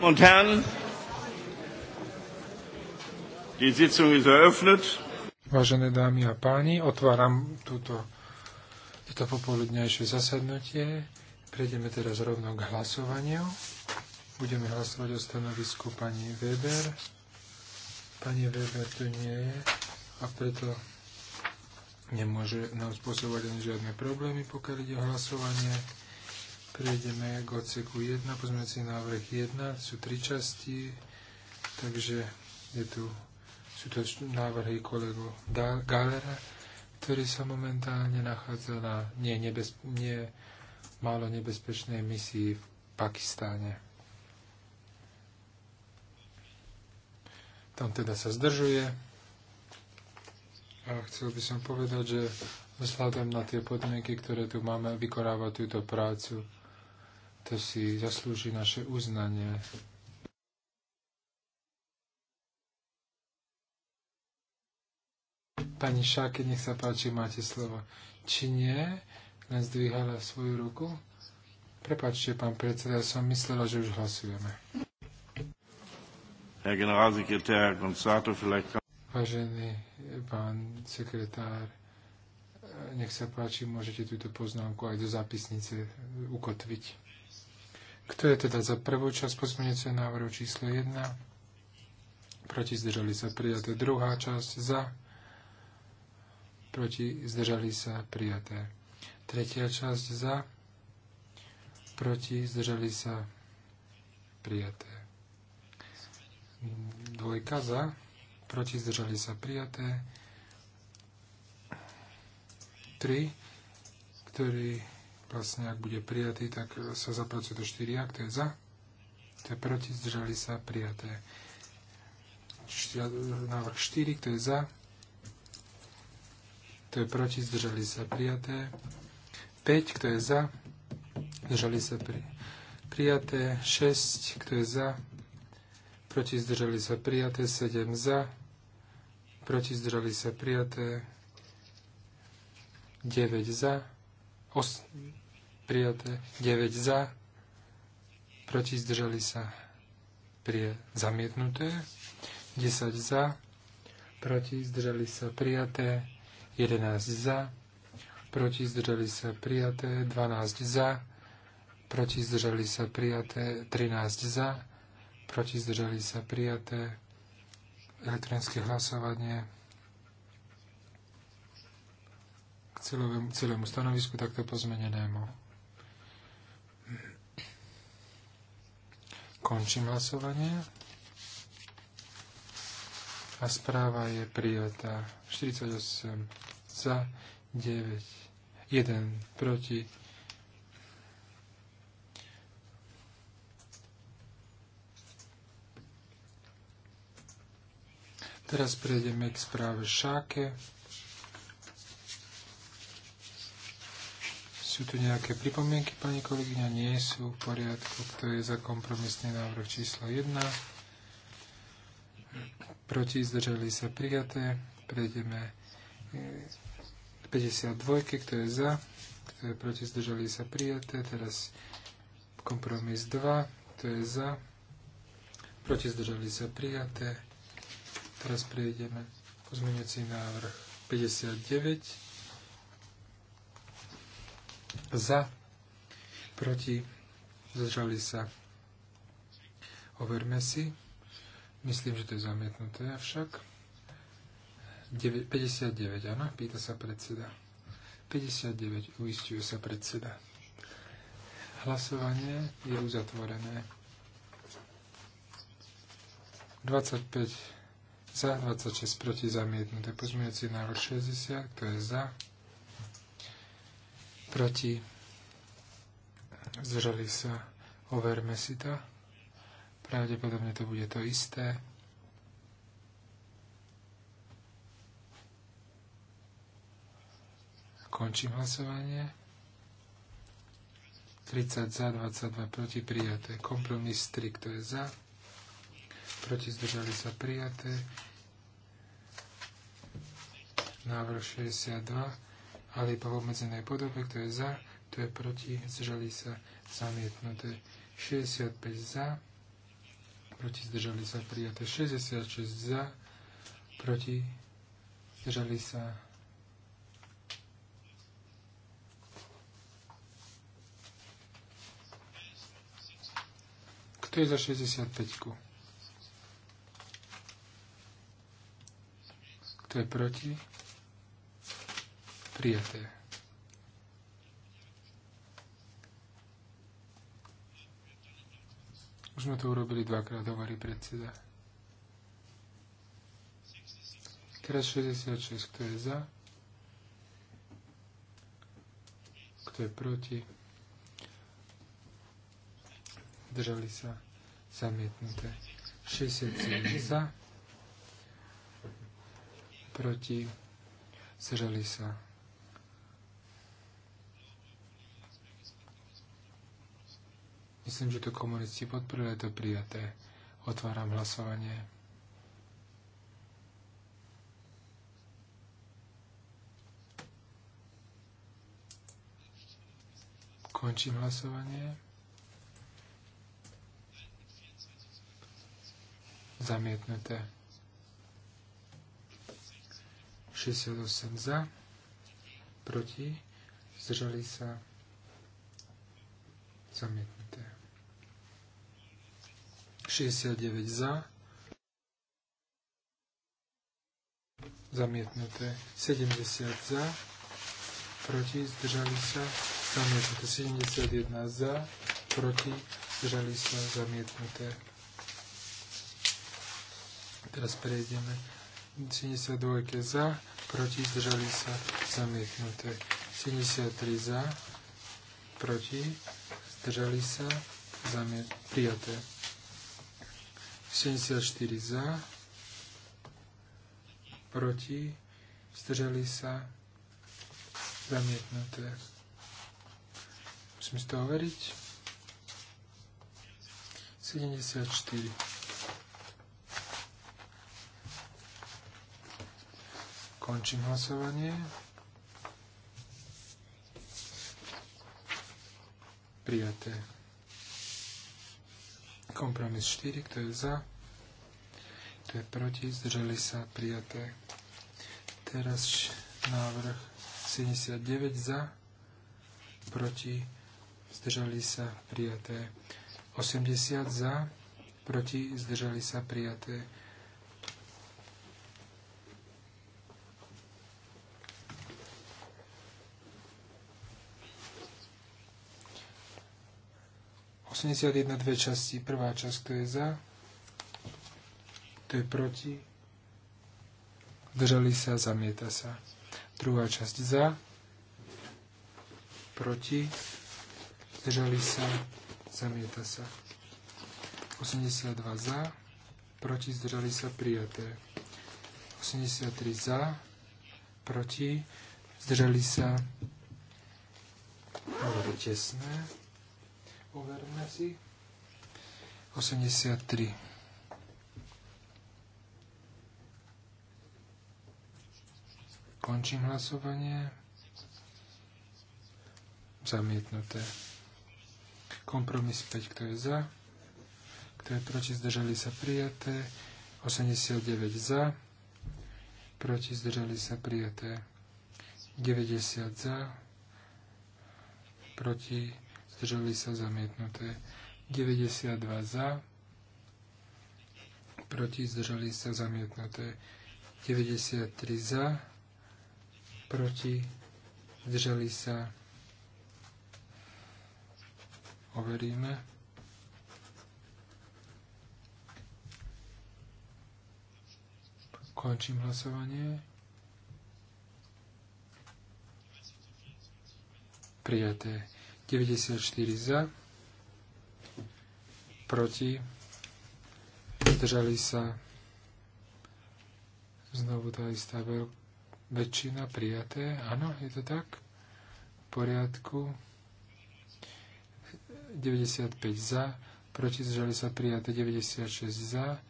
und Herren, die Sitzung ist eröffnet. Vážené dámy a páni, otváram túto, toto popoludňajšie zasadnutie. Prejdeme teraz rovno k hlasovaniu. Budeme hlasovať o stanovisku pani Weber. Pani Weber tu nie je a preto nemôže nám spôsobovať ani žiadne problémy, pokiaľ ide o hlasovanie. Prejdeme k odseku 1, pozmeňujúci návrh 1, sú tri časti, takže je tu, sú to návrhy kolegu Galera, ktorý sa momentálne nachádza na nie, nebez, nie málo nebezpečnej misii v Pakistáne. Tam teda sa zdržuje a chcel by som povedať, že vzhľadom na tie podmienky, ktoré tu máme, vykonávať túto prácu. To si zaslúži naše uznanie. Pani Šáke, nech sa páči, máte slovo. Či nie? Len zdvíhala svoju ruku. Prepačte, pán predseda, ja som myslela, že už hlasujeme. Vážený pán sekretár, nech sa páči, môžete túto poznámku aj do zápisnice ukotviť. Kto je teda za prvú časť pozmeňujúceho návrhu číslo 1? Proti zdržali sa prijaté. Druhá časť za. Proti zdržali sa prijaté. Tretia časť za. Proti zdržali sa prijaté. Dvojka za. Proti zdržali sa prijaté. 3, ktorý vlastne, ak bude prijatý, tak sa zapracuje do 4, ak to je za, to je proti, zdržali sa, prijaté. Návrh 4, kto je za, kto je proti, zdržali sa, prijaté. 5, kto je za, zdržali sa, pri, prijaté. 6, kto je za, proti, zdržali sa, prijaté. 7 za, proti, zdržali sa, prijaté. 9 za, 8, prijaté, 9 za, proti zdržali sa prie zamietnuté, 10 za, proti zdržali sa prijaté, 11 za, proti zdržali sa prijaté, 12 za, proti zdržali sa prijaté, 13 za, proti zdržali sa prijaté, elektronické hlasovanie k celému, celému stanovisku takto pozmenenému. Končím hlasovanie. A správa je prijatá. 48 za, 9, 1 proti. Teraz prejdeme k správe Šáke. Sú tu nejaké pripomienky, pani kolegyňa? Nie sú v poriadku. Kto je za kompromisný návrh číslo 1? Proti zdržali sa prijaté. Prejdeme 52, e, kto je za, kto je proti, zdržali sa prijaté. Teraz kompromis 2, kto je za, proti, zdržali sa prijaté. Teraz prejdeme pozmeňujúci návrh 59, za, proti, zdržali sa. Overme si. Myslím, že to je zamietnuté avšak. 59, áno, pýta sa predseda. 59, uistuje sa predseda. Hlasovanie je uzatvorené. 25 za, 26 proti zamietnuté. Pozmeňujúci návrh 60, kto je za, proti, zdržali sa, overme si to. Pravdepodobne to bude to isté. Končím hlasovanie. 30 za, 22 proti, prijaté. Kompromis 3, kto je za, proti, zdržali sa, prijaté. Návrh 62 ale iba v obmedzenej podobe, kto je za, kto je proti, zdržali sa zamietnuté 65 za, proti zdržali sa prijaté 66 za, proti zdržali sa Kto je za 65? Kto je proti? Prijaté. Už sme to urobili dvakrát, hovorí predseda. Teraz 66, kto je za? Kto je proti? Držali sa zamietnuté. 67 za, proti, zdržali sa Myslím, že to komunisti podporili, je to prijaté. Otváram hlasovanie. Končím hlasovanie. Zamietnuté. 68 za, proti, zdržali sa, zamietnuté. 69 za, zamietnuté 70 za, proti, zdržali sa, zamietnuté 71 za, proti, zdržali sa, zamietnuté. Teraz prejdeme 72 za, proti, zdržali sa, zamietnuté 73 za, proti, zdržali sa, zamiet, prijaté. 74 za, proti, zdrželi sa, zamietnuté. Musím si to overiť. 74. Končím hlasovanie. Prijaté. Kompromis 4, kto je za, kto je proti, zdržali sa, prijaté. Teraz návrh 79 za, proti, zdržali sa, prijaté. 80 za, proti, zdržali sa, prijaté. 81 dve časti. Prvá časť, to je za, to je proti, držali sa, zamieta sa. Druhá časť za, proti, držali sa, zamieta sa. 82 za, proti, zdržali sa, prijaté. 83 za, proti, zdržali sa, ale to tesné. Overme si. 83. Končím hlasovanie. Zamietnuté. Kompromis 5, kto je za, kto je proti, zdržali sa prijaté. 89 za, proti, zdržali sa prijaté. 90 za, proti, zdržali sa zamietnuté. 92 za, proti, zdržali sa zamietnuté. 93 za, proti, zdržali sa. Overíme. Končím hlasovanie. Prijaté. 94 za, proti, zdržali sa znovu tá istá väčšina prijaté. Áno, je to tak? V poriadku. 95 za, proti zdržali sa prijaté 96 za,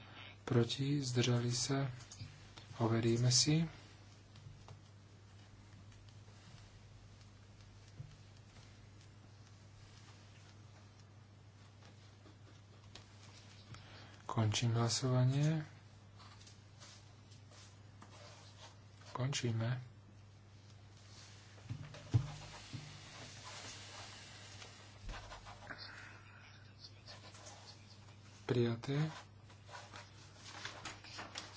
proti zdržali sa, overíme si. Končím hlasovanie. Končíme. Prijaté.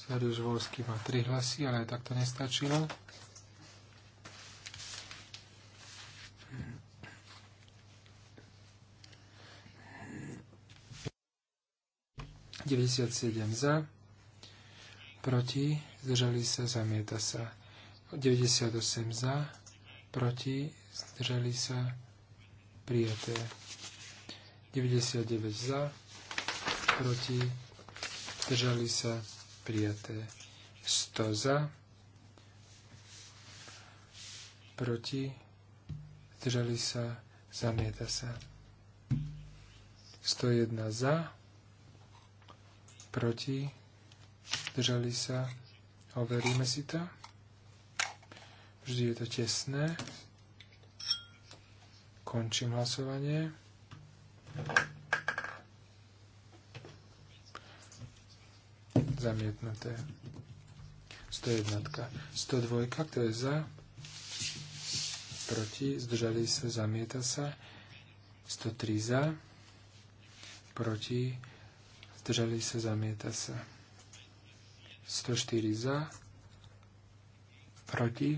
Sariusz Volsky má 3 hlasy, ale aj tak to nestačilo. 97 za, proti, zdržali sa, zamieta sa. 98 za, proti, zdržali sa, prijaté. 99 za, proti, zdržali sa, prijaté. 100 za, proti, zdržali sa, zamieta sa. 101 za, proti, zdržali sa, overíme si to. Vždy je to tesné. Končím hlasovanie. Zamietnuté. 101. 102. Kto je za? Proti. Zdržali sa. Zamieta sa. 103 za. Proti zdržali sa, zamieta sa. 104 za, proti,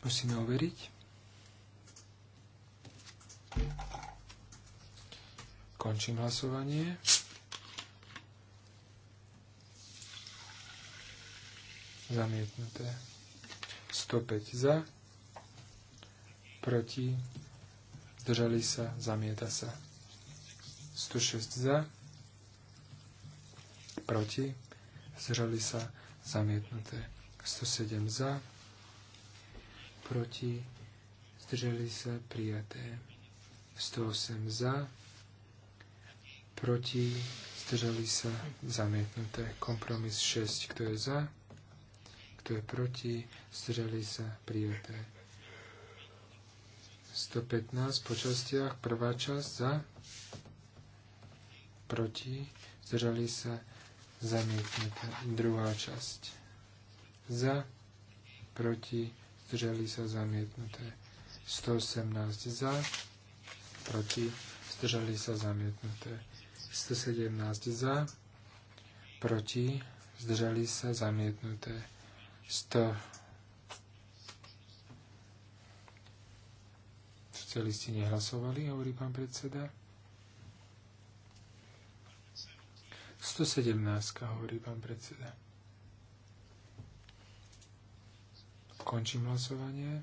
musíme overiť. Končím hlasovanie. Zamietnuté. 105 za, proti, zdržali sa, zamieta sa. 106 za, proti, zdržali sa zamietnuté. 107 za, proti, zdržali sa prijaté. 108 za, proti, zdržali sa zamietnuté. Kompromis 6, kto je za, kto je proti, zdržali sa prijaté. 115 po častiach, prvá časť za, proti, zdržali sa prijaté zamietnutá. Druhá časť za, proti, zdrželi sa zamietnuté. 118 za, proti, zdrželi sa zamietnuté. 117 za, proti, zdrželi sa zamietnuté. 100 Chceli ste nehlasovali, hovorí pán predseda. 117, hovorí pán predseda. Končím hlasovanie.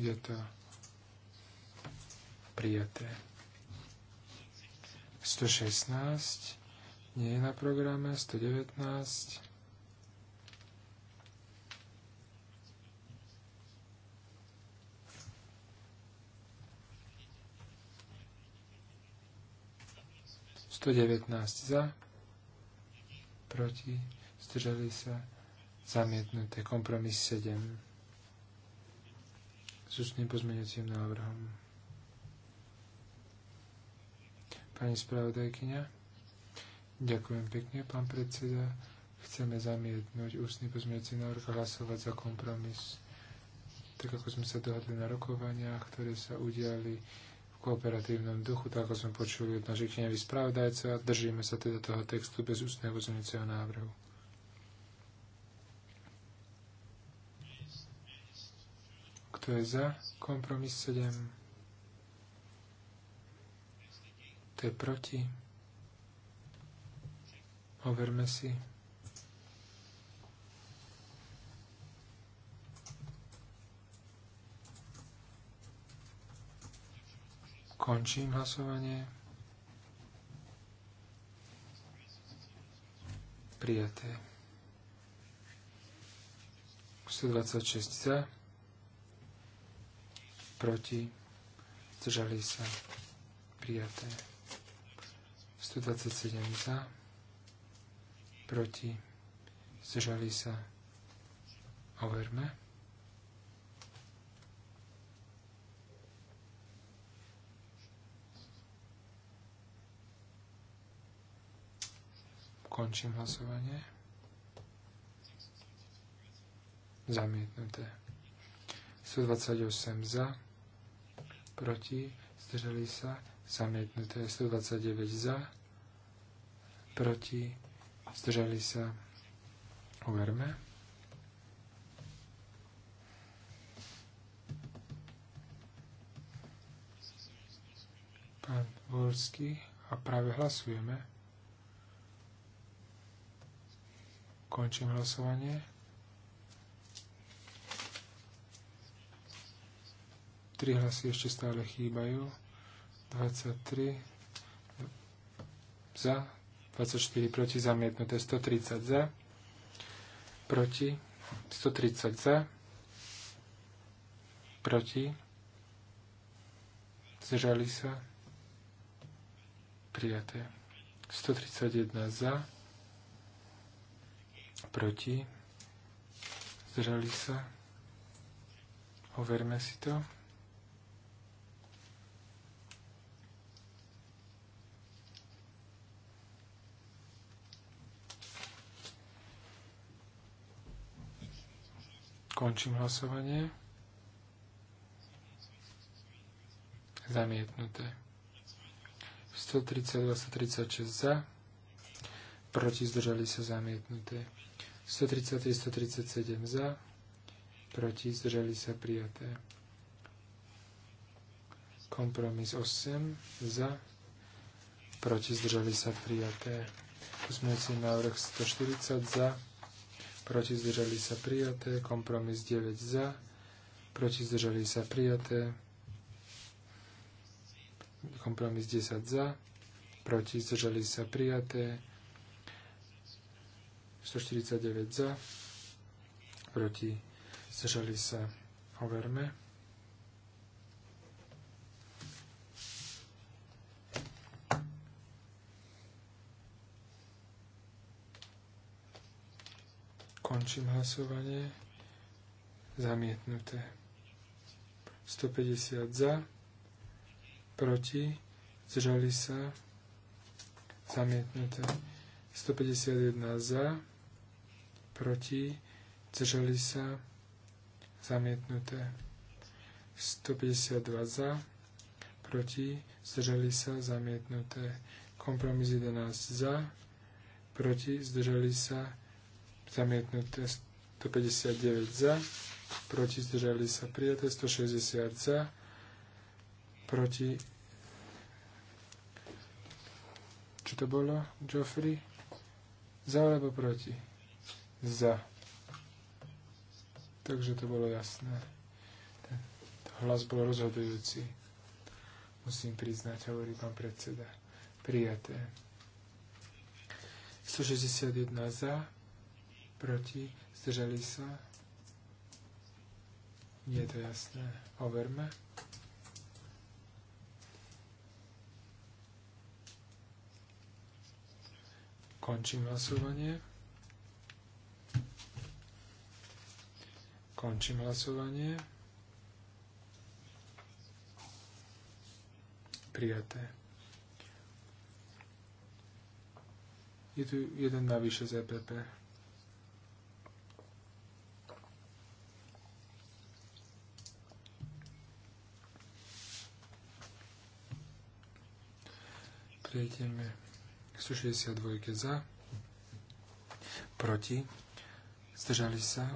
Je to prijaté. 116 nie je na programe, 119 119 za, proti, zdržali sa, zamietnuté. Kompromis 7 s ústnym pozmeňujúcim návrhom. Pani spravodajkynia, ďakujem pekne, pán predseda. Chceme zamietnúť ústny pozmeňujúci návrh a hlasovať za kompromis tak ako sme sa dohodli na rokovaniach, ktoré sa udiali kooperatívnom duchu, tak ako sme počuli od našich tieňových spravodajcov a držíme sa teda toho textu bez ústneho pozornicieho návrhu. Kto je za kompromis 7? Kto je proti? Overme si. Končím hlasovanie. Prijaté. 126 za. Proti. Zdržali sa. Prijaté. 127 za. Proti. Zdržali sa. Overme. Končím hlasovanie. Zamietnuté. 128 za, proti, zdržali sa, zamietnuté. 129 za, proti, zdržali sa, overme. Pán Volský a práve hlasujeme. Končím hlasovanie. Tri hlasy ešte stále chýbajú. 23 za, 24 proti zamietnuté, 130 za, proti, 130 za, proti, zdržali sa, prijaté. 131 za, proti, zdrali sa, overme si to. Končím hlasovanie. Zamietnuté. 132, 136 za. Proti zdržali sa zamietnuté. 133, 137 za, proti, zdržali sa prijaté. Kompromis 8 za, proti, zdržali sa prijaté. Usmiecí návrh 140 za, proti, zdržali sa prijaté. Kompromis 9 za, proti, zdržali sa prijaté. Kompromis 10 za, proti, zdržali sa prijaté 149 za, proti, zdržali sa, overme. Končím hlasovanie. Zamietnuté. 150 za, proti, zdržali sa, zamietnuté. 151 za, proti, drželi sa, zamietnuté. 152 za, proti, zdržali sa, zamietnuté. Kompromis 11 za, proti, zdržali sa, zamietnuté. 159 za, proti, zdržali sa, prijaté. 160 za, proti, čo to bolo, Joffrey? Za alebo proti? za. Takže to bolo jasné. Ten hlas bol rozhodujúci. Musím priznať, hovorí pán predseda. Prijaté. 161 za, proti, zdržali sa. Nie je to jasné. Overme. Končím hlasovanie. Končím hlasovanie. Prijaté. Je tu jeden navyše z EPP. Prejdeme k 162 za, proti, zdržali sa,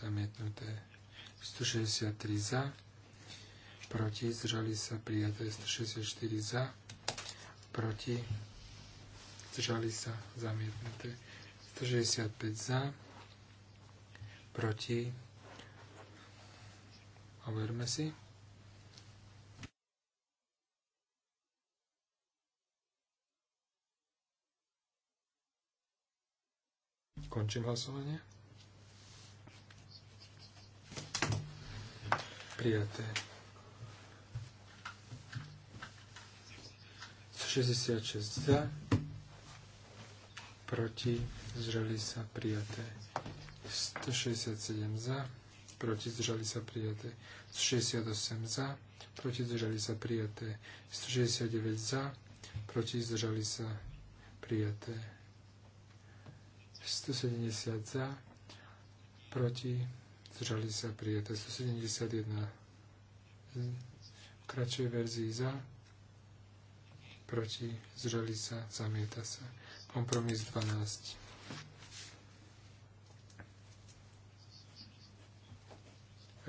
zamietnuté. 163 za, proti, zdržali sa prijaté 164 za, proti, zdržali sa zamietnuté 165 za, proti, overme si. Končím hlasovanie. prijaté. 66 za, proti, zdržali sa prijaté. 167 za, proti, zdržali sa prijaté. 168 za, proti, zdržali sa prijaté. 169 za, proti, zdržali sa prijaté. 170 za, proti, zdržali sa prijaté 171 v kratšej verzii za, proti, zdržali sa, zamieta sa. Kompromis 12.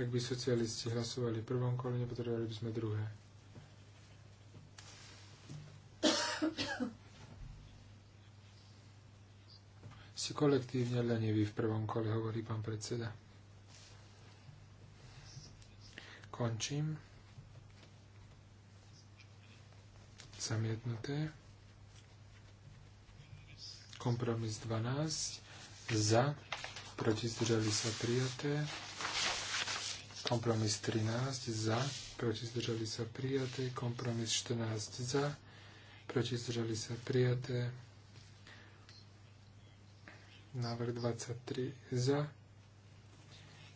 Ak by socialisti hlasovali v prvom kole, nepotrebovali by sme druhé. Si kolektívne lenivý v prvom kole, hovorí pán predseda. Končím. Zamietnuté. Kompromis 12. Za. Proti zdržali sa prijaté. Kompromis 13. Za. Proti zdržali sa prijaté. Kompromis 14. Za. Proti zdržali sa prijaté. Návrh 23. Za.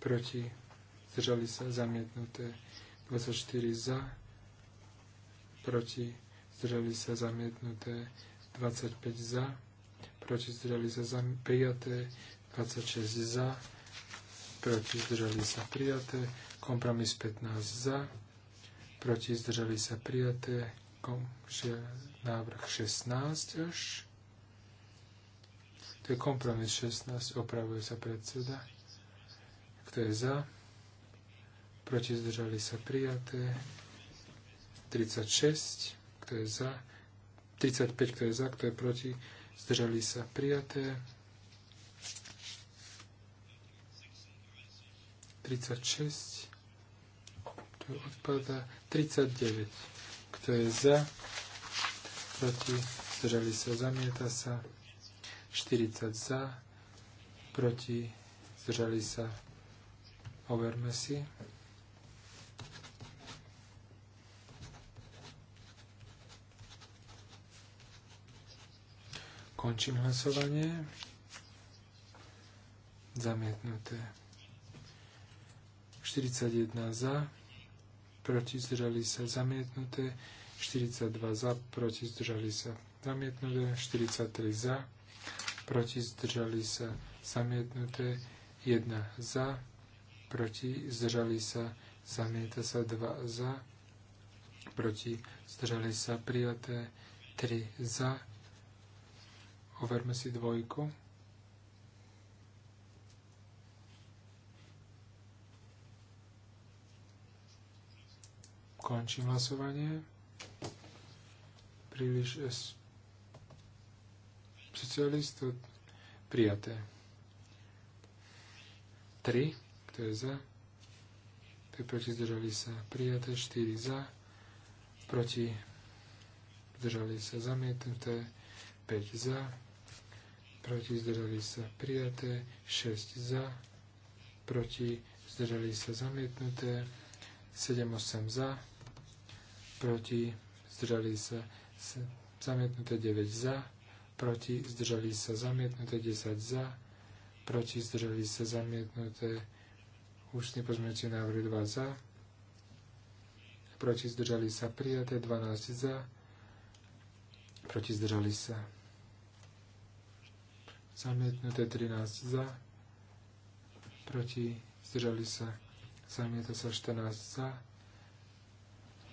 Proti zdržali sa zamietnuté. 24 za, proti, zdržali sa zamietnuté. 25 za, proti, zdržali sa prijaté. 26 za, proti, zdržali sa prijaté. Kompromis 15 za, proti, zdržali sa prijaté. Kom, že, návrh 16 až. To je kompromis 16, opravuje sa predseda. Kto je za? proti zdržali sa prijaté, 36, kto je za, 35, kto je za, kto je proti, zdržali sa prijaté, 36, to odpada, 39, kto je za, proti, zdržali sa, zamieta sa, 40 za, proti, zdržali sa, overme si. Končím hlasovanie. Zamietnuté. 41 za, proti zdržali sa zamietnuté, 42 za, proti zdržali sa zamietnuté, 43 za, proti zdržali sa zamietnuté, 1 za, proti zdržali sa, zamieta sa 2 za, proti zdržali sa prijaté, 3 za, Overme si dvojku. Končím hlasovanie. Príliš eh, S. Socialisto prijaté. 3. Kto je za? Kto je proti? Zdržali sa. Prijaté. 4 za. Proti. Zdržali sa. Zamietnuté. 5 za proti zdržali sa prijaté, 6 za, proti zdržali sa zamietnuté, 7, 8 za, proti zdržali sa zamietnuté 9 za, proti zdržali sa zamietnuté 10 za, proti zdržali sa zamietnuté ústne pozmeňujúce návrhy 2 za, proti zdržali sa prijaté 12 za, proti zdržali sa zamietnuté 13 za, proti zdržali sa, zamieta sa 14 za,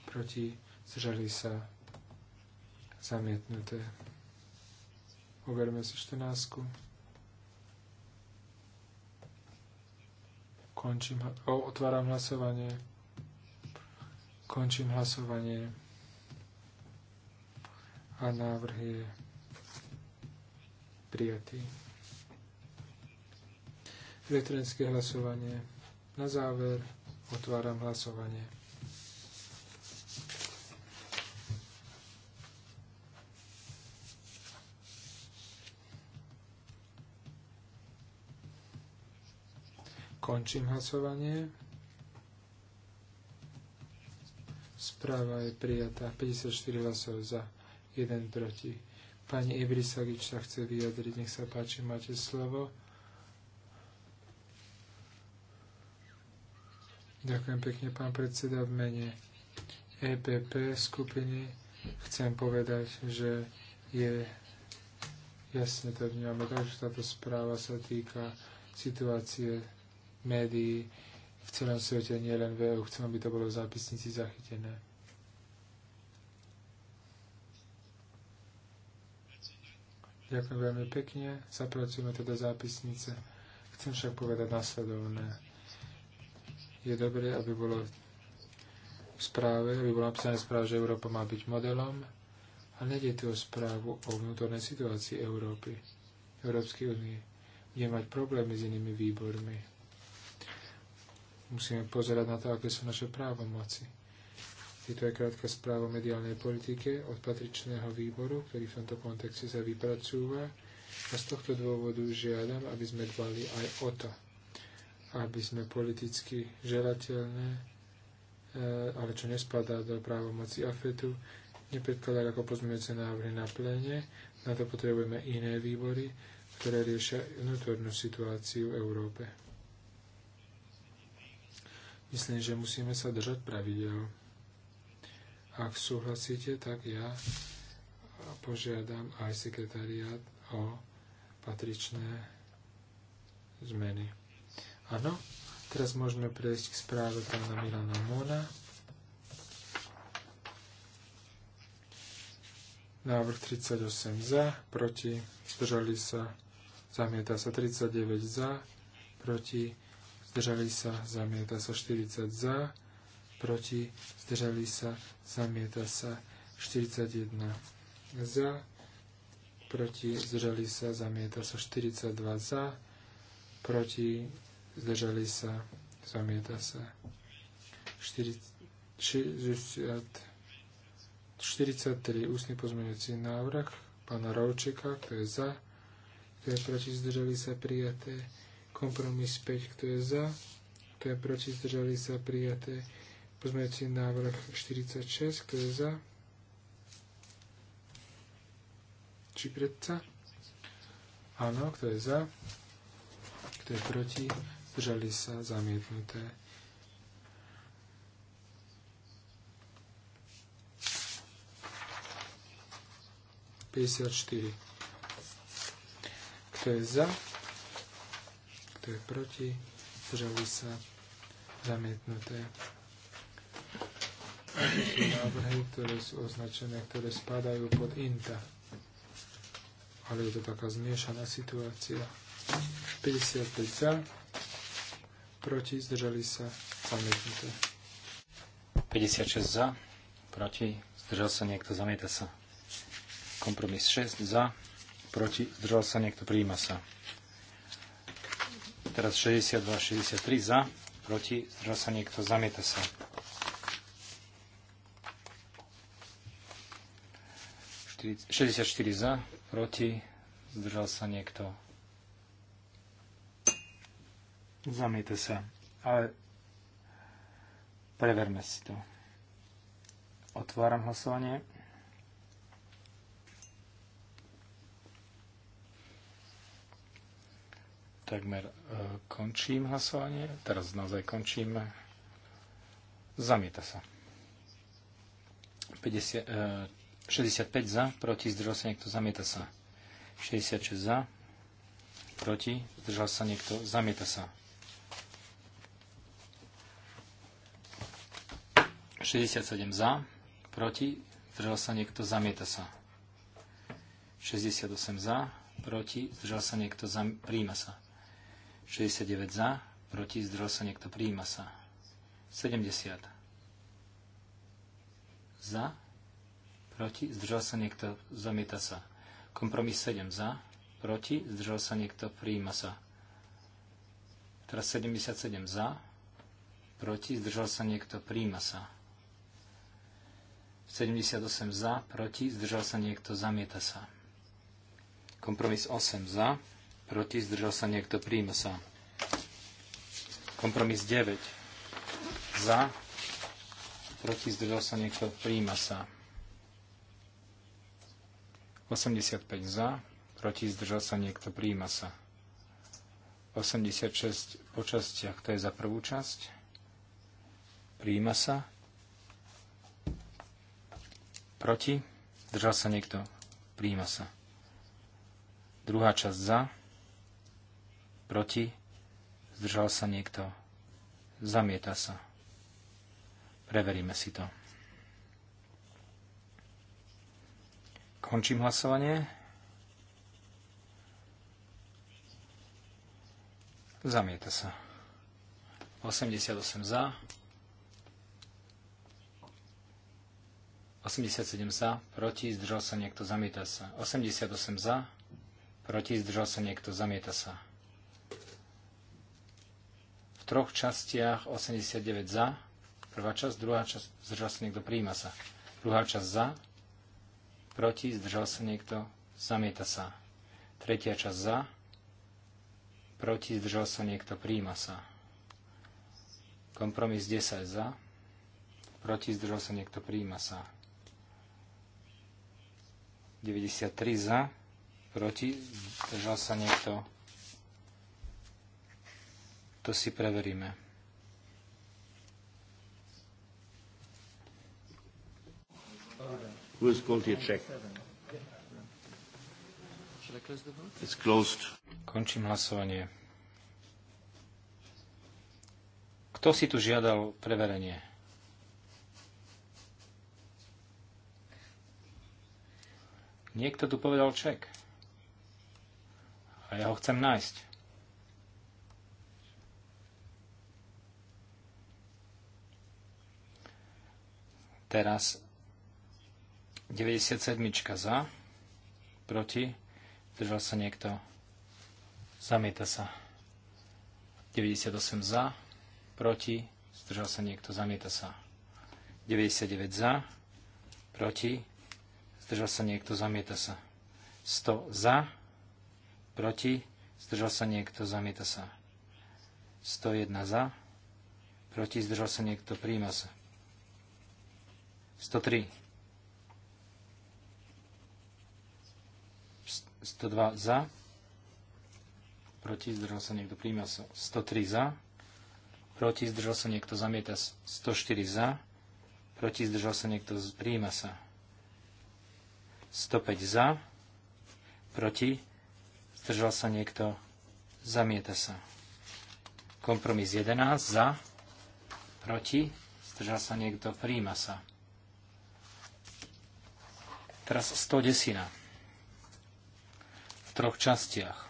proti zdržali sa, zamietnuté. Overme si 14. Končím, o, otváram hlasovanie. Končím hlasovanie. A návrh je prijatý. Elektronické hlasovanie. Na záver otváram hlasovanie. Končím hlasovanie. Správa je prijatá. 54 hlasov za, 1 proti. Pani Ibrisagič sa chce vyjadriť. Nech sa páči, máte slovo. Ďakujem pekne, pán predseda, v mene EPP skupiny. Chcem povedať, že je jasne to vnímame, takže táto správa sa týka situácie médií v celom svete, nielen v EU. Chcem, aby to bolo v zápisnici zachytené. Ďakujem veľmi pekne. Zapracujeme teda zápisnice. Chcem však povedať následovné. Je dobré, aby bolo v správe, aby bolo napísané správa, že Európa má byť modelom, a nejde tu o správu o vnútornej situácii Európy, Európskej únie. Bude mať problémy s inými výbormi. Musíme pozerať na to, aké sú naše právomoci. Je to aj krátka správa o mediálnej politike od patričného výboru, ktorý v tomto kontexte sa vypracúva. A z tohto dôvodu žiadam, aby sme dbali aj o to, aby sme politicky želateľné, eh, ale čo nespadá do právomoci AFETu, nepredkladali ako pozmeňujúce návrhy na plene. Na to potrebujeme iné výbory, ktoré riešia vnútornú situáciu v Európe. Myslím, že musíme sa držať pravidel. Ak súhlasíte, tak ja požiadam aj sekretariat o patričné zmeny. Áno, teraz môžeme prejsť k správe pána Milana Mona. Návrh 38 za, proti, zdržali sa, zamieta sa 39 za, proti, zdržali sa, zamieta sa 40 za, proti, zdržali sa, zamieta sa. 41 za, proti, zdržali sa, zamieta sa. 42 za, proti, zdržali sa, zamieta sa. 40, 43 ústny pozmeňujúci návrh pána Rovčeka, kto je za, kto je proti, zdržali sa prijaté. Kompromis 5, kto je za, kto je proti, zdržali sa prijaté. Pozmeňujúci návrh 46, kto je za? Či predsa? Áno, kto je za? Kto je proti? Zdržali sa zamietnuté. Kto je za? Kto je proti? Zdržali sa zamietnuté návrhy, ktoré sú označené, ktoré spadajú pod INTA. Ale je to taká zmiešaná situácia. 55 za, proti, zdržali sa, zamietnuté. 56 za, proti, zdržal sa niekto, zamieta sa. Kompromis 6 za, proti, zdržal sa niekto, prijíma sa. Teraz 62, 63 za, proti, zdržal sa niekto, zamieta sa. 64 za, proti, zdržal sa niekto. Zamiete sa, ale preverme si to. Otváram hlasovanie. Takmer e, končím hlasovanie. Teraz naozaj končíme. Zamieta sa. 50, e, 65 za, proti, zdržal sa niekto, zamieta sa. 66 za, proti, zdržal sa niekto, zamieta sa. 67 za, proti, zdržal sa niekto, zamieta sa. 68 za, proti, zdržal sa niekto, zam, príjma sa. 69 za, proti, zdržal sa niekto, príjma sa. 70 za, proti, zdržal sa niekto, zamieta sa. Kompromis 7 za, proti, zdržal sa niekto, prijíma sa. Teraz 77 za, proti, zdržal sa niekto, prijíma sa. 78 za, proti, zdržal sa niekto, zamieta sa. Kompromis 8 za, proti, zdržal sa niekto, prijíma sa. Kompromis 9 za, proti, zdržal sa niekto, prijíma sa. 85 za, proti zdržal sa niekto, príjima sa. 86 po častiach, to je za prvú časť. Príjima sa. Proti, zdržal sa niekto, príjima sa. Druhá časť za, proti, zdržal sa niekto, zamieta sa. Preveríme si to. Končím hlasovanie. Zamieta sa. 88 za. 87 za, proti, zdržal sa niekto, zamieta sa. 88 za, proti, zdržal sa niekto, zamieta sa. V troch častiach 89 za, prvá časť, druhá časť, zdržal sa niekto, príjma sa. Druhá časť za, proti, zdržal sa niekto, zamieta sa. Tretia časť za, proti, zdržal sa niekto, príjima sa. Kompromis 10 za, proti, zdržal sa niekto, príjima sa. 93 za, proti, zdržal sa niekto. To si preveríme. Who has called here check? It's closed. Končím hlasovanie. Kto si tu žiadal preverenie? Niekto tu povedal ček. A ja ho chcem nájsť. Teraz 97 za, proti, držal sa niekto, zamieta sa. 98 za, proti, zdržal sa niekto, zamieta sa. 99 za, proti, zdržal sa niekto, zamieta sa. 100 za, proti, zdržal sa niekto, zamieta sa. 101 za, proti, zdržal sa niekto, príjma sa. 103 102 za, proti, zdržal sa niekto, príjma sa 103 za, proti, zdržal sa niekto, zamieta 104 za, proti, zdržal sa niekto, príjma sa 105 za, proti, zdržal sa niekto, zamieta sa. Kompromis 11 za, proti, zdržal sa niekto, príjma sa. Teraz 110 v troch častiach.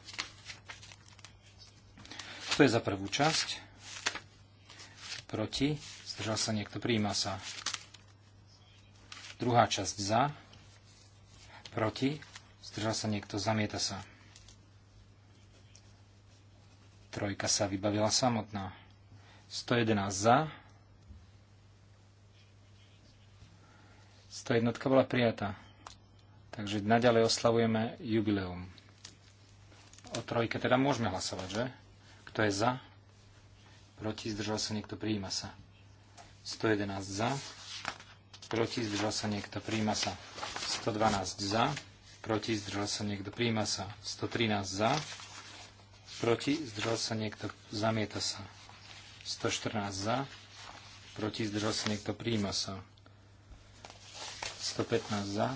To je za prvú časť? Proti? Zdržal sa niekto? Príjma sa. Druhá časť za. Proti? Zdržal sa niekto? Zamieta sa. Trojka sa vybavila samotná. 111 za. 101 bola prijatá. Takže naďalej oslavujeme jubileum. O trojke teda môžeme hlasovať, že? Kto je za? Proti, zdržal sa niekto, prijíma sa. 111 za. Proti, zdržal sa niekto, prijíma sa. 112 za. Proti, zdržal sa niekto, prijíma sa. 113 za. Proti, zdržal sa niekto, zamieta sa. 114 za. Proti, zdržal sa niekto, prijíma sa. 115 za.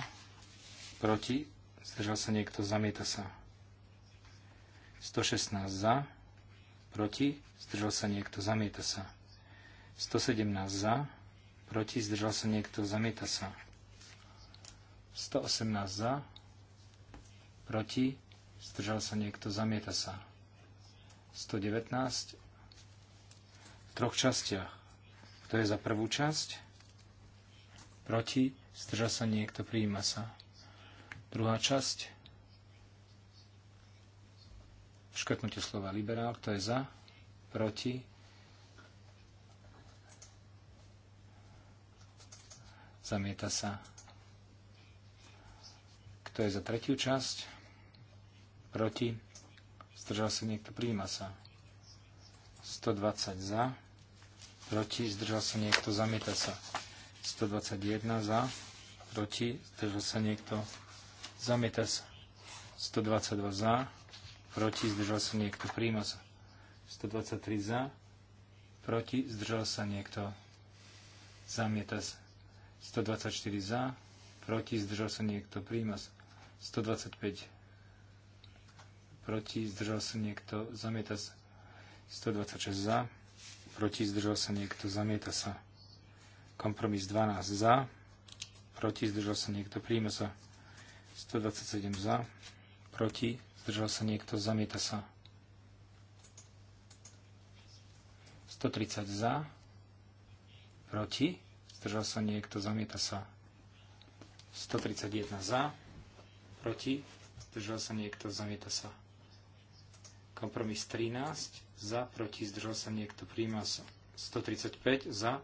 Proti, zdržal sa niekto, zamieta sa. 116 za, proti, zdržal sa niekto, zamieta sa. 117 za, proti, zdržal sa niekto, zamieta sa. 118 za, proti, zdržal sa niekto, zamieta sa. 119 v troch častiach. Kto je za prvú časť? Proti, zdržal sa niekto, prijíma sa. Druhá časť škrtnutie slova liberál, kto je za, proti, zamieta sa. Kto je za tretiu časť, proti, zdržal sa niekto, príjima sa. 120 za, proti, zdržal sa niekto, zamieta sa. 121 za, proti, zdržal sa niekto, zamieta sa. 122 za, proti, zdržal sa niekto, príjma sa. 123 za, proti, zdržal sa niekto, zamieta sa. 124 za, proti, zdržal sa niekto, príjma sa. 125 proti, zdržal sa niekto, zamieta sa. 126 za, proti, zdržal sa niekto, zamieta sa. Kompromis 12 za, proti, zdržal sa niekto, príjma sa. 127 za, proti, zdržal sa niekto, zamieta sa. 130 za, proti, zdržal sa niekto, zamieta sa. 131 za, proti, zdržal sa niekto, zamieta sa. Kompromis 13, za, proti, zdržal sa niekto, príjma sa. 135 za,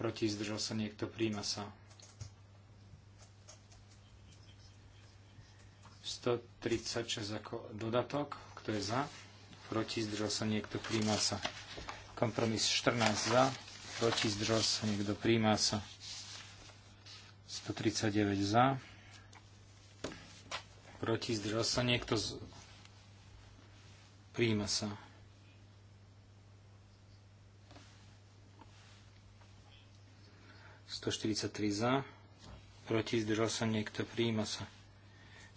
proti, zdržal sa niekto, príjma sa. 136 ako dodatok. Kto je za? Proti zdržal sa niekto, príjma sa. Kompromis 14 za. Proti zdržal sa niekto, príjma sa. 139 za. Proti zdržal sa niekto, z... príjma sa. 143 za. Proti zdržal sa niekto, príjma sa.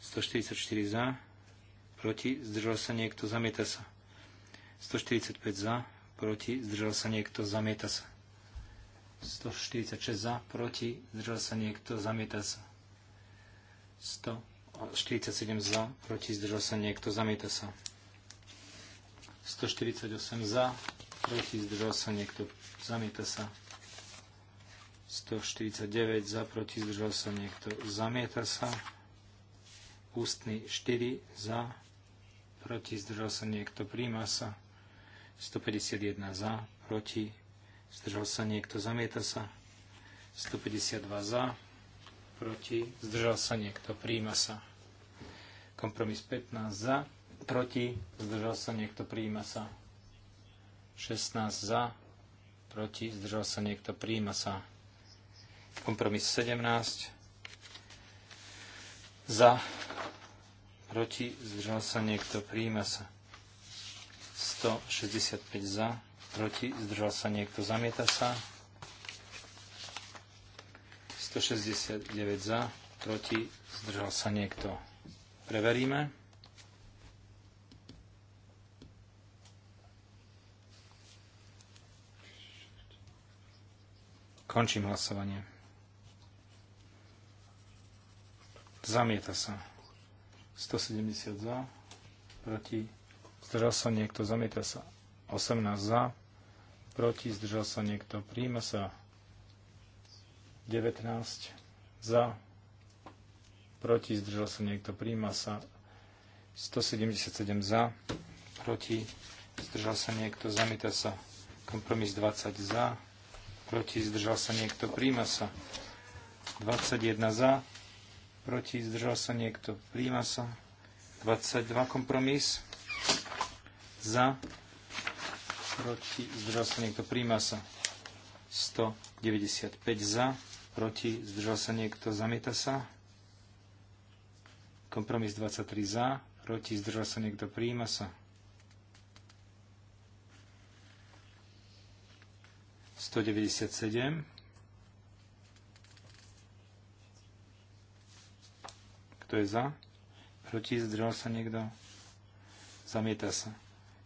144 za, proti, zdržal sa niekto, zamieta sa. 145 za, proti, zdržal sa niekto, zamieta sa. 146 za, proti, zdržal sa niekto, zamieta sa. 147 za, proti, zdržal sa niekto, zamieta sa. 148 za, proti, zdržal sa niekto, zamieta sa. 149 za, proti, zdržal sa niekto, zamieta sa. Ústny 4 za, proti zdržal sa niekto, príjma sa. 151 za, proti zdržal sa niekto, zamieta sa. 152 za, proti zdržal sa niekto, príjma sa. Kompromis 15 za, proti zdržal sa niekto, príjma sa. 16 za, proti zdržal sa niekto, príjma sa. Kompromis 17 za. Proti. Zdržal sa niekto. prijíma sa. 165 za. Proti. Zdržal sa niekto. Zamieta sa. 169 za. Proti. Zdržal sa niekto. Preveríme. Končím hlasovanie. Zamieta sa. 170 za, proti, zdržal sa niekto, zamieta sa. 18 za, proti, zdržal sa niekto, príjma sa. 19 za, proti, zdržal sa niekto, príjma sa. 177 za, proti, zdržal sa niekto, zamieta sa. Kompromis 20 za, proti, zdržal sa niekto, príjma sa. 21 za, proti, zdržal sa niekto, príjma sa. 22 kompromis, za, proti, zdržal sa niekto, príjma sa. 195 za, proti, zdržal sa niekto, zamieta sa. Kompromis 23 za, proti, zdržal sa niekto, príjma sa. 197 Kto je za? Proti? Zdržal sa niekto? Zamieta sa.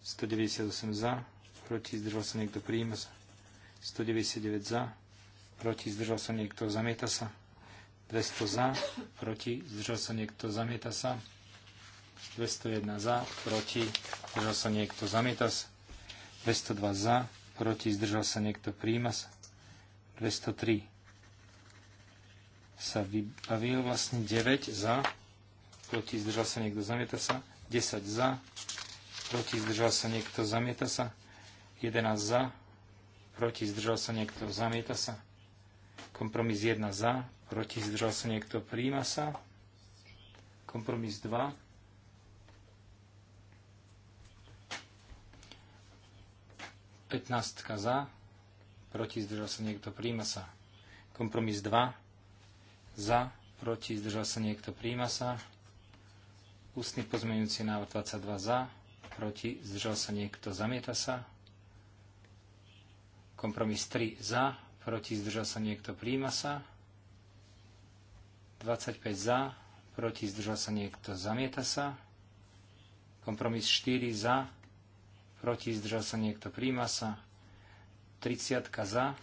198 za. Proti? Zdržal sa niekto? Prijíma sa. 199 za. Proti? Zdržal sa niekto? Zamieta sa. 200 za. Proti? Zdržal sa niekto? Zamieta sa. 201 za. Proti? Zdržal sa niekto? Zamieta sa. 202 za. Proti? Zdržal sa niekto? Prijíma sa. 203 sa vybavil, vlastne 9 za, proti zdržal sa niekto, zamieta sa, 10 za, proti zdržal sa niekto, zamieta sa, 11 za, proti zdržal sa niekto, zamieta sa, kompromis 1 za, proti zdržal sa niekto, príjma sa, kompromis 2, Petnáctka za, proti zdržal sa niekto, príjma sa. Kompromis 2, za, proti, zdržal sa niekto, príjma sa. Ústny pozmeňujúci návrh 22 za, proti, zdržal sa niekto, zamieta sa. Kompromis 3 za, proti, zdržal sa niekto, príjma sa. 25 za, proti, zdržal sa niekto, zamieta sa. Kompromis 4 za, proti, zdržal sa niekto, príjma sa. 30 za,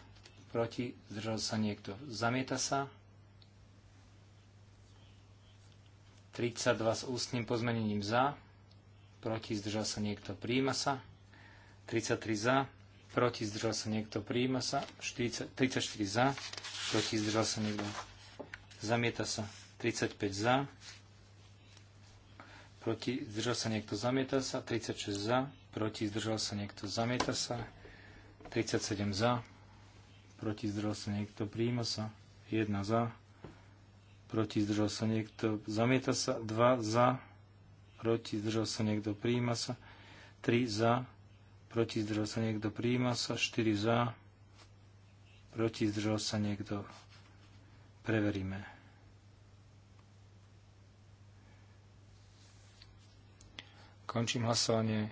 proti, zdržal sa niekto, zamieta sa. 32 s ústnym pozmenením za, proti zdržal sa niekto, príjma sa. 33 za, proti zdržal sa niekto, príjma sa. 40, 34 za, proti zdržal sa niekto, zamieta sa. 35 za, proti zdržal sa niekto, zamieta sa. 36 za, proti zdržal sa niekto, zamieta sa. 37 za, proti zdržal sa niekto, príjma sa. 1 za, proti zdržal sa niekto, zamieta sa, 2 za, proti zdržal sa niekto, prijíma sa, 3 za, proti zdržal sa niekto, prijíma sa, 4 za, proti zdržal sa niekto, preveríme. Končím hlasovanie.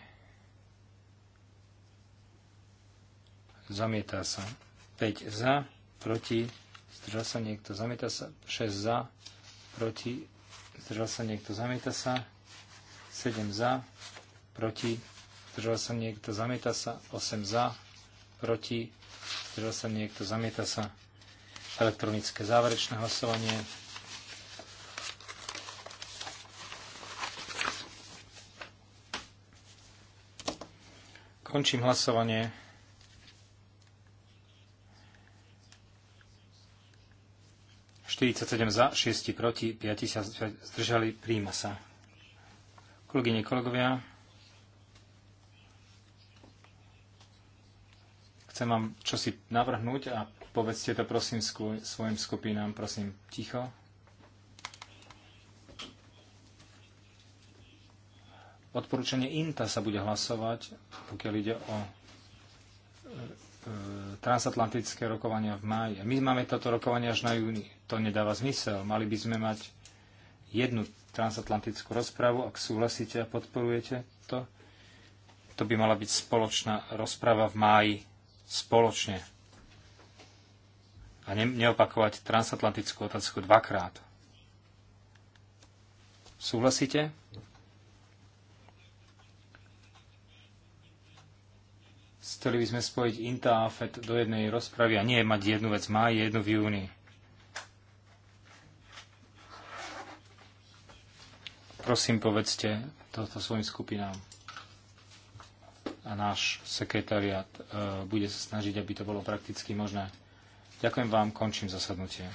Zamieta sa. 5 za, proti zdržal sa niekto, zamieta sa, 6 za, proti, zdržal sa niekto, zamieta sa, 7 za, proti, zdržal sa niekto, zamieta sa, 8 za, proti, zdržal sa niekto, zamieta sa, elektronické záverečné hlasovanie. Končím hlasovanie. 47 za, 6 proti, 5 sa zdržali, príjma sa. Kolegyne, kolegovia, chcem vám čosi navrhnúť a povedzte to prosím svojim skupinám, prosím, ticho. Odporúčanie INTA sa bude hlasovať, pokiaľ ide o e, e, transatlantické rokovania v máji. My máme toto rokovanie až na júni to nedáva zmysel. Mali by sme mať jednu transatlantickú rozpravu, ak súhlasíte a podporujete to. To by mala byť spoločná rozprava v máji spoločne. A ne, neopakovať transatlantickú otázku dvakrát. Súhlasíte? Chceli by sme spojiť INTA a FED do jednej rozpravy a nie mať jednu vec v máji, jednu v júni. Prosím, povedzte toto svojim skupinám. A náš sekretariat e, bude sa snažiť, aby to bolo prakticky možné. Ďakujem vám, končím zasadnutie.